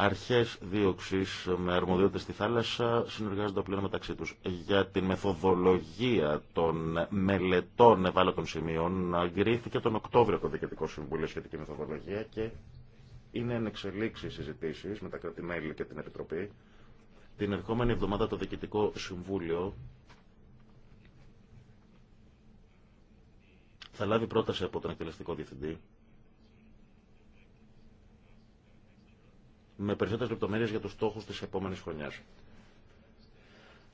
[SPEAKER 2] αρχές δίωξης με αρμοδιότητες στη θάλασσα συνεργάζονται πλέον μεταξύ τους. Για τη μεθοδολογία των μελετών ευάλωτων σημείων αγκρίθηκε τον Οκτώβριο το Διοικητικό Συμβούλιο σχετική μεθοδολογία και είναι εν εξελίξει συζητήσει με τα κράτη-μέλη και την Επιτροπή. Την ερχόμενη εβδομάδα το Διοικητικό Συμβούλιο θα λάβει πρόταση από τον εκτελεστικό διευθυντή με περισσότερε λεπτομέρειε για τους στόχους της επόμενης χρονία.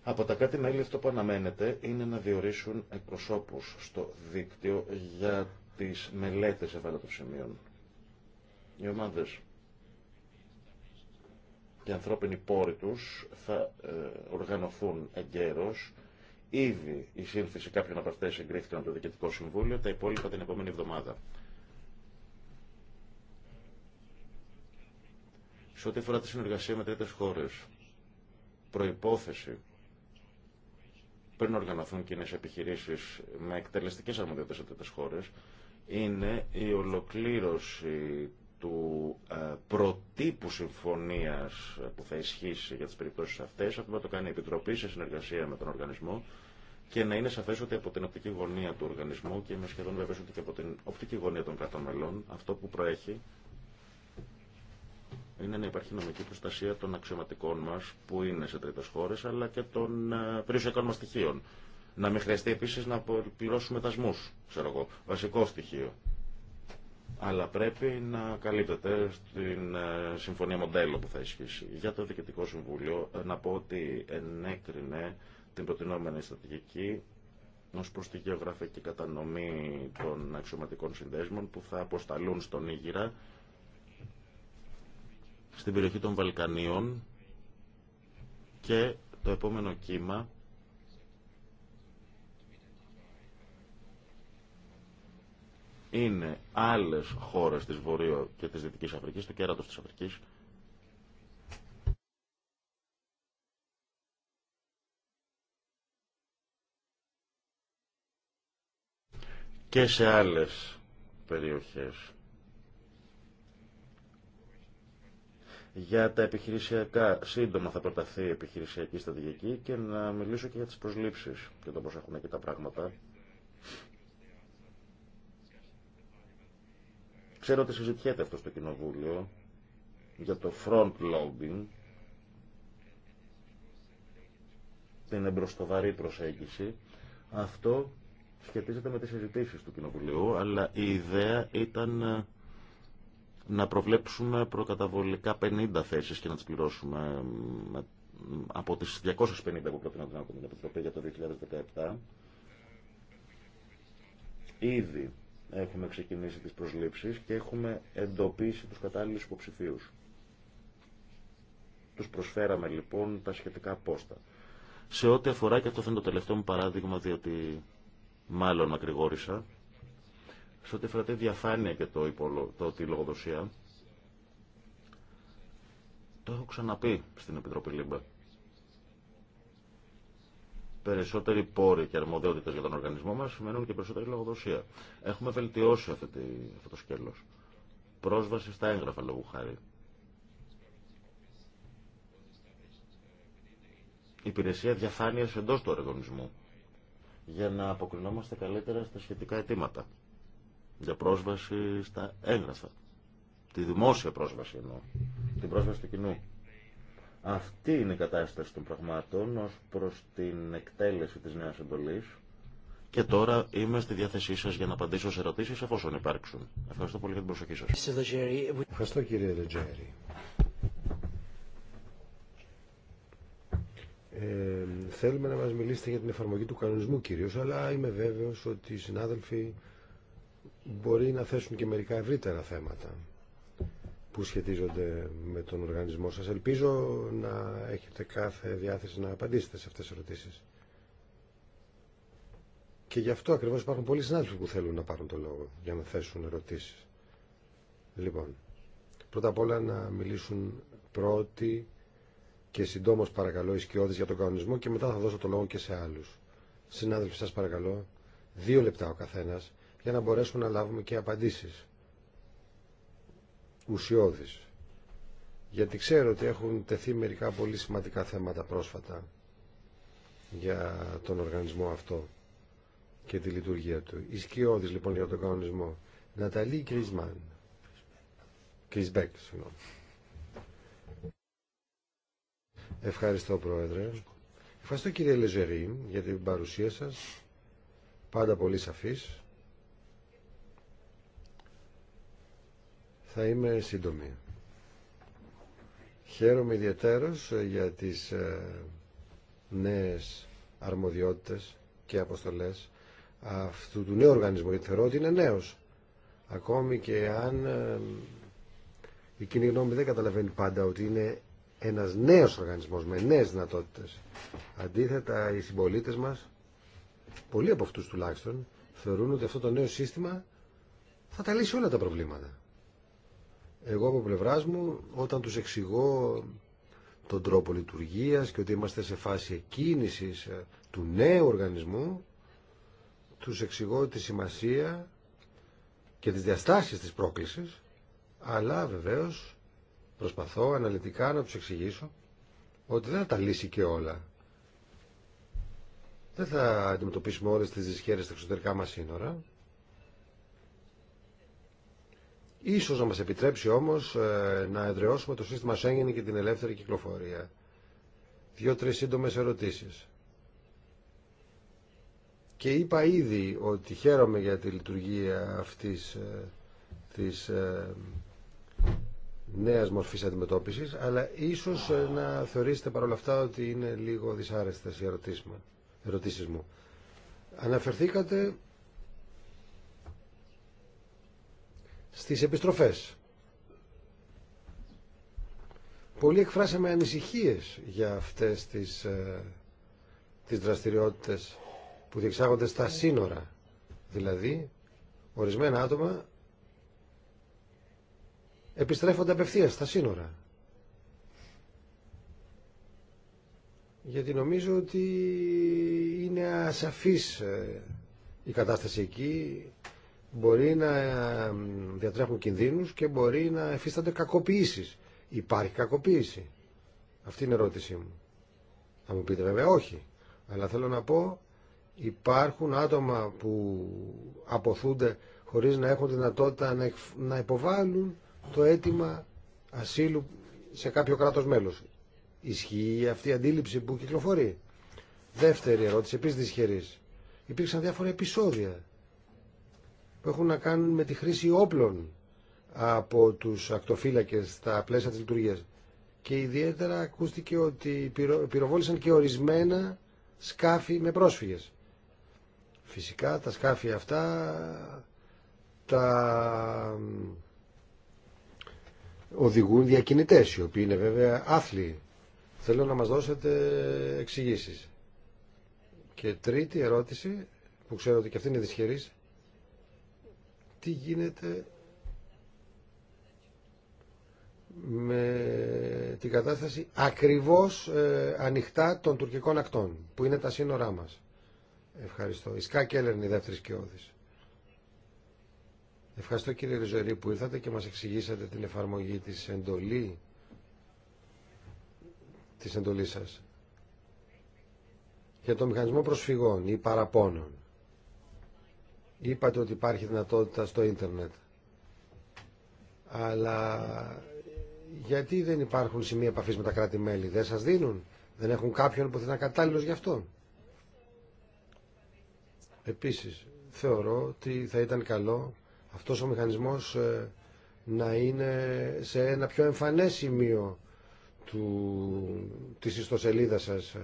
[SPEAKER 2] Από τα κάτι μέλη αυτό που αναμένεται είναι να διορίσουν εκπροσώπους στο δίκτυο για τις μελέτες ευάλωτων σημείων. Οι ομάδε. και ανθρώπινοι πόροι του θα ε, οργανωθούν εγκαίρω. Ήδη η σύνθεση κάποιων από αυτέ εγκρίθηκαν από το Διοικητικό Συμβούλιο, τα υπόλοιπα την επόμενη εβδομάδα. Σε ό,τι αφορά τη συνεργασία με τρίτες χώρες, προϋπόθεση πριν οργανωθούν κοινέ επιχειρήσεις με εκτελεστικές αρμοδιότητες σε τρίτες χώρες, είναι η ολοκλήρωση του ε, προτύπου συμφωνίας που θα ισχύσει για τις περιπτώσεις αυτές, αυτό να το κάνει η Επιτροπή σε συνεργασία με τον οργανισμό και να είναι σαφές ότι από την οπτική γωνία του οργανισμού και είμαι σχεδόν βέβαιος ότι και από την οπτική γωνία των κρατών μελών αυτό που προέχει είναι να υπάρχει νομική προστασία των αξιωματικών μα που είναι σε τρίτες χώρε αλλά και των ε, περιουσιακών μα στοιχείων. Να μην χρειαστεί επίση να πληρώσουμε τασμού, ξέρω εγώ, βασικό στοιχείο. Αλλά πρέπει να καλύπτεται στην ε, συμφωνία μοντέλο που θα ισχύσει. Για το Διοικητικό Συμβούλιο ε, να πω ότι ενέκρινε την προτινόμενη στρατηγική ω προ τη γεωγραφική κατανομή των αξιωματικών συνδέσμων που θα αποσταλούν στον Ήγηρα στην περιοχή των Βαλκανίων και το επόμενο κύμα είναι άλλες χώρες της Βορείου και της Δυτικής Αφρικής, του κέρατος της Αφρικής, και σε άλλες περιοχές. για τα επιχειρησιακά. Σύντομα θα προταθεί η επιχειρησιακή στρατηγική και να μιλήσω και για τις προσλήψεις και το πώς έχουν εκεί τα πράγματα. Ξέρω ότι συζητιέται αυτό στο Κοινοβούλιο για το front loading, την εμπροστοβαρή προσέγγιση. Αυτό σχετίζεται με τις συζητήσεις του Κοινοβουλίου, αλλά η ιδέα ήταν ε, να προβλέψουμε προκαταβολικά 50 θέσεις και να τις πληρώσουμε από τις 250 που πρέπει από την Επιτροπή για το 2017. Ήδη έχουμε ξεκινήσει τις προσλήψεις και έχουμε εντοπίσει τους κατάλληλους υποψηφίου. Τους προσφέραμε λοιπόν τα σχετικά πόστα. Σε ό,τι αφορά, και αυτό θα είναι το τελευταίο μου παράδειγμα, διότι μάλλον μακρηγόρησα, σε ό,τι διαφάνεια και το, υπολο, το, τη λογοδοσία, το έχω ξαναπεί στην Επιτροπή Λίμπα. Περισσότεροι πόροι και αρμοδιότητε για τον οργανισμό μα σημαίνουν και περισσότερη λογοδοσία. Έχουμε βελτιώσει αυτό το σκέλο. Πρόσβαση στα έγγραφα λόγου χάρη. Υπηρεσία διαφάνεια εντό του οργανισμού για να αποκρινόμαστε καλύτερα στα σχετικά αιτήματα για πρόσβαση στα έγγραφα. Τη δημόσια πρόσβαση εννοώ. Την πρόσβαση του κοινού. Αυτή είναι η κατάσταση των πραγμάτων ως προς την εκτέλεση της νέας εντολής. Και τώρα είμαι στη διάθεσή σας για να απαντήσω σε ερωτήσεις εφόσον υπάρξουν. Ευχαριστώ πολύ για την προσοχή
[SPEAKER 3] σας. Ευχαριστώ κύριε Λετζέρη.
[SPEAKER 4] Ε, θέλουμε να μας μιλήσετε για την εφαρμογή του κανονισμού κυρίως, αλλά είμαι βέβαιος ότι οι συνάδελφοι μπορεί να θέσουν και μερικά ευρύτερα θέματα που σχετίζονται με τον οργανισμό σας. Ελπίζω να έχετε κάθε διάθεση να απαντήσετε σε αυτές τις ερωτήσεις. Και γι' αυτό ακριβώς υπάρχουν πολλοί συνάδελφοι που θέλουν να πάρουν το λόγο για να θέσουν ερωτήσεις. Λοιπόν, πρώτα απ' όλα να μιλήσουν πρώτοι και συντόμως παρακαλώ οι σκιώδεις για τον κανονισμό και μετά θα δώσω το λόγο και σε άλλους. Συνάδελφοι σας παρακαλώ, δύο λεπτά ο καθένας για να μπορέσουμε να λάβουμε και απαντήσεις ουσιώδεις. Γιατί ξέρω ότι έχουν τεθεί μερικά πολύ σημαντικά θέματα πρόσφατα για τον οργανισμό αυτό και τη λειτουργία του. ισχυώδης λοιπόν για τον κανονισμό. Ναταλή Κρισμάν. Κρισμπέκ, συγγνώμη. Ευχαριστώ Πρόεδρε. Ευχαριστώ κύριε Λεζερή για την παρουσία σας. Πάντα πολύ σαφής. Θα είμαι σύντομη. Χαίρομαι ιδιαίτερα ε, για τις ε, νέες αρμοδιότητες και αποστολές αυτού του νέου οργανισμού, γιατί θεωρώ ότι είναι νέος. Ακόμη και αν ε, η κοινή γνώμη δεν καταλαβαίνει πάντα ότι είναι ένας νέος οργανισμός με νέες δυνατότητες. Αντίθετα, οι συμπολίτε μας, πολλοί από αυτούς τουλάχιστον, θεωρούν ότι αυτό το νέο σύστημα θα τα λύσει όλα τα προβλήματα. Εγώ από πλευρά μου, όταν τους εξηγώ τον τρόπο λειτουργίας και ότι είμαστε σε φάση εκκίνησης ε, του νέου οργανισμού, τους εξηγώ τη σημασία και τις διαστάσεις της πρόκλησης, αλλά βεβαίως προσπαθώ αναλυτικά να τους εξηγήσω ότι δεν θα τα λύσει και όλα. Δεν θα αντιμετωπίσουμε όλες τις δυσχέρειες στα εξωτερικά μας σύνορα. Ίσως να μας επιτρέψει όμως ε, να εδραιώσουμε το σύστημα Σέγγεν και την ελεύθερη κυκλοφορία. Δύο-τρεις σύντομες ερωτήσεις. Και είπα ήδη ότι χαίρομαι για τη λειτουργία αυτής ε, της ε, νέας μορφής αντιμετώπισης, αλλά ίσως να θεωρήσετε παρόλα αυτά ότι είναι λίγο δυσάρεστες οι ερωτήσεις μου. Αναφερθήκατε στις επιστροφές. Πολλοί εκφράσαμε ανησυχίες για αυτές τις, ε, τις δραστηριότητες που διεξάγονται στα σύνορα. Δηλαδή, ορισμένα άτομα επιστρέφονται απευθείας στα σύνορα. Γιατί νομίζω ότι είναι ασαφής ε, η κατάσταση εκεί, μπορεί να διατρέχουν κινδύνους και μπορεί να εφίστανται κακοποίησεις. Υπάρχει κακοποίηση. Αυτή είναι η ερώτησή μου. Θα μου πείτε βέβαια όχι. Αλλά θέλω να πω υπάρχουν άτομα που αποθούνται χωρίς να έχουν δυνατότητα να υποβάλουν το αίτημα ασύλου σε κάποιο κράτος μέλος. Ισχύει αυτή η αντίληψη που κυκλοφορεί. Δεύτερη ερώτηση, επίσης δυσχερής. Υπήρξαν διάφορα επεισόδια που έχουν να κάνουν με τη χρήση όπλων από τους ακτοφύλακες στα πλαίσια της λειτουργίας. Και ιδιαίτερα ακούστηκε ότι πυροβόλησαν και ορισμένα σκάφη με πρόσφυγες. Φυσικά τα σκάφη αυτά τα οδηγούν διακινητές, οι οποίοι είναι βέβαια άθλοι. Θέλω να μας δώσετε εξηγήσεις. Και τρίτη ερώτηση, που ξέρω ότι και αυτή είναι δυσχερής, τι γίνεται με την κατάσταση ακριβώς ε, ανοιχτά των τουρκικών ακτών, που είναι τα σύνορά μας. Ευχαριστώ. Η Σκά η δεύτερη σκιώδης. Ευχαριστώ κύριε Ριζερή που ήρθατε και μας εξηγήσατε την εφαρμογή της εντολή της εντολής σας για το μηχανισμό προσφυγών ή παραπώνων. Είπατε ότι υπάρχει δυνατότητα στο ίντερνετ. Αλλά γιατί δεν υπάρχουν σημεία επαφή με τα κράτη-μέλη. Δεν σας δίνουν. Δεν έχουν κάποιον που θα είναι κατάλληλο γι' αυτό. Επίσης, θεωρώ ότι θα ήταν καλό αυτός ο μηχανισμός ε, να είναι σε ένα πιο εμφανέ σημείο του, της ιστοσελίδας σας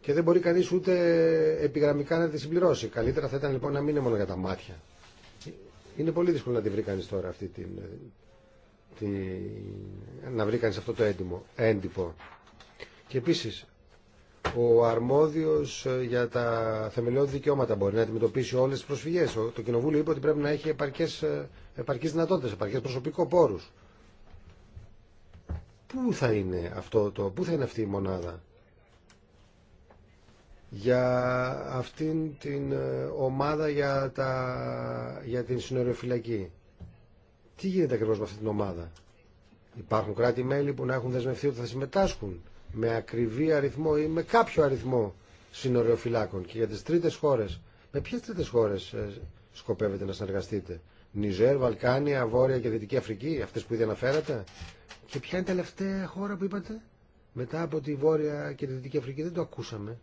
[SPEAKER 4] και δεν μπορεί κανείς ούτε επιγραμμικά να τη συμπληρώσει. Καλύτερα θα ήταν λοιπόν να μην είναι μόνο για τα μάτια. Είναι πολύ δύσκολο να τη βρει κανείς τώρα αυτή την... Τη, να βρει κανείς αυτό το έντυπο. έντυπο. Και επίσης, ο αρμόδιος ε, για τα θεμελιώδη δικαιώματα μπορεί να αντιμετωπίσει όλες τις προσφυγές. Το Κοινοβούλιο είπε ότι πρέπει να έχει επαρκές, ε, επαρκές δυνατότητες, επαρκές προσωπικό πόρους. Πού θα είναι αυτό το, πού θα είναι αυτή η μονάδα για αυτήν την ε, ομάδα για, τα, για την συνοριοφυλακή. Τι γίνεται ακριβώ με αυτή την ομάδα. Υπάρχουν κράτη-μέλη που να έχουν δεσμευτεί ότι θα συμμετάσχουν με ακριβή αριθμό ή με κάποιο αριθμό συνοριοφυλάκων και για τις τρίτες χώρες. Με ποιες τρίτες χώρες ε, σκοπεύετε να συνεργαστείτε. Νιζέρ, Βαλκάνια, Βόρεια και Δυτική Αφρική, αυτές που ήδη αναφέρατε. Και ποια είναι η τελευταία χώρα που είπατε. Μετά από τη Βόρεια και τη Δυτική Αφρική δεν το ακούσαμε.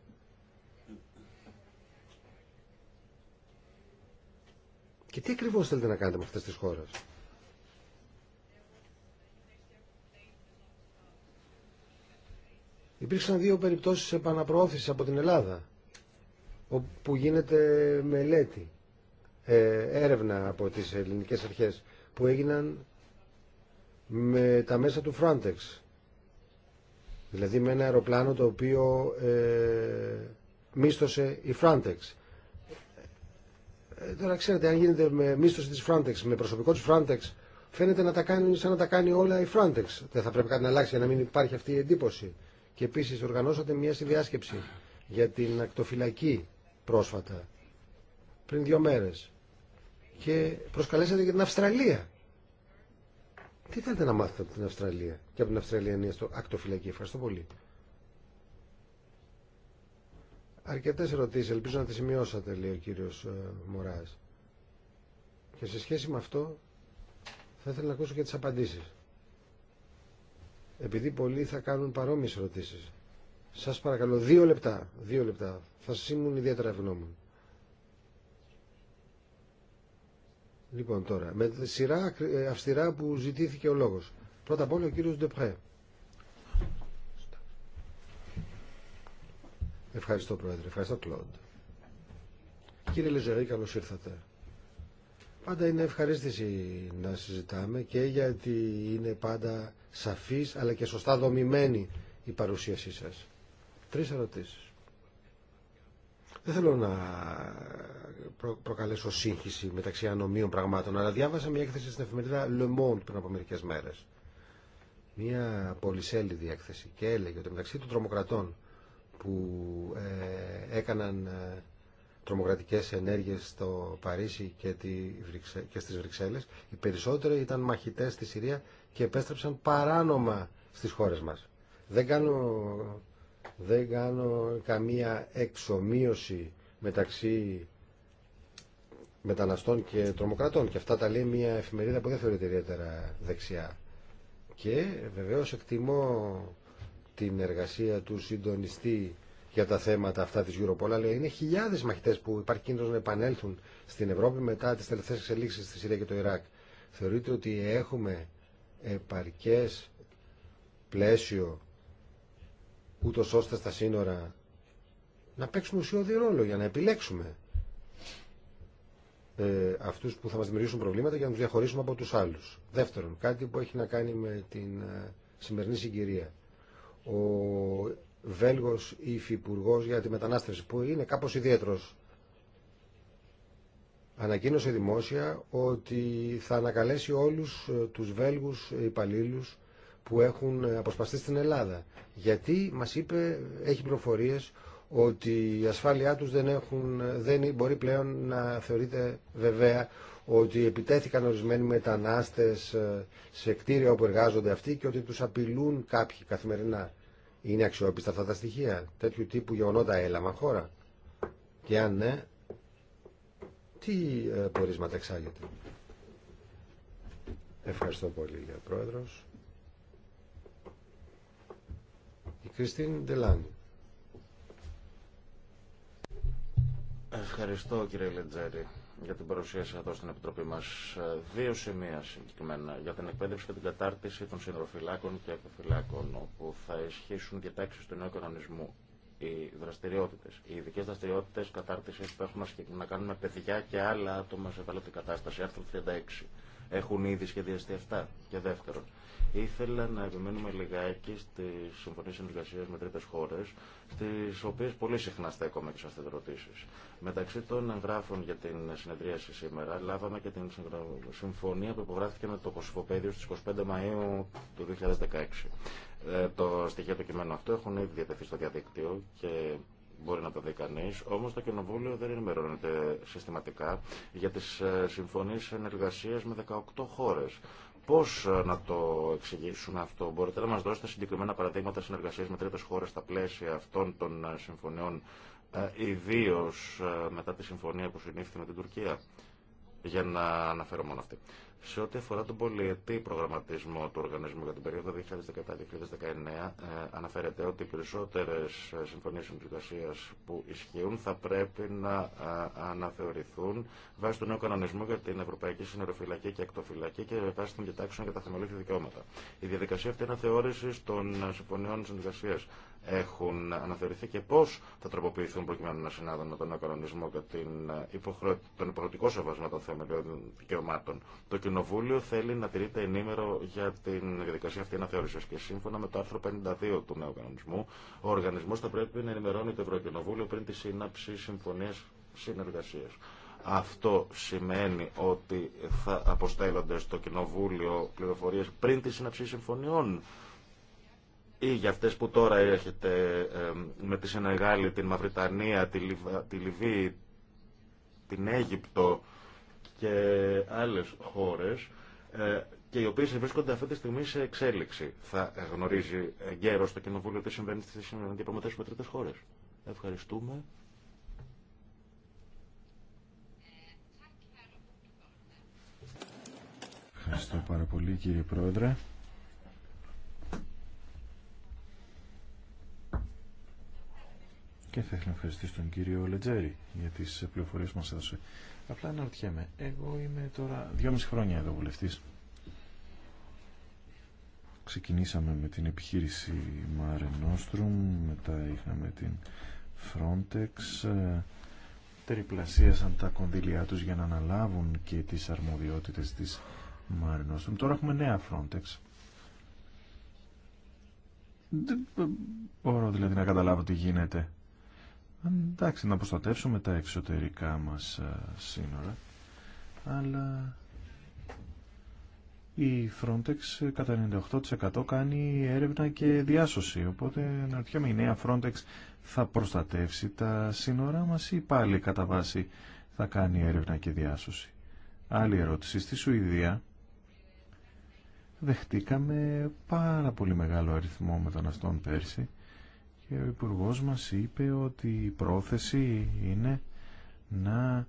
[SPEAKER 4] Και τι ακριβώ θέλετε να κάνετε με αυτέ τι χώρε. Υπήρξαν δύο περιπτώσεις επαναπροώθησης από την Ελλάδα, όπου γίνεται μελέτη, ε, έρευνα από τις ελληνικές αρχές, που έγιναν με τα μέσα του Frontex. Δηλαδή με ένα αεροπλάνο το οποίο ε, μίστοσε η Frontex. Ε, τώρα ξέρετε, αν γίνεται με μίσθωση της Frontex, με προσωπικό τη Frontex, φαίνεται να τα κάνει, σαν να τα κάνει όλα η Frontex. Δεν θα πρέπει κάτι να αλλάξει για να μην υπάρχει αυτή η εντύπωση. Και επίση οργανώσατε μια συνδιάσκεψη για την ακτοφυλακή πρόσφατα, πριν δύο μέρε. Και προσκαλέσατε για την Αυστραλία. Τι θέλετε να μάθετε από την Αυστραλία και από την στο ακτοφυλακή. Ευχαριστώ πολύ. Αρκετές ερωτήσεις, ελπίζω να τις σημειώσατε, λέει ο κύριος ε, Μωράς. Και σε σχέση με αυτό, θα ήθελα να ακούσω και τις απαντήσεις. Επειδή πολλοί θα κάνουν παρόμοιες ερωτήσεις. Σας παρακαλώ, δύο λεπτά, δύο λεπτά. Θα σας ήμουν ιδιαίτερα ευγνώμων. Λοιπόν τώρα, με τη σειρά ε, αυστηρά που ζητήθηκε ο λόγος. Πρώτα απ' όλα ο κύριος Ντεπρέ. Ευχαριστώ, Πρόεδρε. Ευχαριστώ, Κλοντ. Κύριε Λεζερή, καλώ ήρθατε. Πάντα είναι ευχαρίστηση να συζητάμε και γιατί είναι πάντα σαφής αλλά και σωστά δομημένη η παρουσίασή σας. Τρει ερωτήσει. Δεν θέλω να προκαλέσω σύγχυση μεταξύ ανομίων πραγμάτων, αλλά διάβασα μια έκθεση στην εφημερίδα Le Monde πριν από μερικέ μέρε. Μια πολυσέλιδη έκθεση και έλεγε ότι μεταξύ των τρομοκρατών που ε, έκαναν ε, τρομοκρατικές ενέργειες στο Παρίσι και, τη, και στις Βρυξέλλες. Οι περισσότεροι ήταν μαχητές στη Συρία και επέστρεψαν παράνομα στις χώρες μας. Δεν κάνω, δεν κάνω καμία εξομοίωση μεταξύ μεταναστών και τρομοκρατών και αυτά τα λέει μια εφημερίδα που δεν θεωρείται ιδιαίτερα δεξιά. Και βεβαίως εκτιμώ την εργασία του συντονιστή για τα θέματα αυτά της Europol, αλλά είναι χιλιάδες μαχητές που υπάρχει κίνδυνος να επανέλθουν στην Ευρώπη μετά τις τελευταίες εξελίξεις στη Συρία και το Ιράκ. Θεωρείτε ότι έχουμε επαρκές πλαίσιο ούτως ώστε στα σύνορα να παίξουμε ουσιώδη ρόλο για να επιλέξουμε ε, αυτούς που θα μας δημιουργήσουν προβλήματα για να τους διαχωρίσουμε από τους άλλους. Δεύτερον, κάτι που έχει να κάνει με την ε, σημερινή συγκυρία ο Βέλγος υφυπουργό για τη μετανάστευση που είναι κάπως ιδιαίτερος ανακοίνωσε δημόσια ότι θα ανακαλέσει όλους ε, τους Βέλγους υπαλλήλου που έχουν ε, αποσπαστεί στην Ελλάδα γιατί μας είπε, έχει προφορίες ότι η ασφάλειά τους δεν, έχουν, ε, δεν μπορεί πλέον να θεωρείται βεβαία ότι επιτέθηκαν ορισμένοι μετανάστες ε, σε κτίρια όπου εργάζονται αυτοί και ότι τους απειλούν κάποιοι καθημερινά. Είναι αξιόπιστα αυτά τα στοιχεία, τέτοιου τύπου γεγονότα έλαμα χώρα. Και αν ναι, τι ε, πορίσματα εξάγεται. Ευχαριστώ πολύ, για Πρόεδρος. Η Κριστίν Ντελάνη.
[SPEAKER 2] Ευχαριστώ, κύριε Λεντζέρη για την παρουσίαση εδώ στην Επιτροπή μας. Ε, δύο σημεία συγκεκριμένα για την εκπαίδευση και την κατάρτιση των συνδροφυλάκων και αποφυλάκων, όπου θα ισχύσουν διατάξεις του νέου κανονισμού. Οι δραστηριότητε, οι ειδικέ δραστηριότητε κατάρτιση που έχουν να κάνουμε παιδιά και άλλα άτομα σε ευάλωτη κατάσταση, άρθρο 36 έχουν ήδη σχεδιαστεί αυτά. Και δεύτερον, ήθελα να επιμένουμε λιγάκι στι συμφωνίε συνεργασία με τρίτε χώρε, στι οποίε πολύ συχνά στέκομαι και σα θέτω ερωτήσει. Μεταξύ των εγγράφων για την συνεδρίαση σήμερα, λάβαμε και την συμφωνία που υπογράφηκε με το Κωσυφοπαίδιο στι 25 Μαου του 2016. Ε, το στοιχείο του κειμένου αυτό έχουν ήδη διατεθεί στο διαδίκτυο και μπορεί να τα δει κανεί, όμω το Κοινοβούλιο δεν ενημερώνεται συστηματικά για τι ε, συμφωνίε συνεργασία με 18 χώρε. Πώ να το εξηγήσουμε αυτό, μπορείτε να μα δώσετε συγκεκριμένα παραδείγματα συνεργασία με τρίτε χώρε στα πλαίσια αυτών των ε, συμφωνιών, ε, ιδίω μετά τη συμφωνία που συνήφθη με την Τουρκία, για να αναφέρω μόνο αυτή. Σε ό,τι αφορά τον πολιετή προγραμματισμό του οργανισμού για την περίοδο 2017-2019, ε, αναφέρεται ότι οι περισσότερε ε, συμφωνίε συνεργασία που ισχύουν θα πρέπει να ε, αναθεωρηθούν βάσει του νέου κανονισμού για την Ευρωπαϊκή Συνεροφυλακή και Ακτοφυλακή και βάσει των κοιτάξεων για τα θεμελιώδη δικαιώματα. Η διαδικασία αυτή αναθεώρηση των συμφωνιών συνεργασία έχουν αναθεωρηθεί και πώ θα τροποποιηθούν προκειμένου να συνάδουν με τον νέο κανονισμό και την ε, υποχρεω... τον υποχρεωτικό σεβασμό των θεμελιών δικαιωμάτων. Το Κοινοβούλιο θέλει να τηρείται ενήμερο για την διαδικασία αυτή αναθεώρηση και σύμφωνα με το άρθρο 52 του νέου κανονισμού, ο οργανισμό θα πρέπει να ενημερώνει το Ευρωκοινοβούλιο πριν τη σύναψη συμφωνία συνεργασία. Αυτό σημαίνει ότι θα αποστέλλονται στο Κοινοβούλιο πληροφορίες πριν τη σύναψη συμφωνιών ή για αυτές που τώρα έρχεται με τη Σενεγάλη, την Μαυριτανία, τη, Λιβ... τη Λιβύη, την Αίγυπτο και άλλες χώρες ε, και οι οποίες βρίσκονται αυτή τη στιγμή σε εξέλιξη. Θα γνωρίζει γέρο το Κοινοβούλιο τι συμβαίνει στι διαπραγματεύσεις με τρίτε χώρες. Ευχαριστούμε.
[SPEAKER 1] Ευχαριστώ πάρα πολύ κύριε Πρόεδρε. και θα ήθελα να ευχαριστήσω τον κύριο Λετζέρη για τι πληροφορίε που μας έδωσε. Απλά αναρωτιέμαι, εγώ είμαι τώρα δυόμιση χρόνια εδώ βουλευτή. Ξεκινήσαμε με την επιχείρηση Mare Nostrum, μετά είχαμε την Frontex, ε, τριπλασίασαν τα κονδύλια τους για να αναλάβουν και τις αρμοδιότητες της Mare Nostrum. Τώρα έχουμε νέα Frontex. Δεν μπορώ δηλαδή να καταλάβω τι γίνεται εντάξει, να προστατεύσουμε τα εξωτερικά μας ε, σύνορα, αλλά η Frontex κατά 98% κάνει έρευνα και διάσωση. Οπότε να ρωτιάμε, η νέα Frontex θα προστατεύσει τα σύνορά μας ή πάλι κατά βάση θα κάνει έρευνα και διάσωση. Άλλη ερώτηση. Στη Σουηδία δεχτήκαμε πάρα πολύ μεγάλο αριθμό μεταναστών πέρσι ο Υπουργός μας είπε ότι η πρόθεση είναι να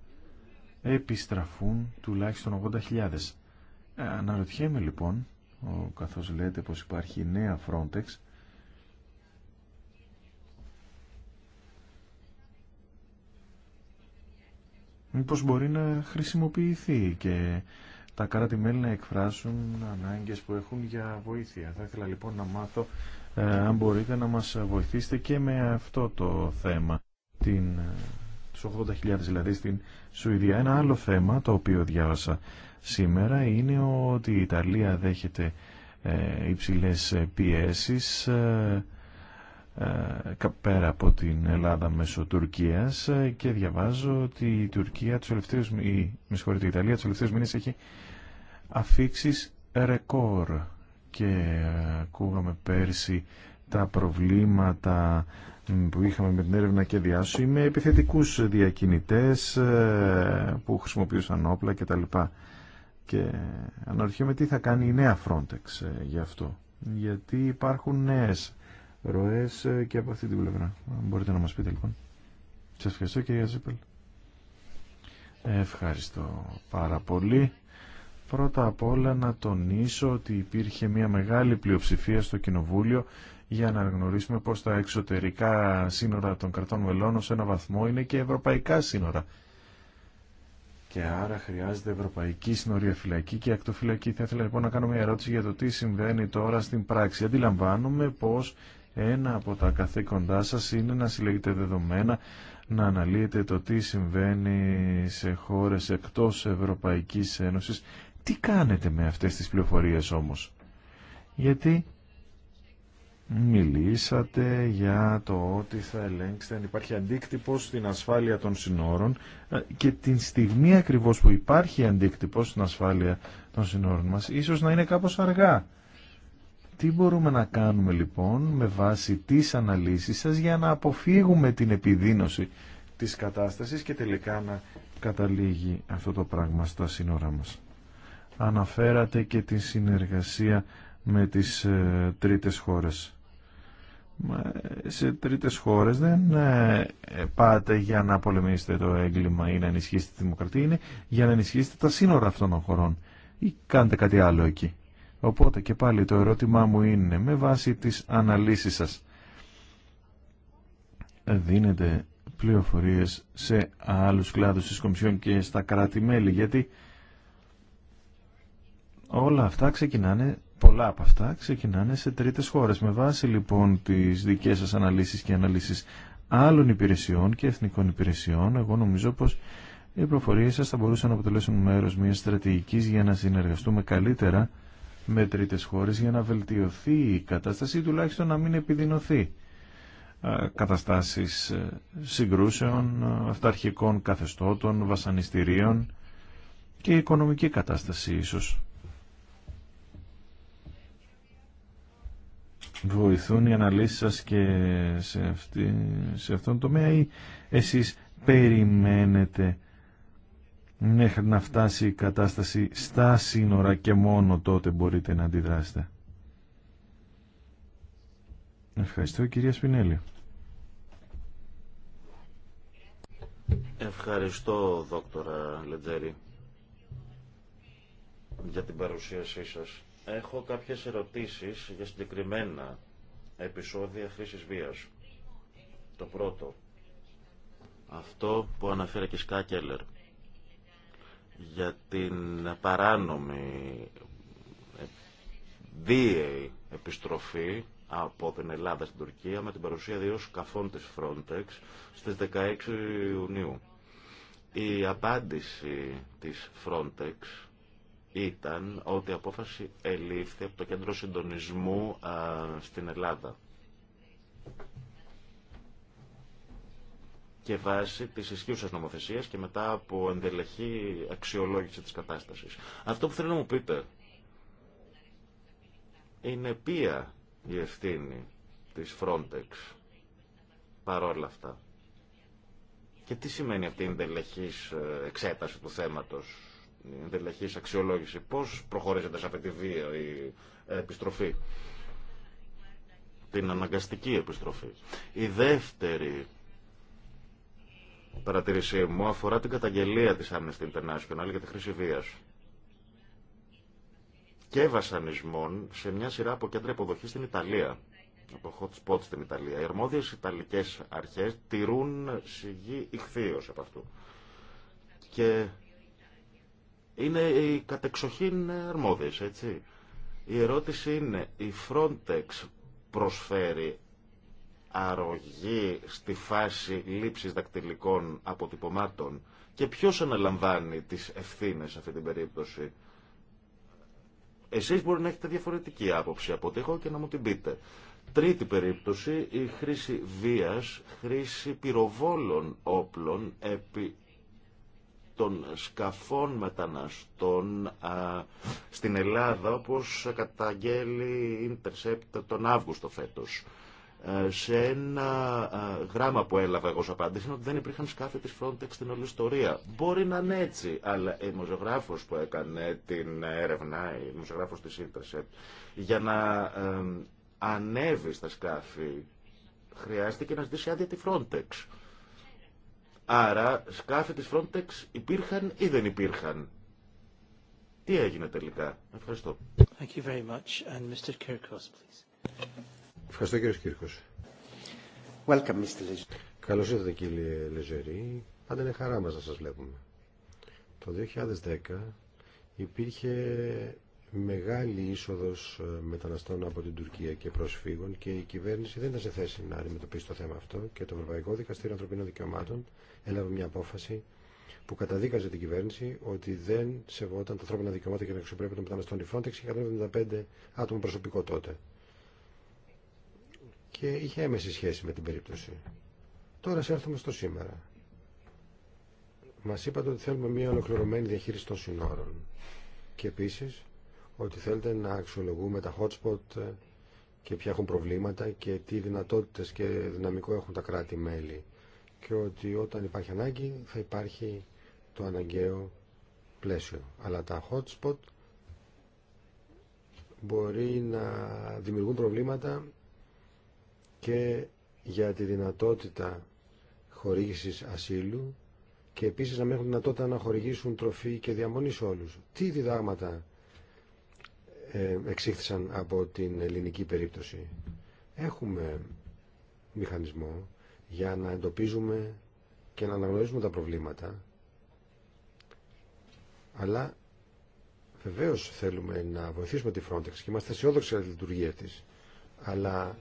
[SPEAKER 1] επιστραφούν τουλάχιστον 80.000. Ε, αναρωτιέμαι λοιπόν, ο, καθώς λέτε πως υπάρχει νέα Frontex, μήπως μπορεί να χρησιμοποιηθεί και τα κράτη-μέλη να εκφράσουν ανάγκες που έχουν για βοήθεια. Θα ήθελα λοιπόν να μάθω ε, αν μπορείτε να μας βοηθήσετε και με αυτό το θέμα, την, ε, τους 80.000 δηλαδή στην Σουηδία. Ένα άλλο θέμα το οποίο διάβασα σήμερα είναι ότι η Ιταλία δέχεται ε, υψηλές πιέσεις ε, ε πέρα από την Ελλάδα μέσω Τουρκίας και διαβάζω ότι η Τουρκία τους η, η Ιταλία τους τελευταίους μήνες έχει αφήξεις ρεκόρ και ε, ακούγαμε πέρσι τα προβλήματα που είχαμε με την έρευνα και διάσωση με επιθετικούς διακινητές ε, που χρησιμοποιούσαν όπλα κτλ. Και αναρωτιέμαι τι θα κάνει η νέα Frontex ε, για αυτό. Γιατί υπάρχουν νέες ροές και από αυτή την πλευρά. Μπορείτε να μας πείτε λοιπόν. Σας ευχαριστώ κυρία Ζήπελ. Ευχαριστώ πάρα πολύ. Πρώτα απ' όλα να τονίσω ότι υπήρχε μια μεγάλη πλειοψηφία στο Κοινοβούλιο για να γνωρίσουμε πως τα εξωτερικά σύνορα των κρατών μελών σε ένα βαθμό είναι και ευρωπαϊκά σύνορα. Και άρα χρειάζεται ευρωπαϊκή φυλακή και ακτοφυλακή. Θα ήθελα λοιπόν να κάνω μια ερώτηση για το τι συμβαίνει τώρα στην πράξη. Αντιλαμβάνομαι πως ένα από τα καθήκοντά σας είναι να συλλέγετε δεδομένα, να αναλύετε το τι συμβαίνει σε χώρες εκτός Ευρωπαϊκής Ένωσης τι κάνετε με αυτές τις πληροφορίες όμως. Γιατί μιλήσατε για το ότι θα ελέγξετε αν υπάρχει αντίκτυπος στην ασφάλεια των συνόρων ε, και την στιγμή ακριβώς που υπάρχει αντίκτυπος στην ασφάλεια των συνόρων μας ίσως να είναι κάπως αργά. Τι μπορούμε να κάνουμε λοιπόν με βάση τις αναλύσεις σας για να αποφύγουμε την επιδείνωση της κατάστασης και τελικά να καταλήγει αυτό το πράγμα στα σύνορά μας. Αναφέρατε και τη συνεργασία με τις ε, τρίτες χώρες. Σε τρίτες χώρες δεν ε, πάτε για να πολεμήσετε το έγκλημα ή να ενισχύσετε τη δημοκρατία, είναι για να ενισχύσετε τα σύνορα αυτών των χωρών ή κάντε κάτι άλλο εκεί. Οπότε και πάλι το ερώτημά μου είναι με βάση τις αναλύσεις σας δίνετε πληροφορίες σε άλλους κλάδους της Κομισιόν και στα κράτη-μέλη γιατί Όλα αυτά ξεκινάνε, πολλά από αυτά ξεκινάνε σε τρίτες χώρε. Με βάση λοιπόν τι δικέ σα αναλύσει και αναλύσει άλλων υπηρεσιών και εθνικών υπηρεσιών, εγώ νομίζω πω οι προφορίε σα θα μπορούσαν να αποτελέσουν μέρο μια στρατηγική για να συνεργαστούμε καλύτερα με τρίτες χώρε για να βελτιωθεί η κατάσταση ή τουλάχιστον να μην επιδεινωθεί καταστάσεις ε, συγκρούσεων, ε, αυταρχικών καθεστώτων, βασανιστήριων και οικονομική κατάσταση ίσως. βοηθούν οι αναλύσεις σας και σε, αυτή, σε αυτόν τον τομέα ή εσείς περιμένετε μέχρι να φτάσει η κατάσταση στα σύνορα και μόνο τότε μπορείτε να αντιδράσετε. Ευχαριστώ κυρία Σπινέλη.
[SPEAKER 2] Ευχαριστώ δόκτωρα Λετζέρη για την παρουσίασή σας. Έχω κάποιες ερωτήσεις για συγκεκριμένα επεισόδια χρήσης βίας. Το πρώτο, αυτό που αναφέρει και για την παράνομη δίαιη ε, επιστροφή από την Ελλάδα στην Τουρκία με την παρουσία δύο σκαφών της Frontex στις 16 Ιουνίου. Η απάντηση της Frontex ήταν ότι η απόφαση ελήφθη από το Κέντρο Συντονισμού στην Ελλάδα. και βάσει τη ισχύουσα νομοθεσία και μετά από εντελεχή αξιολόγηση τη κατάσταση. Αυτό που θέλω να μου πείτε είναι ποια η ευθύνη της Frontex παρόλα αυτά. Και τι σημαίνει αυτή η εντελεχής ε, εξέταση του θέματος εντελεχή αξιολόγηση. Πώ προχωρήσετε σε αυτή τη βία η επιστροφή, την αναγκαστική επιστροφή. Η δεύτερη παρατηρήσή μου αφορά την καταγγελία της Amnesty International για τη χρήση βίας και βασανισμών σε μια σειρά από κέντρα υποδοχής στην Ιταλία από hot spot στην Ιταλία. Οι αρμόδιες Ιταλικές αρχές τηρούν σιγή ηχθείως από αυτού. Και είναι οι κατεξοχήν αρμόδιες, έτσι. Η ερώτηση είναι, η Frontex προσφέρει αρρωγή στη φάση λήψης δακτυλικών αποτυπωμάτων και ποιος αναλαμβάνει τις ευθύνες σε αυτή την περίπτωση. Εσείς μπορεί να έχετε διαφορετική άποψη από ό,τι έχω και να μου την πείτε. Τρίτη περίπτωση, η χρήση βίας, χρήση πυροβόλων όπλων επί των σκαφών μεταναστών στην Ελλάδα, όπως καταγγέλει η Intercept τον Αύγουστο φέτος. Ε, σε ένα γράμμα που έλαβα εγώ ως απάντηση είναι ότι δεν υπήρχαν σκάφη της Frontex στην όλη ιστορία. Μπορεί να είναι έτσι, αλλά η δημοσιογράφος που έκανε την έρευνα, η δημοσιογράφος της Intercept, για να ανέβει στα σκάφη, χρειάστηκε να ζητήσει άδεια τη Frontex. Άρα, σκάφη της Frontex υπήρχαν ή δεν υπήρχαν. Τι έγινε τελικά. Ευχαριστώ.
[SPEAKER 3] Thank you very much. And Mr. Kirkos,
[SPEAKER 2] Ευχαριστώ κύριε Κύρκος. Welcome, Mr.
[SPEAKER 4] Καλώς ήρθατε κύριε Λεζερή. Πάντα είναι χαρά μας να σας βλέπουμε. Το 2010 υπήρχε μεγάλη είσοδος ε, μεταναστών από την Τουρκία και προσφύγων και η κυβέρνηση δεν ήταν σε θέση να αντιμετωπίσει το θέμα αυτό και το Ευρωπαϊκό Δικαστήριο Ανθρωπίνων Δικαιωμάτων έλαβε μια απόφαση που καταδίκαζε την κυβέρνηση ότι δεν σεβόταν τα ανθρώπινα δικαιώματα και να αξιοπρέπεια των μεταναστών. Η Frontex είχε 175 άτομα προσωπικό τότε. Και είχε έμεση σχέση με την περίπτωση. Τώρα σε έρθουμε στο σήμερα. Μας είπατε ότι θέλουμε μια ολοκληρωμένη διαχείριση των συνόρων. Και επίσης ότι θέλετε να αξιολογούμε τα hotspot ε, και ποια έχουν προβλήματα και τι δυνατότητες και δυναμικό έχουν τα κράτη-μέλη και ότι όταν υπάρχει ανάγκη θα υπάρχει το αναγκαίο πλαίσιο. Αλλά τα hotspot μπορεί να δημιουργούν προβλήματα και για τη δυνατότητα χορήγησης ασύλου και επίσης να μην έχουν δυνατότητα να χορηγήσουν τροφή και διαμονή σε όλους. Τι διδάγματα ε, εξήχθησαν από την ελληνική περίπτωση. Έχουμε μηχανισμό για να εντοπίζουμε και να αναγνωρίζουμε τα προβλήματα αλλά βεβαίως θέλουμε να βοηθήσουμε τη Frontex και είμαστε αισιόδοξοι για τη λειτουργία της αλλά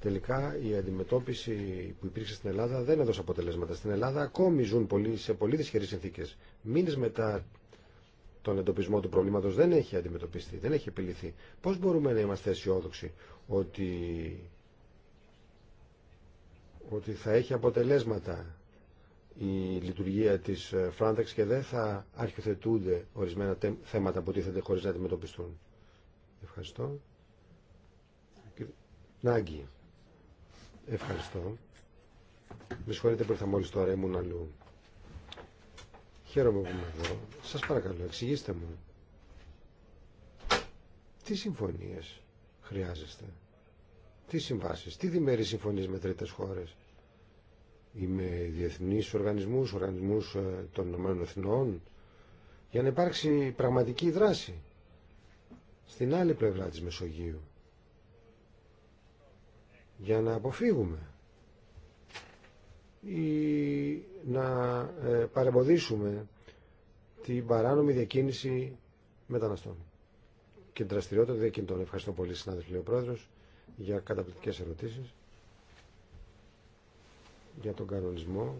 [SPEAKER 4] τελικά η αντιμετώπιση που υπήρξε στην Ελλάδα δεν έδωσε αποτελέσματα. Στην Ελλάδα ακόμη ζουν σε πολύ δυσχερείς συνθήκες. Μήνες μετά τον εντοπισμό του προβλήματος δεν έχει αντιμετωπιστεί, δεν έχει επιληθεί. Πώς μπορούμε να είμαστε αισιόδοξοι ότι, ότι θα έχει αποτελέσματα η λειτουργία της Φράνταξ ε, και δεν θα αρχιοθετούνται ορισμένα θέματα που τίθενται χωρί να αντιμετωπιστούν. Ευχαριστώ. Νάγκη. Ευχαριστώ. Με συγχωρείτε που ήρθα μόλι τώρα, ήμουν αλλού. Χαίρομαι που είμαι εδώ. Σας παρακαλώ, εξηγήστε μου. Τι συμφωνίες χρειάζεστε. Τι συμβάσεις, τι διμερείς συμφωνίες με τρίτες χώρες. Ή με διεθνείς οργανισμούς, οργανισμούς ε, των ΗΠΑ Εθνών. Για να υπάρξει πραγματική δράση. Στην άλλη πλευρά της Μεσογείου. Για να αποφύγουμε η να ε, παρεμποδίσουμε την παράνομη διακίνηση μεταναστών και την δραστηριότητα διακινητών. Ευχαριστώ πολύ, συνάδελφοι, ο για καταπληκτικές ερωτήσεις, για τον κανονισμό.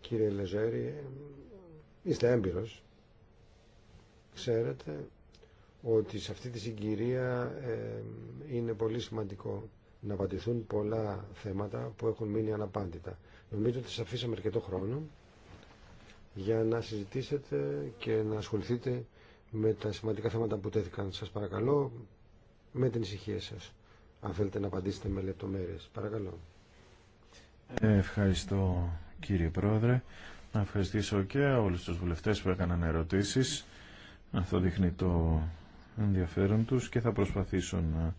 [SPEAKER 4] Κύριε Λεζέρη, είστε έμπειρος. Ξέρετε ότι σε αυτή τη συγκυρία ε, είναι πολύ σημαντικό να απαντηθούν πολλά θέματα που έχουν μείνει αναπάντητα. Νομίζω ότι σας αφήσαμε αρκετό χρόνο για να συζητήσετε και να ασχοληθείτε με τα σημαντικά θέματα που τέθηκαν. Σας παρακαλώ με την ησυχία σας, αν θέλετε να απαντήσετε με λεπτομέρειες. Παρακαλώ.
[SPEAKER 1] Ευχαριστώ κύριε Πρόεδρε. Να ευχαριστήσω και όλους τους βουλευτές που έκαναν ερωτήσεις. Αυτό δείχνει το ενδιαφέρον τους και θα προσπαθήσω να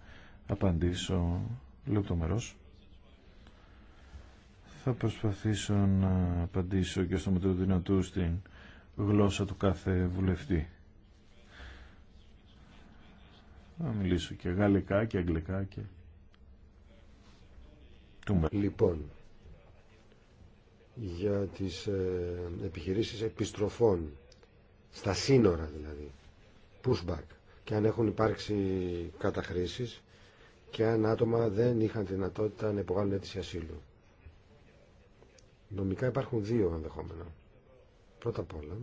[SPEAKER 1] απαντήσω λεπτομερώς θα προσπαθήσω να απαντήσω και στο μετρό δυνατού στην γλώσσα του κάθε βουλευτή. Να μιλήσω και γαλλικά και αγγλικά και... Λοιπόν,
[SPEAKER 4] για τις ε, επιχειρήσεις επιστροφών, στα σύνορα δηλαδή, pushback, και αν έχουν υπάρξει καταχρήσεις και αν άτομα δεν είχαν δυνατότητα να υπογάλουν αίτηση ασύλου. Νομικά υπάρχουν δύο ενδεχόμενα. Πρώτα απ' όλα,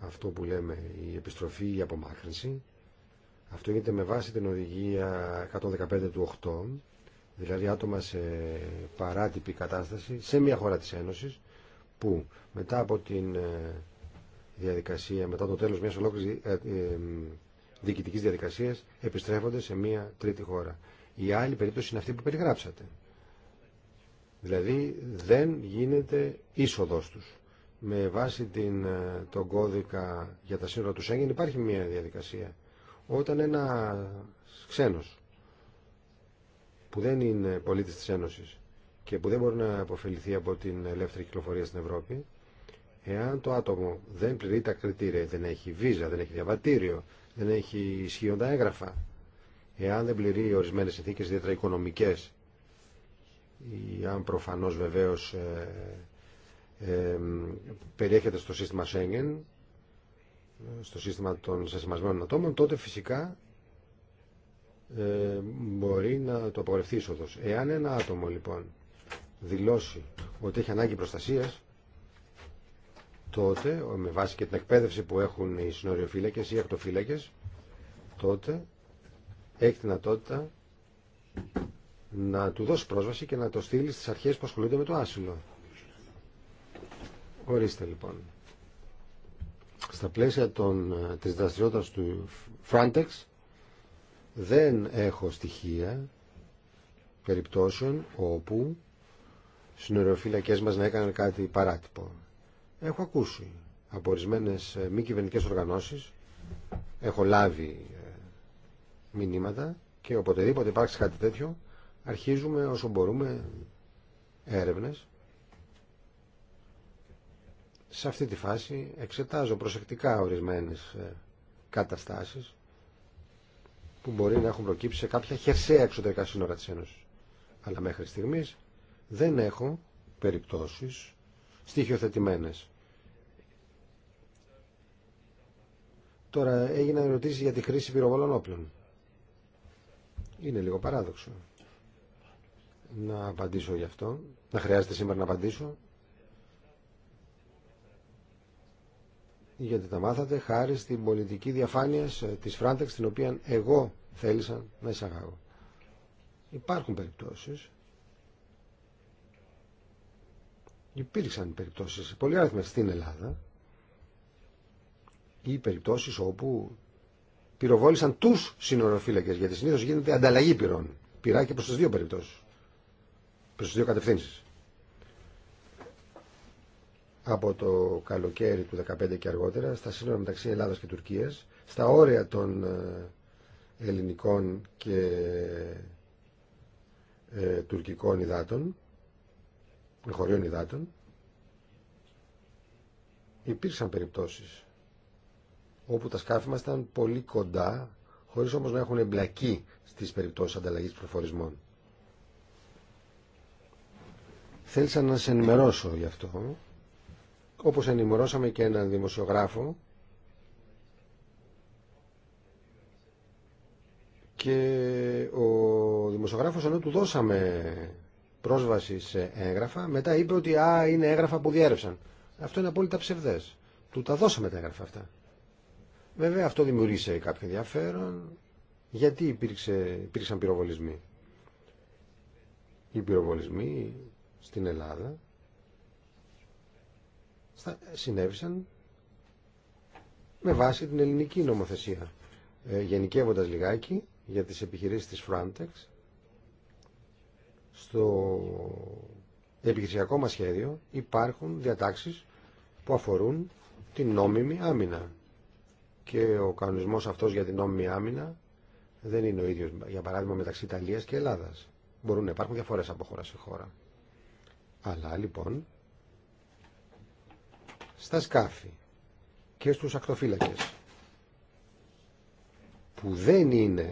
[SPEAKER 4] αυτό που λέμε η επιστροφή ή η απομάκρυνση. Αυτό γίνεται με βάση την οδηγία 115 του 8, δηλαδή άτομα σε παράτυπη κατάσταση σε μια χώρα της Ένωσης που μετά από την ε, διαδικασία, μετά το τέλος μιας ολόκληρης ε, ε, διοικητικής διαδικασίας επιστρέφονται σε μια τρίτη χώρα. Η άλλη περίπτωση είναι αυτή που περιγράψατε. Δηλαδή δεν γίνεται είσοδος τους. Με βάση την, ε, τον κώδικα για τα σύνορα του Σέγγεν υπάρχει μια διαδικασία. Όταν ένα ξένος που δεν είναι πολίτης της Ένωσης και που δεν μπορεί να αποφεληθεί από την ελεύθερη κυκλοφορία στην Ευρώπη, εάν το άτομο δεν πληρεί τα κριτήρια, δεν έχει βίζα, δεν έχει διαβατήριο, δεν έχει ισχύοντα έγγραφα, εάν δεν πληρεί ορισμένες συνθήκες ιδιαίτερα οικονομικές ή αν προφανώς βεβαίως ε, ε περιέχεται στο σύστημα σέγγεν, στο σύστημα των σεσμασμένων ατόμων, τότε φυσικά ε, μπορεί να το απογορευτεί είσοδος. Εάν ένα άτομο λοιπόν δηλώσει ότι έχει ανάγκη προστασίας, τότε με βάση και την εκπαίδευση που έχουν οι συνοριοφύλακες ή οι ακτοφύλακες, τότε έχει δυνατότητα να του δώσει πρόσβαση και να το στείλει στις αρχές που ασχολούνται με το άσυλο. Ορίστε λοιπόν. Στα πλαίσια των, ε, της δραστηριότητας του Frontex δεν έχω στοιχεία περιπτώσεων όπου συνοριοφύλακές μας να έκαναν κάτι παράτυπο. Έχω ακούσει από ορισμένε ε, μη κυβερνητικέ οργανώσεις, έχω λάβει ε, μηνύματα και οποτεδήποτε υπάρξει κάτι τέτοιο αρχίζουμε όσο μπορούμε έρευνες. Σε αυτή τη φάση εξετάζω προσεκτικά ορισμένες ε, καταστάσεις που μπορεί να έχουν προκύψει σε κάποια χερσαία εξωτερικά σύνορα της Ένωσης. Αλλά μέχρι στιγμής δεν έχω περιπτώσεις στοιχειοθετημένες. Τώρα έγιναν ερωτήσεις για τη χρήση πυροβολών όπλων. Είναι λίγο παράδοξο να απαντήσω γι' αυτό. Να χρειάζεται σήμερα να απαντήσω. Γιατί τα μάθατε χάρη στην πολιτική διαφάνεια της Φράντεξ, την οποία εγώ θέλησα να εισαγάγω. Υπάρχουν περιπτώσεις. Υπήρξαν περιπτώσεις, πολύ άριθμες στην Ελλάδα, ή περιπτώσεις όπου πυροβόλησαν τους συνοροφύλακες, γιατί συνήθως γίνεται ανταλλαγή πυρών. Πυρά και προς τις δύο περιπτώσεις προς τις δύο κατευθύνσεις. Από το καλοκαίρι του 2015 και αργότερα, στα σύνορα μεταξύ Ελλάδας και Τουρκίας, στα όρια των ε, ελληνικών και ε, τουρκικών υδάτων, ε, χωρίων υδάτων, υπήρξαν περιπτώσεις όπου τα σκάφη μας ήταν πολύ κοντά, χωρίς όμως να έχουν εμπλακεί στις περιπτώσεις ανταλλαγής προφορισμών. Θέλησα να σε ενημερώσω γι' αυτό, όπως ενημερώσαμε και έναν δημοσιογράφο και ο δημοσιογράφος ενώ του δώσαμε πρόσβαση σε έγγραφα, μετά είπε ότι α, είναι έγγραφα που διέρευσαν. Αυτό είναι απόλυτα ψευδές. Του τα δώσαμε τα έγγραφα αυτά. Βέβαια αυτό δημιουργήσε κάποιο ενδιαφέρον, γιατί υπήρξε, υπήρξαν πυροβολισμοί. Οι πυροβολισμοί στην Ελλάδα συνέβησαν με βάση την ελληνική νομοθεσία. Ε, γενικεύοντας λιγάκι για τις επιχειρήσεις της Frontex στο επιχειρησιακό μας σχέδιο υπάρχουν διατάξεις που αφορούν την νόμιμη άμυνα και ο κανονισμός αυτός για την νόμιμη άμυνα δεν είναι ο ίδιος για παράδειγμα μεταξύ Ιταλίας και Ελλάδας μπορούν να υπάρχουν διαφορές από χώρα σε χώρα αλλά λοιπόν, στα σκάφη και στους ακτοφύλακες που δεν είναι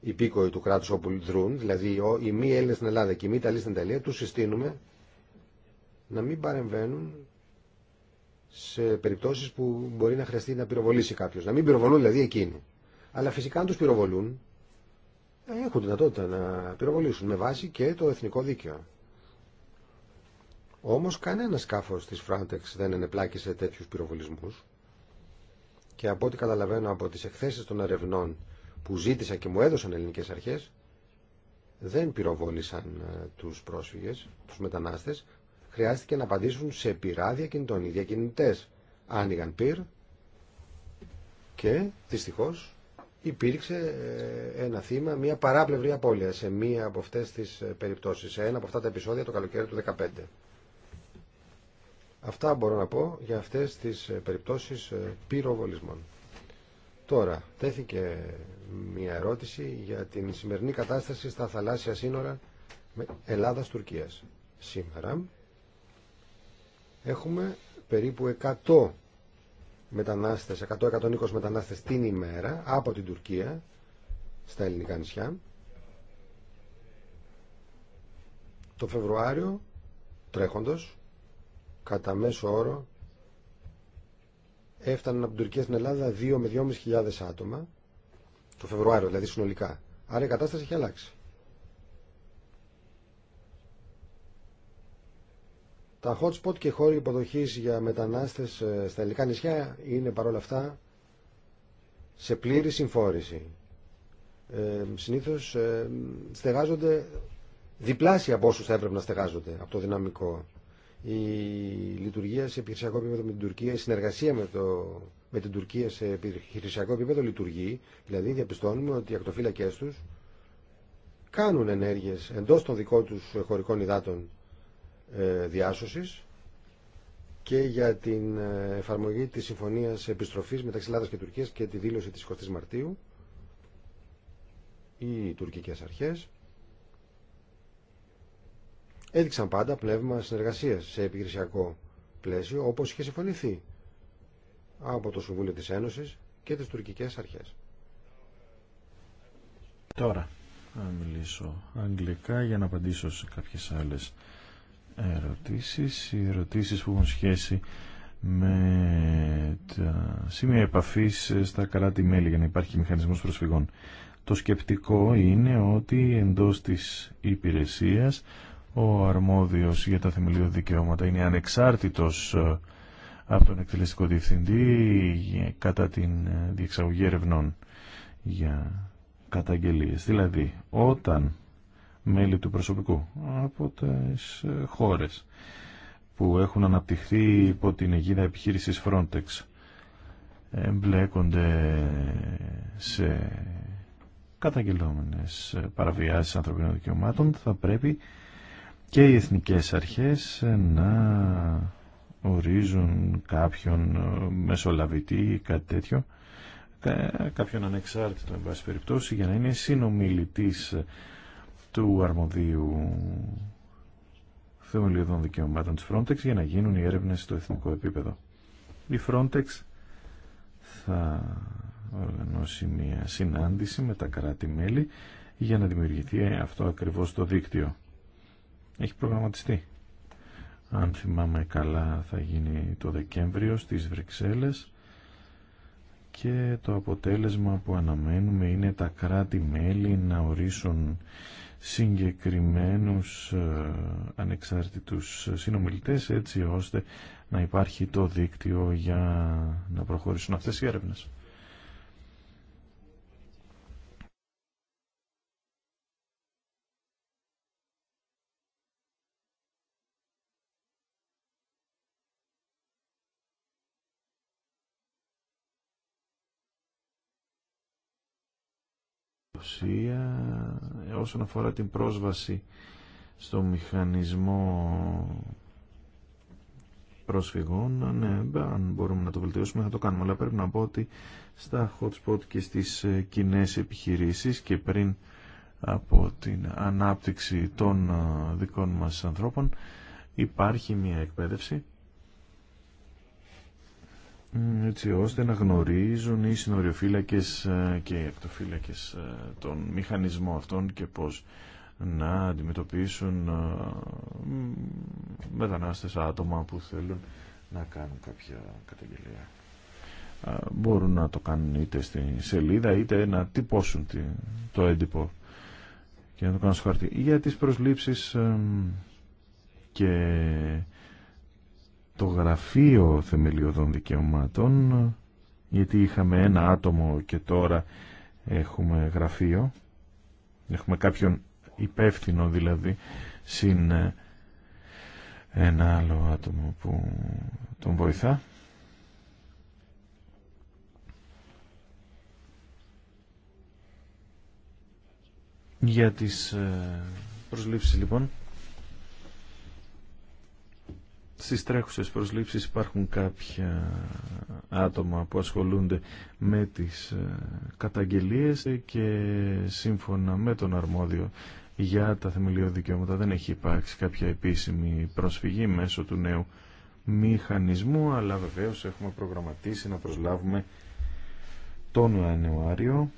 [SPEAKER 4] υπήκοοι του κράτους όπου δρούν, δηλαδή οι μη Έλληνες στην Ελλάδα και οι μη Ιταλοί στην Ιταλία, τους συστήνουμε να μην παρεμβαίνουν σε περιπτώσεις που μπορεί να χρειαστεί να πυροβολήσει κάποιος. Να μην πυροβολούν δηλαδή εκείνοι. Αλλά φυσικά αν τους πυροβολούν, έχουν δυνατότητα να πυροβολήσουν με βάση και το εθνικό δίκαιο. Όμως κανένα σκάφος της Frontex δεν ενεπλάκησε τέτοιους πυροβολισμούς και από ό,τι καταλαβαίνω από τις εκθέσεις των ερευνών που ζήτησα και μου έδωσαν ελληνικές αρχές δεν πυροβόλησαν ε, τους πρόσφυγες, τους μετανάστες χρειάστηκε να απαντήσουν σε πυρά διακινητών. Οι διακινητές άνοιγαν πυρ και δυστυχώς υπήρξε ε, ένα θύμα, μια παράπλευρη απώλεια σε μία από αυτές τις ε, περιπτώσεις, σε ένα από αυτά τα επεισόδια το καλοκαίρι του 2015. Αυτά μπορώ να πω για αυτές τις ε, περιπτώσεις ε, πυροβολισμών. Τώρα, τέθηκε μια ερώτηση για την σημερινή κατάσταση στα θαλάσσια σύνορα Ελλάδας-Τουρκίας. Σήμερα έχουμε περίπου 100 μετανάστες, 100-120 μετανάστες την ημέρα από την Τουρκία στα ελληνικά νησιά. Το Φεβρουάριο τρέχοντος κατά μέσο όρο έφταναν από την Τουρκία στην Ελλάδα 2 με 2.500 άτομα το Φεβρουάριο δηλαδή συνολικά. Άρα η κατάσταση έχει αλλάξει. Τα hot spot και χώροι υποδοχή για μετανάστες ε, στα ελληνικά νησιά είναι παρόλα αυτά σε πλήρη συμφόρηση. Ε, συνήθως ε, στεγάζονται διπλάσια από όσους θα έπρεπε να στεγάζονται από το δυναμικό η λειτουργία σε επιχειρησιακό επίπεδο με την Τουρκία, η συνεργασία με, το, με την Τουρκία σε επιχειρησιακό επίπεδο λειτουργεί. Δηλαδή διαπιστώνουμε ότι οι ακτοφύλακέ του κάνουν ενέργειε εντό των δικών του χωρικών υδάτων ε, διάσωση και για την ε, εφαρμογή της συμφωνίας επιστροφής μεταξύ Ελλάδα και Τουρκία και τη δήλωση τη 20 η Μαρτίου οι τουρκικές αρχές έδειξαν πάντα πνεύμα συνεργασία σε επιχειρησιακό πλαίσιο όπως είχε συμφωνηθεί από το Συμβούλιο της Ένωσης και τι τουρκικέ αρχέ.
[SPEAKER 1] Τώρα θα μιλήσω αγγλικά για να απαντήσω σε κάποιες άλλες ερωτήσεις. Οι ερωτήσεις που έχουν σχέση με τα σημεία επαφής στα τη μελη για να υπάρχει μηχανισμό προσφυγών. Το σκεπτικό είναι ότι εντός της υπηρεσίας ο αρμόδιος για τα θεμελιώδη δικαιώματα είναι ανεξάρτητος ε, από τον εκτελεστικό διευθυντή κατά την ε, διεξαγωγή ερευνών για καταγγελίες. Δηλαδή, όταν μέλη του προσωπικού από τις ε, χώρες που έχουν αναπτυχθεί υπό την αιγίδα επιχείρησης Frontex εμπλέκονται σε καταγγελόμενες παραβιάσεις ανθρωπίνων δικαιωμάτων θα πρέπει και οι εθνικές αρχές να ορίζουν κάποιον ε, μεσολαβητή ή κάτι τέτοιο, κάποιον ανεξάρτητο εν πάση περιπτώσει, για να είναι συνομιλητής του αρμοδίου θεμελιωδών δικαιωμάτων της Frontex για να γίνουν οι έρευνες στο εθνικό επίπεδο. Η Frontex θα οργανώσει μια συνάντηση με τα κράτη-μέλη για να δημιουργηθεί αυτό ακριβώς το δίκτυο έχει προγραμματιστεί. Αν θυμάμαι καλά θα γίνει το Δεκέμβριο στις Βρυξέλλες και το αποτέλεσμα που αναμένουμε είναι τα κράτη-μέλη να ορίσουν συγκεκριμένους ε, ανεξάρτητους συνομιλητές έτσι ώστε να υπάρχει το δίκτυο για να προχωρήσουν αυτές οι έρευνες. Ε, όσον αφορά την πρόσβαση στο μηχανισμό προσφυγών, ναι, αν μπορούμε να το βελτιώσουμε θα το κάνουμε. Αλλά πρέπει να πω ότι στα hotspot και στις ε, κοινέ επιχειρήσεις και πριν από την ανάπτυξη των ε, δικών μας ανθρώπων υπάρχει μια εκπαίδευση έτσι ώστε να γνωρίζουν οι συνοριοφύλακες ε, και οι εκτοφύλακες ε, τον μηχανισμό αυτών και πώς να αντιμετωπίσουν ε, μετανάστες άτομα που θέλουν να
[SPEAKER 2] κάνουν κάποια καταγγελία.
[SPEAKER 1] Μπορούν να το κάνουν είτε στη σελίδα είτε να τυπώσουν το έντυπο και να το κάνουν στο χαρτί. Για τις προσλήψεις και το Γραφείο Θεμελιωδών Δικαιωμάτων γιατί είχαμε ένα άτομο και τώρα έχουμε γραφείο έχουμε κάποιον υπεύθυνο δηλαδή συν ε, ένα άλλο άτομο που τον βοηθά για τις ε, προσλήψεις λοιπόν στις τρέχουσες προσλήψεις υπάρχουν κάποια άτομα που ασχολούνται με τις ε, καταγγελίες και σύμφωνα με τον αρμόδιο για τα θεμελιώδη δικαιώματα δεν έχει υπάρξει κάποια επίσημη προσφυγή μέσω του νέου μηχανισμού αλλά βεβαίως έχουμε προγραμματίσει να προσλάβουμε τον Ιανουάριο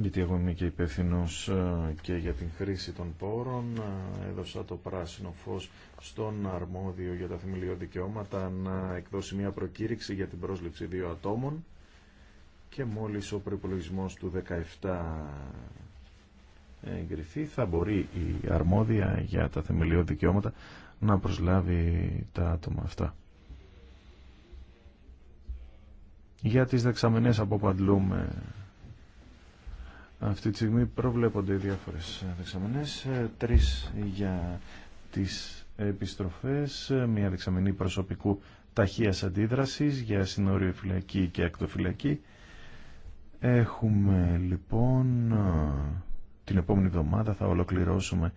[SPEAKER 1] γιατί εγώ είμαι και υπεύθυνο ε, και για την χρήση των πόρων. Ε, έδωσα το πράσινο φως στον αρμόδιο για τα θεμελιώδη δικαιώματα να εκδώσει μια προκήρυξη για την πρόσληψη δύο ατόμων και μόλις ο προπολογισμό του 17 εγκριθεί θα μπορεί η αρμόδια για τα θεμελιώδη δικαιώματα να προσλάβει τα άτομα αυτά. Για τις δεξαμενές από παντλούμε αυτή τη στιγμή προβλέπονται οι διάφορες δεξαμενές, ε, τρεις για τις επιστροφές, μία δεξαμενή προσωπικού ταχείας αντίδρασης για φυλακή και ακτοφυλακή. Έχουμε λοιπόν ε, την επόμενη εβδομάδα θα ολοκληρώσουμε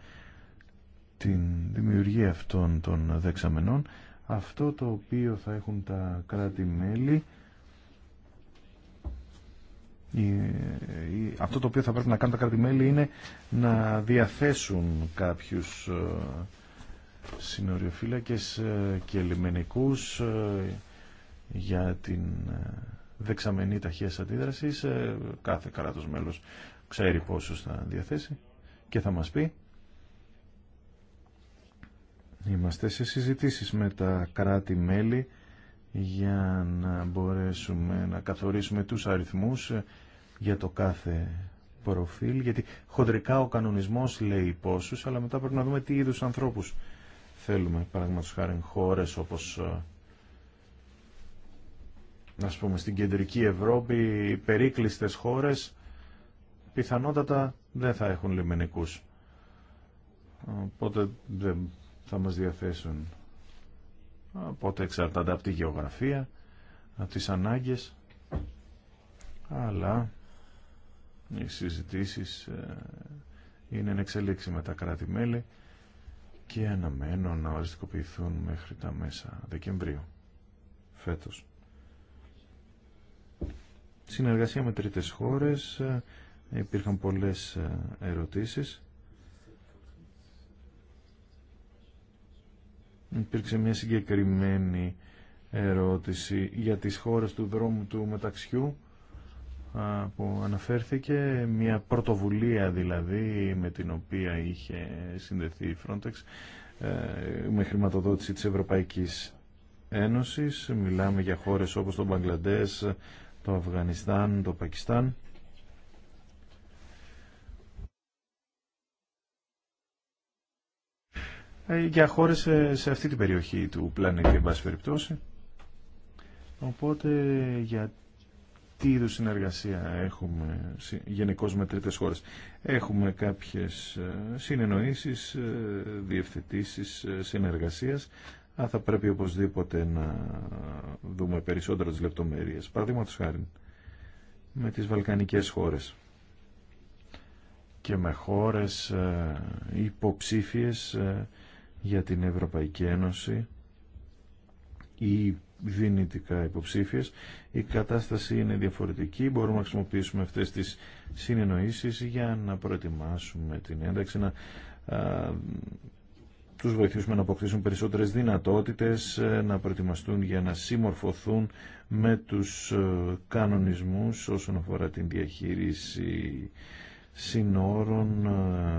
[SPEAKER 1] την δημιουργία αυτών των δεξαμενών. Αυτό το οποίο θα έχουν τα κράτη-μέλη αυτό το οποίο θα πρέπει να κάνουν τα κράτη-μέλη είναι να διαθέσουν κάποιους ε, συνοριοφύλακες ε, και λιμενικούς ε, για την δεξαμενή ταχείας αντίδρασης. Κάθε κράτος μέλος ξέρει πόσους θα διαθέσει και θα μας πει. Είμαστε σε συζητήσεις με τα κράτη-μέλη για να μπορέσουμε να καθορίσουμε τους αριθμούς για το κάθε προφίλ, γιατί χοντρικά ο κανονισμός λέει πόσους, αλλά μετά πρέπει να δούμε τι είδους ανθρώπους θέλουμε. Παραδείγματος χάρη χώρες όπως να ε, πούμε στην κεντρική Ευρώπη, περίκλειστες χώρες, πιθανότατα δεν θα έχουν λιμενικούς. Οπότε δεν θα μας διαθέσουν. Οπότε εξαρτάται από τη γεωγραφία, από τις ανάγκες, αλλά οι συζητήσεις ε, είναι εν εξελίξη με τα κράτη-μέλη και αναμένω να οριστικοποιηθούν μέχρι τα μέσα Δεκεμβρίου φέτος. Συνεργασία με τρίτες χώρες, ε, υπήρχαν πολλές ε, ερωτήσεις. Υπήρξε μια συγκεκριμένη ερώτηση για τις χώρες του δρόμου του μεταξιού που αναφέρθηκε, μια πρωτοβουλία δηλαδή με την οποία είχε συνδεθεί η Frontex ε, με χρηματοδότηση της Ευρωπαϊκής Ένωσης. Μιλάμε για χώρες όπως το Μπαγκλαντές, το Αφγανιστάν, το Πακιστάν. Ε, για χώρες σε, αυτή την περιοχή του πλανήτη, εν πάση περιπτώσει. Οπότε για τι είδους συνεργασία έχουμε γενικώ με τρίτες χώρες. Έχουμε κάποιες ε, συνεννοήσεις, ε, διευθετήσεις, ε, συνεργασίας, αλλά θα πρέπει οπωσδήποτε να δούμε περισσότερα τις λεπτομέρειες. Παραδείγματο χάρη με τις βαλκανικές χώρες και με χώρες υποψήφιες για την Ευρωπαϊκή Ένωση ή δυνητικά υποψήφιες. Η κατάσταση είναι διαφορετική. Μπορούμε να χρησιμοποιήσουμε αυτές τις συνεννοήσει για να προετοιμάσουμε την ένταξη, να του τους βοηθήσουμε να αποκτήσουν περισσότερες δυνατότητες, ε, να προετοιμαστούν για να συμμορφωθούν με τους ε, κανονισμού όσον αφορά την διαχείριση συνόρων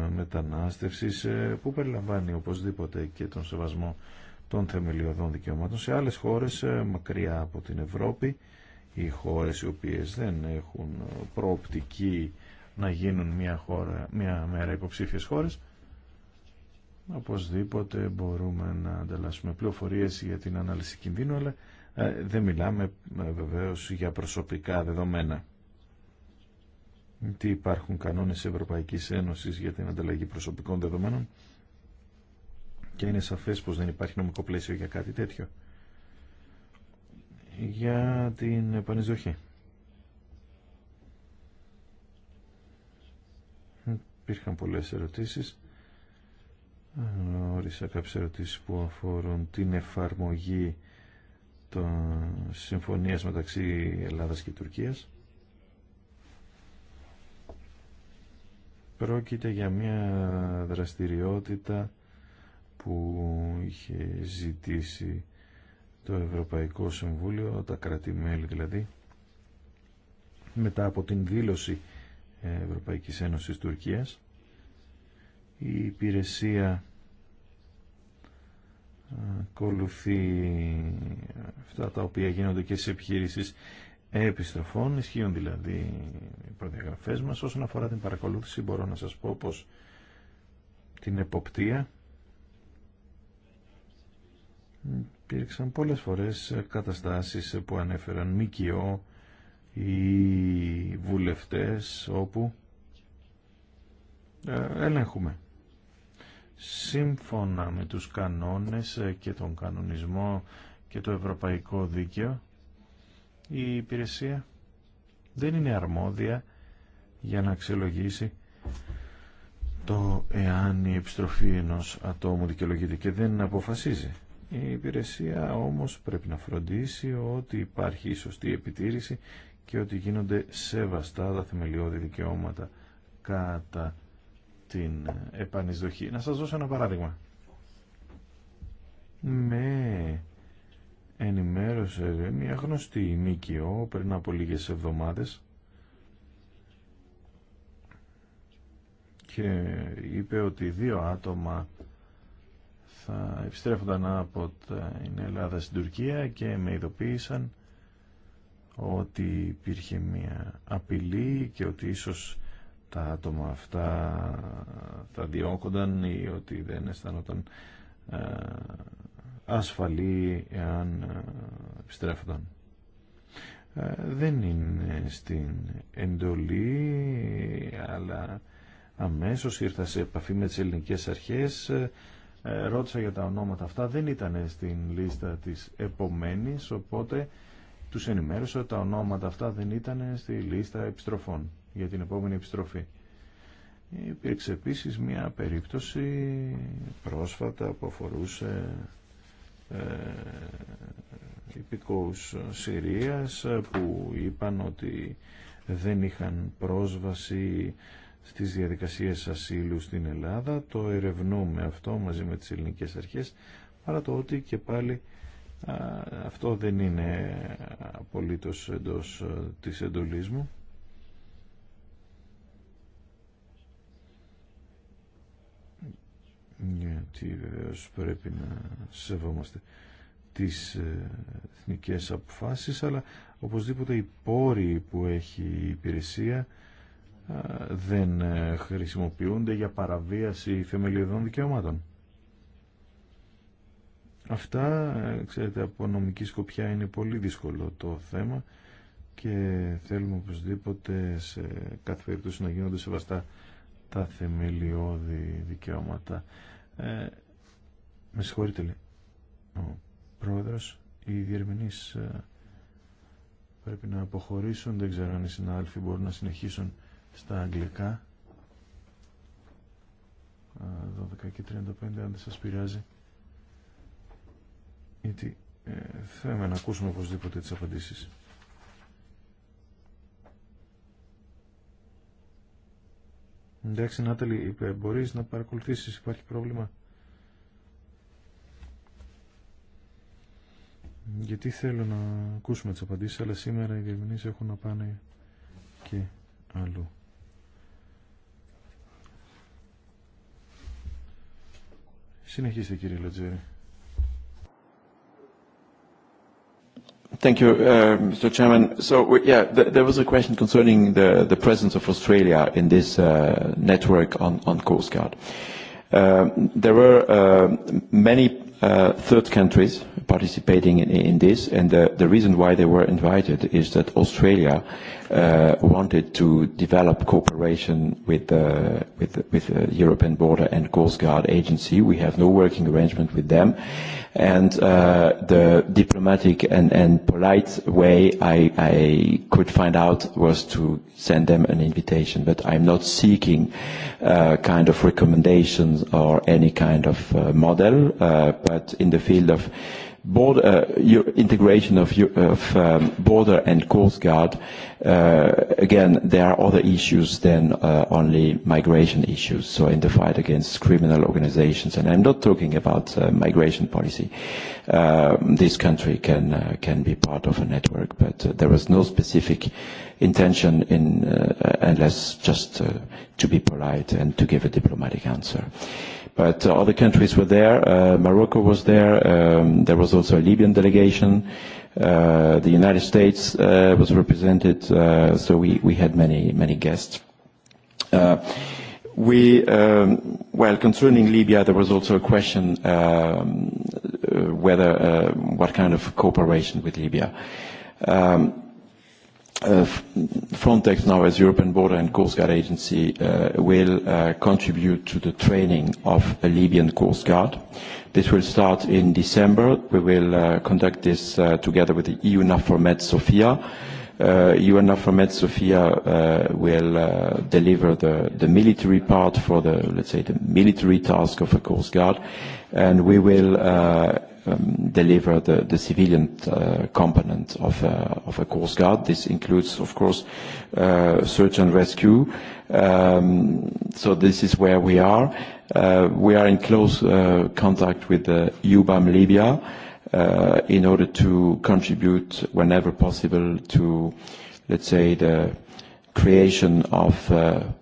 [SPEAKER 1] ε, μετανάστευσης που περιλαμβάνει οπωσδήποτε και τον σεβασμό των θεμελιωδών δικαιωμάτων σε άλλες χώρες ε, μακριά από την Ευρώπη οι χώρες οι οποίες δεν έχουν προοπτική να γίνουν μια, χώρα, μια μέρα υποψήφιες χώρες οπωσδήποτε μπορούμε να ανταλλάσσουμε πληροφορίες για την ανάλυση κινδύνου αλλά ε, δεν μιλάμε ε, βεβαίως για προσωπικά δεδομένα τι υπάρχουν κανόνες Ευρωπαϊκής Ένωσης για την ανταλλαγή προσωπικών δεδομένων και είναι σαφές πως δεν υπάρχει νομικό πλαίσιο για κάτι τέτοιο. Για την επανεισδοχή. Υπήρχαν πολλές ερωτήσεις. Όρισα κάποιες ερωτήσεις που αφορούν την εφαρμογή των συμφωνίας μεταξύ Ελλάδας και Τουρκίας. Πρόκειται για μια δραστηριότητα που είχε ζητήσει το Ευρωπαϊκό Συμβούλιο, τα κρατημέλη δηλαδή, μετά από την δήλωση Ευρωπαϊκής Ένωσης Τουρκίας. Η υπηρεσία ακολουθεί αυτά τα οποία γίνονται και σε επιχείρησεις επιστροφών, ισχύουν δηλαδή οι προδιαγραφές μας. Όσον αφορά την παρακολούθηση μπορώ να σας πω πως την εποπτεία Υπήρξαν πολλές φορές καταστάσεις που ανέφεραν ΜΚΟ ή βουλευτές όπου ε, ελέγχουμε. Σύμφωνα με τους κανόνες και τον κανονισμό και το ευρωπαϊκό δίκαιο η υπηρεσία δεν είναι αρμόδια για να αξιολογήσει το εάν η επιστροφή ενός ατόμου δικαιολογείται και δεν αποφασίζει. Η υπηρεσία όμως πρέπει να φροντίσει ότι υπάρχει η σωστή επιτήρηση και ότι γίνονται σεβαστά τα θεμελιώδη δικαιώματα κατά την επανεισδοχή. Να σας δώσω ένα παράδειγμα. Με ενημέρωσε μια γνωστή ΜΚΟ πριν από λίγες εβδομάδες και είπε ότι δύο άτομα θα επιστρέφονταν από την Ελλάδα στην Τουρκία και με ειδοποίησαν ότι υπήρχε μια απειλή και ότι ίσως τα άτομα αυτά θα διώκονταν ή ότι δεν αισθανόταν ε, ασφαλή εάν ε, επιστρέφονταν. Ε, δεν είναι στην εντολή αλλά αμέσως ήρθα σε επαφή με τις ελληνικές αρχές ε, ρώτησα για τα ονόματα αυτά, δεν ήταν στην λίστα της επομένης, οπότε τους ενημέρωσα ότι τα ονόματα αυτά δεν ήταν στη λίστα επιστροφών για την επόμενη επιστροφή. Υπήρξε επίσης μια περίπτωση πρόσφατα που αφορούσε ε, υπηκόους Συρίας που είπαν ότι δεν είχαν πρόσβαση στις διαδικασίες ασύλου στην Ελλάδα. Το ερευνούμε αυτό μαζί με τις ελληνικές αρχές, παρά το ότι και πάλι αυτό δεν είναι απολύτως εντός ε, της εντολής μου. γιατί βεβαίω πρέπει να σεβόμαστε τις ε, εθνικές αποφάσεις αλλά οπωσδήποτε οι πόροι που έχει η υπηρεσία δεν ε, χρησιμοποιούνται για παραβίαση θεμελιωδών δικαιωμάτων. Αυτά, ε, ξέρετε, από νομική σκοπιά είναι πολύ δύσκολο το θέμα και θέλουμε οπωσδήποτε σε κάθε περίπτωση να γίνονται σεβαστά τα θεμελιώδη δικαιώματα. Ε, με συγχωρείτε, λέει, ο πρόεδρος, οι διερμηνείς ε, πρέπει να αποχωρήσουν, δεν ξέρω αν οι συνάδελφοι μπορούν να συνεχίσουν στα αγγλικά. 12 και 35 αν δεν σας πειράζει. Γιατί ε, θέλουμε να ακούσουμε οπωσδήποτε τις απαντήσεις. Εντάξει Νάταλη, είπε, μπορείς να παρακολουθήσεις, υπάρχει πρόβλημα. Γιατί θέλω να ακούσουμε τις απαντήσεις, αλλά σήμερα οι διερμηνείς έχουν να πάνε και αλλού. Συνεχίστε κύριε
[SPEAKER 7] Thank you, Mr. Chairman. So, yeah, there was a question concerning the, the presence of Australia in this network on, on Coast Guard. there were many uh, third countries participating in, in this, and the, the reason why they were invited is that Australia wanted to develop cooperation with the with the European Border and Coast Guard Agency. We have no working arrangement with them, and the diplomatic and and polite way I I could find out was to send them an invitation. But I'm not seeking kind of recommendations or any kind of model. But in the field of border integration of border and coast guard again there are other issues than only migration issues so in the fight against criminal organizations and i'm not talking about migration policy this country can can be part of a network but there was no specific intention in unless just to be polite and to give a diplomatic answer But other countries were there. Morocco was there. There was also a Libyan delegation. The United States was represented. So we we had many many guests. We well concerning Libya, there was also a question whether what kind of cooperation with Libya. Frontex now as European Border and Coast Guard Agency will contribute to the training of a Libyan Coast Guard. This will start in December. We will conduct this together with the EU NAFOR Med Sofia. EU Sofia will deliver the the military part for the let's say the military task of a Coast Guard and we will deliver the, civilian component of a, Coast Guard. This includes, of course, search and rescue. so this is where we are. we are in close contact with the UBAM Libya in order to contribute whenever possible to, let's say, the creation of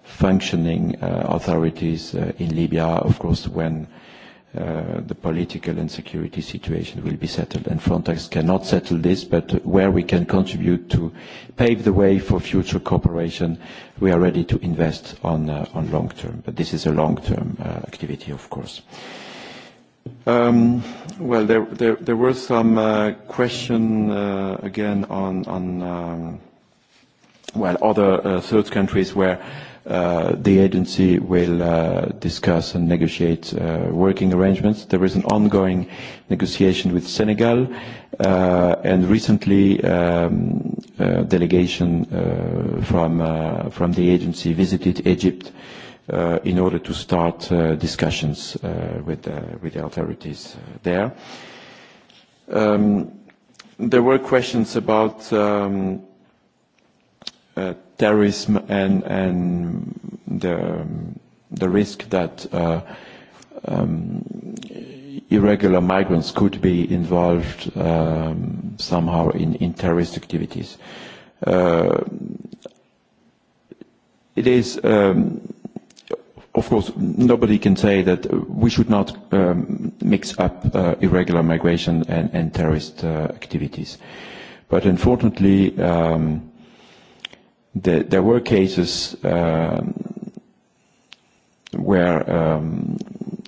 [SPEAKER 7] functioning authorities in Libya, of course, when the political and security situation will be settled. And Frontex cannot settle this, but where we can contribute to pave the way for future cooperation, we are ready to invest on on long term. But this is a long-term activity, of course. Well, there there were some question again on, well, other third countries where the agency will discuss and negotiate working arrangements. There is an ongoing negotiation with Senegal, and recently a delegation from the agency visited Egypt in order to start discussions with with the authorities there. There were questions about terrorism and and the the risk that uh irregular migrants could be involved somehow in in terrorist activities. Uh It is of course nobody can say that we should not mix up irregular migration and terrorist activities. But unfortunately um There were cases where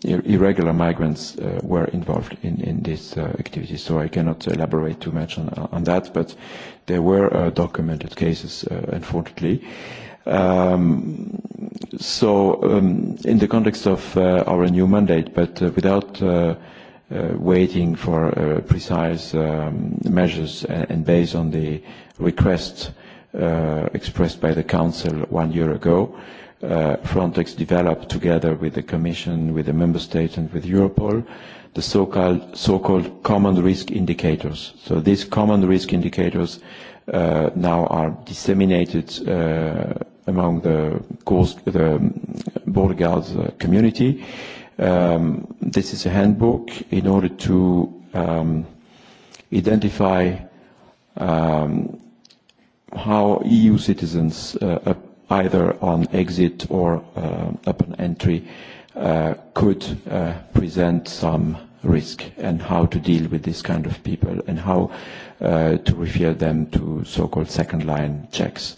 [SPEAKER 7] irregular migrants were involved in these activity, so I cannot elaborate too much on that, but there were documented cases, unfortunately. So, in the context of our new mandate, but without waiting for precise measures and based on the request expressed by the Council one year ago. Frontex developed together with the Commission, with the Member state and with Europol the so-called so called common risk indicators. So these common risk indicators now are disseminated among the border guards community. This is a handbook in order to identify how EU citizens, either on exit or upon entry, could present some risk and how to deal with this kind of people and how to refer them to so-called second-line checks.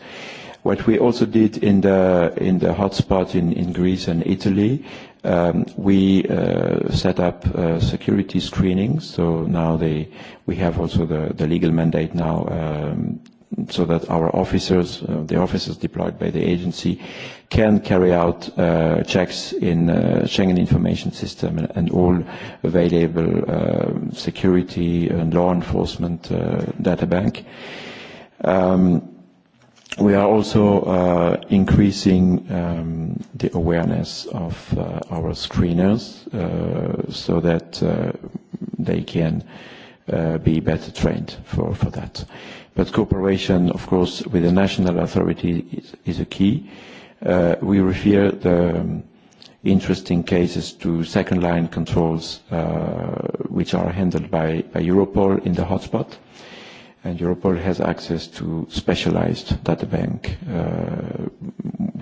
[SPEAKER 7] What we also did in the in the hotspot in in Greece and Italy, we set up security screenings. So now they we have also the the legal mandate now so that our officers, the officers deployed by the agency, can carry out checks in Schengen Information System and all available security and law enforcement data bank. We are also increasing the awareness of our screeners so that they can be better trained for that. But cooperation, of course, with the national authority is a key. We refer the interesting cases to second-line controls, which are handled by Europol in the hotspot, and Europol has access to specialized data bank,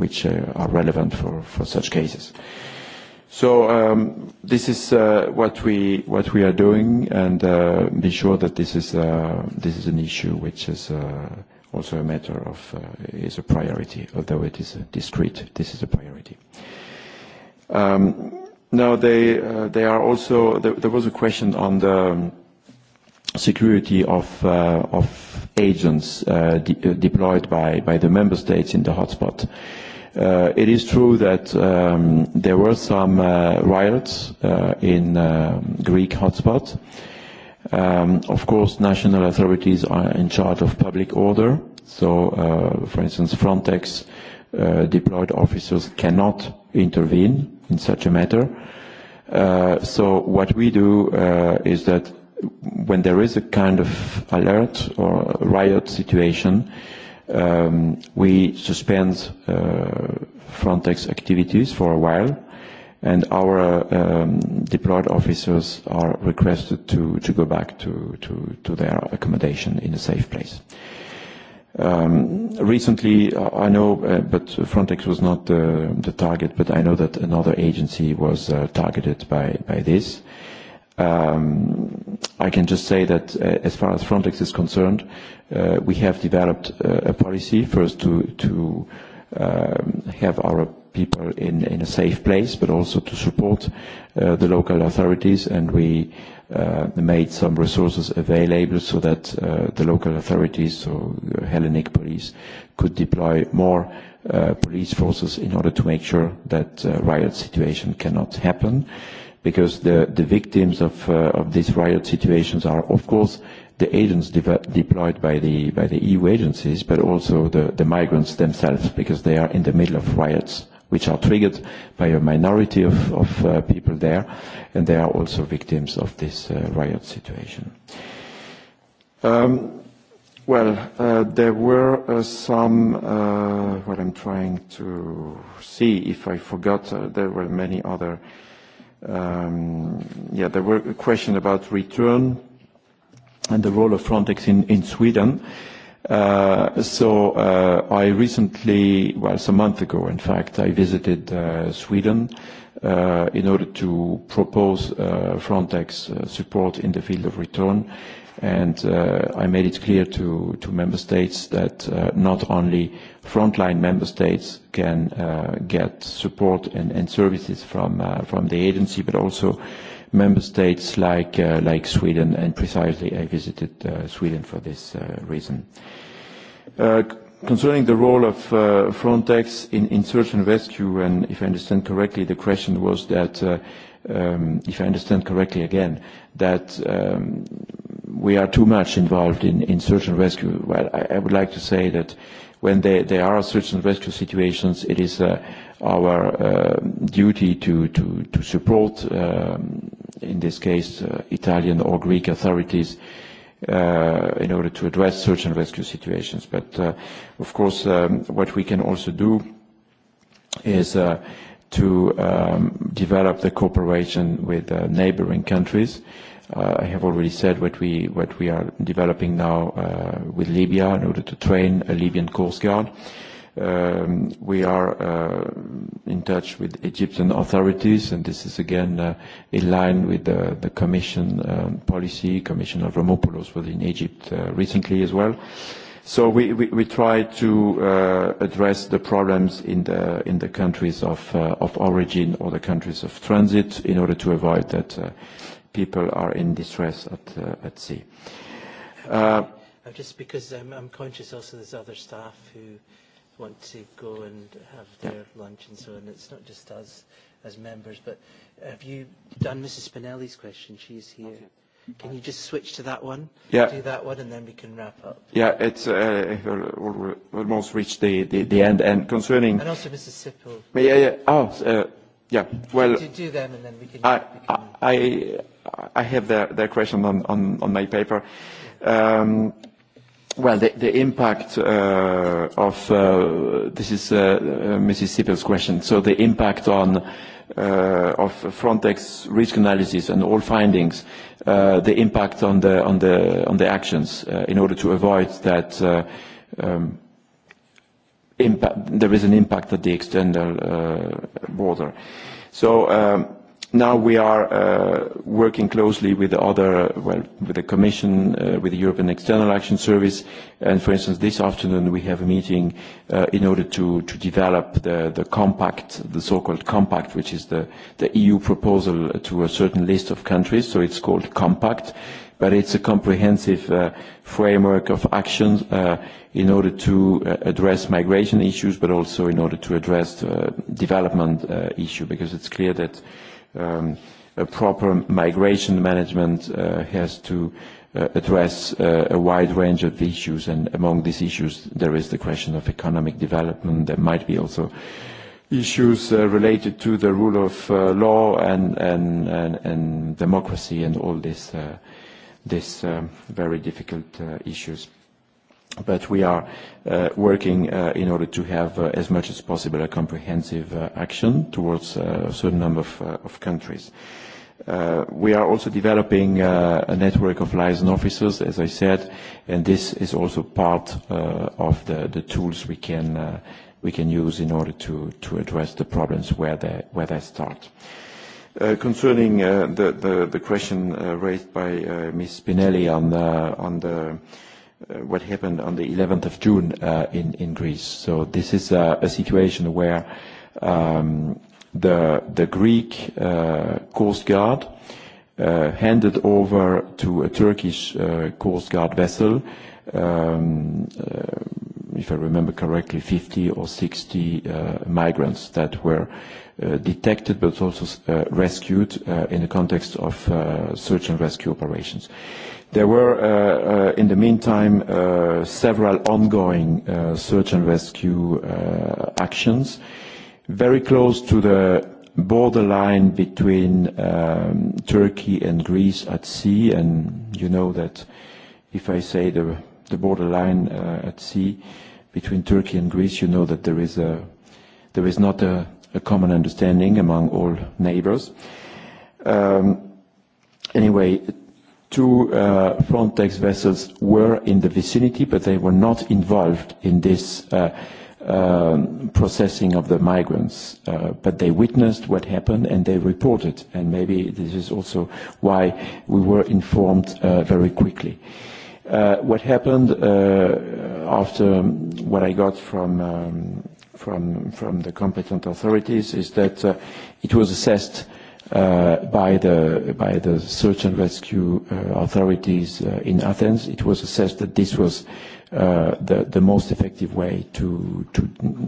[SPEAKER 7] which are relevant for such cases. So this is what we what we are doing, and be sure that this is this is an issue which is also a matter of is a priority, although it is discrete. This is a priority. Now they are also there was a question on the security of of agents deployed by by the member states in the hotspot. It is true that there were some riots in Greek hotspots. Of course, national authorities are in charge of public order. So, for instance, Frontex deployed officers cannot intervene in such a matter. So what we do is that when there is a kind of alert or riot situation, we suspend Frontex activities for a while, and our deployed officers are requested to to go back to to to their accommodation in a safe place. Recently, I know, but Frontex was not the target, but I know that another agency was targeted by by this. I can just say that as far as Frontex is concerned, we have developed a policy first to to have our people in in a safe place, but also to support the local authorities, and we made some resources available so that the local authorities, so Hellenic police, could deploy more police forces in order to make sure that riot situation cannot happen because the the victims of of these riot situations are of course the agents deployed by the by the EU agencies, but also the the migrants themselves, because they are in the middle of riots which are triggered by a minority of of people there, and they are also victims of this riot situation. Well, there were some. What I'm trying to see if I forgot. There were many other Yeah, there were a question about return and the role of Frontex in Sweden. So I recently, well, some month ago, in fact, I visited Sweden in order to propose Frontex support in the field of return and I made it clear to to member states that not only frontline member states can get support and and services from from the agency, but also member states like like Sweden, and precisely I visited Sweden for this reason. Concerning the role of Frontex in search and rescue, and if I understand correctly, the question was that, if I understand correctly again, that we are too much involved in, in search and rescue. Well, I, I would like to say that when there, there are search and rescue situations, it is our duty to, to, to support, in this case, Italian or Greek authorities in order to address search and rescue situations. But, of course, what we can also do is to um, develop the cooperation with uh, neighboring countries. I have already said what we are developing now with Libya in order to train a Libyan Coast Guard. We are in touch with Egyptian authorities, and this is again in line with the Commission policy. Commissioner Avramopoulos was in Egypt recently as well. So we try to address the problems in the countries of origin or the countries of transit in order to avoid that people are in distress at, at sea.
[SPEAKER 3] just because I'm, I'm conscious also there's other staff who want to go and have their lunch and so on. It's not just us as members, but have you done Mrs. Spinelli's question? She's here. Can you just switch to that one? Yeah. Do that one, and then we can wrap up.
[SPEAKER 7] Yeah, it's uh, almost reached the, the, the end. And concerning. And
[SPEAKER 3] also Mrs. Sippel. Yeah, yeah.
[SPEAKER 7] Oh, yeah. Well. Do,
[SPEAKER 3] do them, and then
[SPEAKER 7] we can. I, I have their, their question on, on, on my paper. well, the, the impact of this is uh, Mrs. Sippel's question. So the impact on of Frontex risk analysis and all findings, the impact on the on the on the actions in order to avoid that. there is an impact at the external border. So Now we are working closely with the other, well, with the Commission, with the European External Action Service, and for instance, this afternoon we have a meeting in order to develop the compact, the so-called compact, which is the EU proposal to a certain list of countries, so it's called compact, but it's a comprehensive framework of actions in order to address migration issues, but also in order to address development issue, because it's clear that A proper migration management has to address a wide range of issues, and among these issues there is the question of economic development. There might be also issues related to the rule of law and democracy and all these very difficult issues but we are working in order to have as much as possible a comprehensive action towards a certain number of countries. We are also developing a network of liaison officers, as I said, and this is also part of the tools we can use in order to address the problems where they start. Concerning the question raised by Ms. Spinelli on the what happened on the 11th of June in in Greece. So this is a situation where the the Greek Coast Guard handed over to a Turkish Coast Guard vessel, if I remember correctly, 50 or 60 migrants that were detected but also rescued in the context of search and rescue operations. There were, in the meantime, several ongoing search and rescue actions, very close to the borderline between Turkey and Greece at sea, and you know that if I say the borderline at sea between Turkey and Greece, you know that there is there is not a common understanding among all neighbors. Anyway, two Frontex vessels were in the vicinity, but they were not involved in this processing of the migrants. But they witnessed what happened and they reported. And maybe this is also why we were informed very quickly. What happened after what I got from from the competent authorities is that it was assessed by the by the search and rescue authorities in Athens. It was assessed that this was the the most effective way to to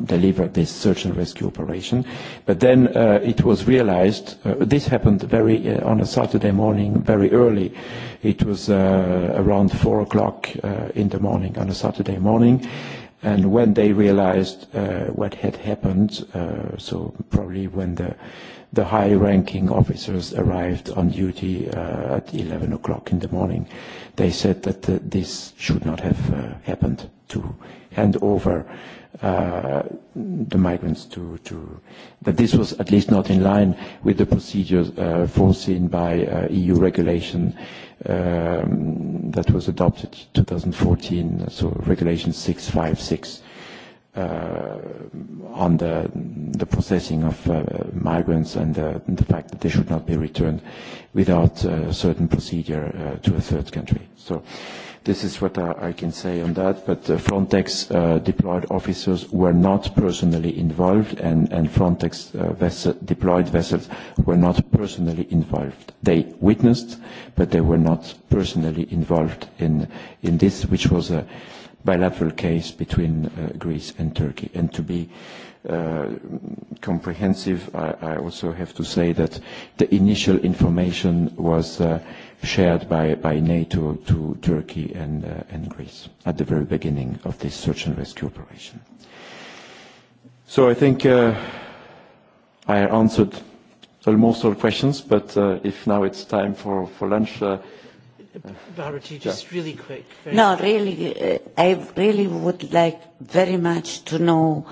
[SPEAKER 7] deliver this search and rescue operation. But then it was realized this happened very on a Saturday morning, very early. It was around four o'clock in the morning on a Saturday morning. And when they realized what had happened, so probably when the the high-ranking officers arrived on duty at 11 o'clock in the morning. They said that this should not have happened to hand over the migrants to, to that this was at least not in line with the procedures foreseen by EU regulation that was adopted 2014, so Regulation 656 on the the processing of migrants and the fact that they should not be returned without a certain procedure to a third country. So this is what I can say on that, but Frontex deployed officers were not personally involved and Frontex deployed vessels were not personally involved. They witnessed, but they were not personally involved in this, which was a bilateral case between Greece and Turkey. And to be comprehensive, I also have to say that the initial information was shared by NATO to Turkey and Greece at the very beginning of this search and rescue operation. So I think I answered almost all questions, but if now it's time for lunch,
[SPEAKER 3] Barbara, just really quick. No, really,
[SPEAKER 7] I really would like very much to know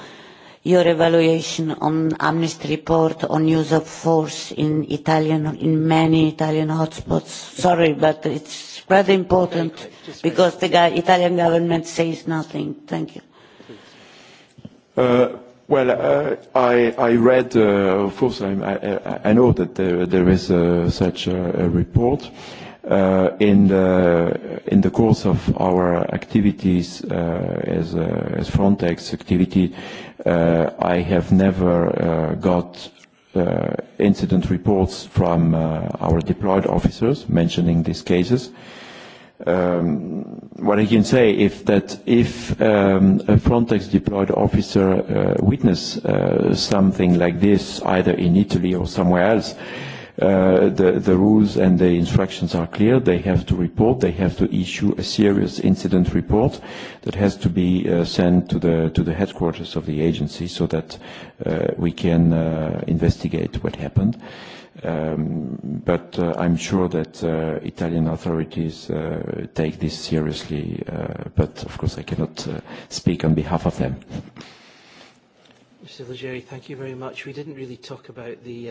[SPEAKER 8] your evaluation on Amnesty report on use of force in Italian, in many Italian hotspots. Sorry, but it's rather important because the Italian government says nothing. Thank you.
[SPEAKER 7] Well, I read, of course, I know that there is such a report in the course of our activities as Frontex activity I have never got incident reports from our deployed officers mentioning these cases what I can say is that if a Frontex deployed officer witness something like this either in Italy or somewhere else The the rules and the instructions are clear. They have to report. They have to issue a serious incident report that has to be sent to the to the headquarters of the agency so that we can investigate what happened. But I'm sure that Italian authorities take this seriously. But of course, I cannot speak on behalf of them.
[SPEAKER 3] Mr. Legere, thank you very much. We didn't really talk about the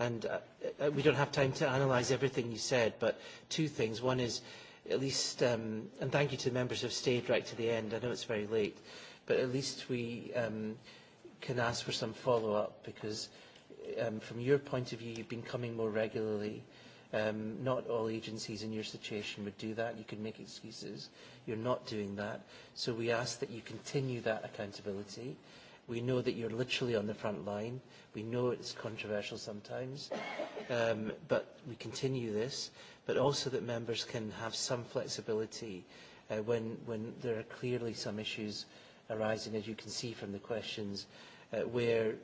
[SPEAKER 3] And we don't have time to analyse everything you said, but two things. One is, at least, and thank you to the members who have stayed right to the end. I know it's very late, but at least we can ask for some follow-up because from your point of view, you've been coming more regularly. Not all agencies in your situation would do that. You can make excuses. You're not doing that. So we ask that you continue that accountability We know that you're literally on the front line. We know it's controversial sometimes, but we continue this, but also that members can have some flexibility when when there are clearly some issues arising, as you can see from the questions, where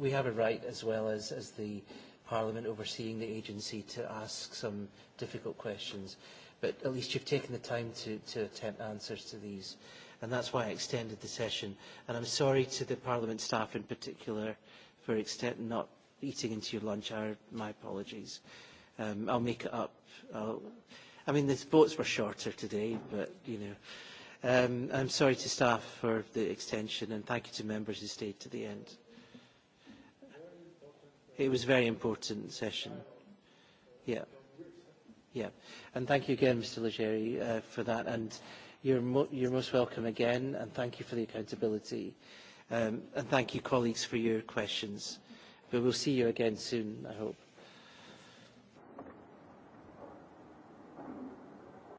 [SPEAKER 3] we have a right as well as as the Parliament overseeing the agency to ask some difficult questions. But at least you've taken the time to to attempt answers to these and that's why I extended the session. And I'm sorry to the Parliament staff in particular for not eating into your lunch hour. My apologies. I'll make it up. I'll, I mean, the votes were shorter today, but, you know. I'm sorry to staff for the extension, and thank you to members who stayed to the end. It was a very important session. Yeah. Yeah. And thank you again, Mr. Legeri, for that. And You're most welcome again, and thank you for the accountability. And thank you, colleagues, for your questions. But we'll see you again soon, I hope.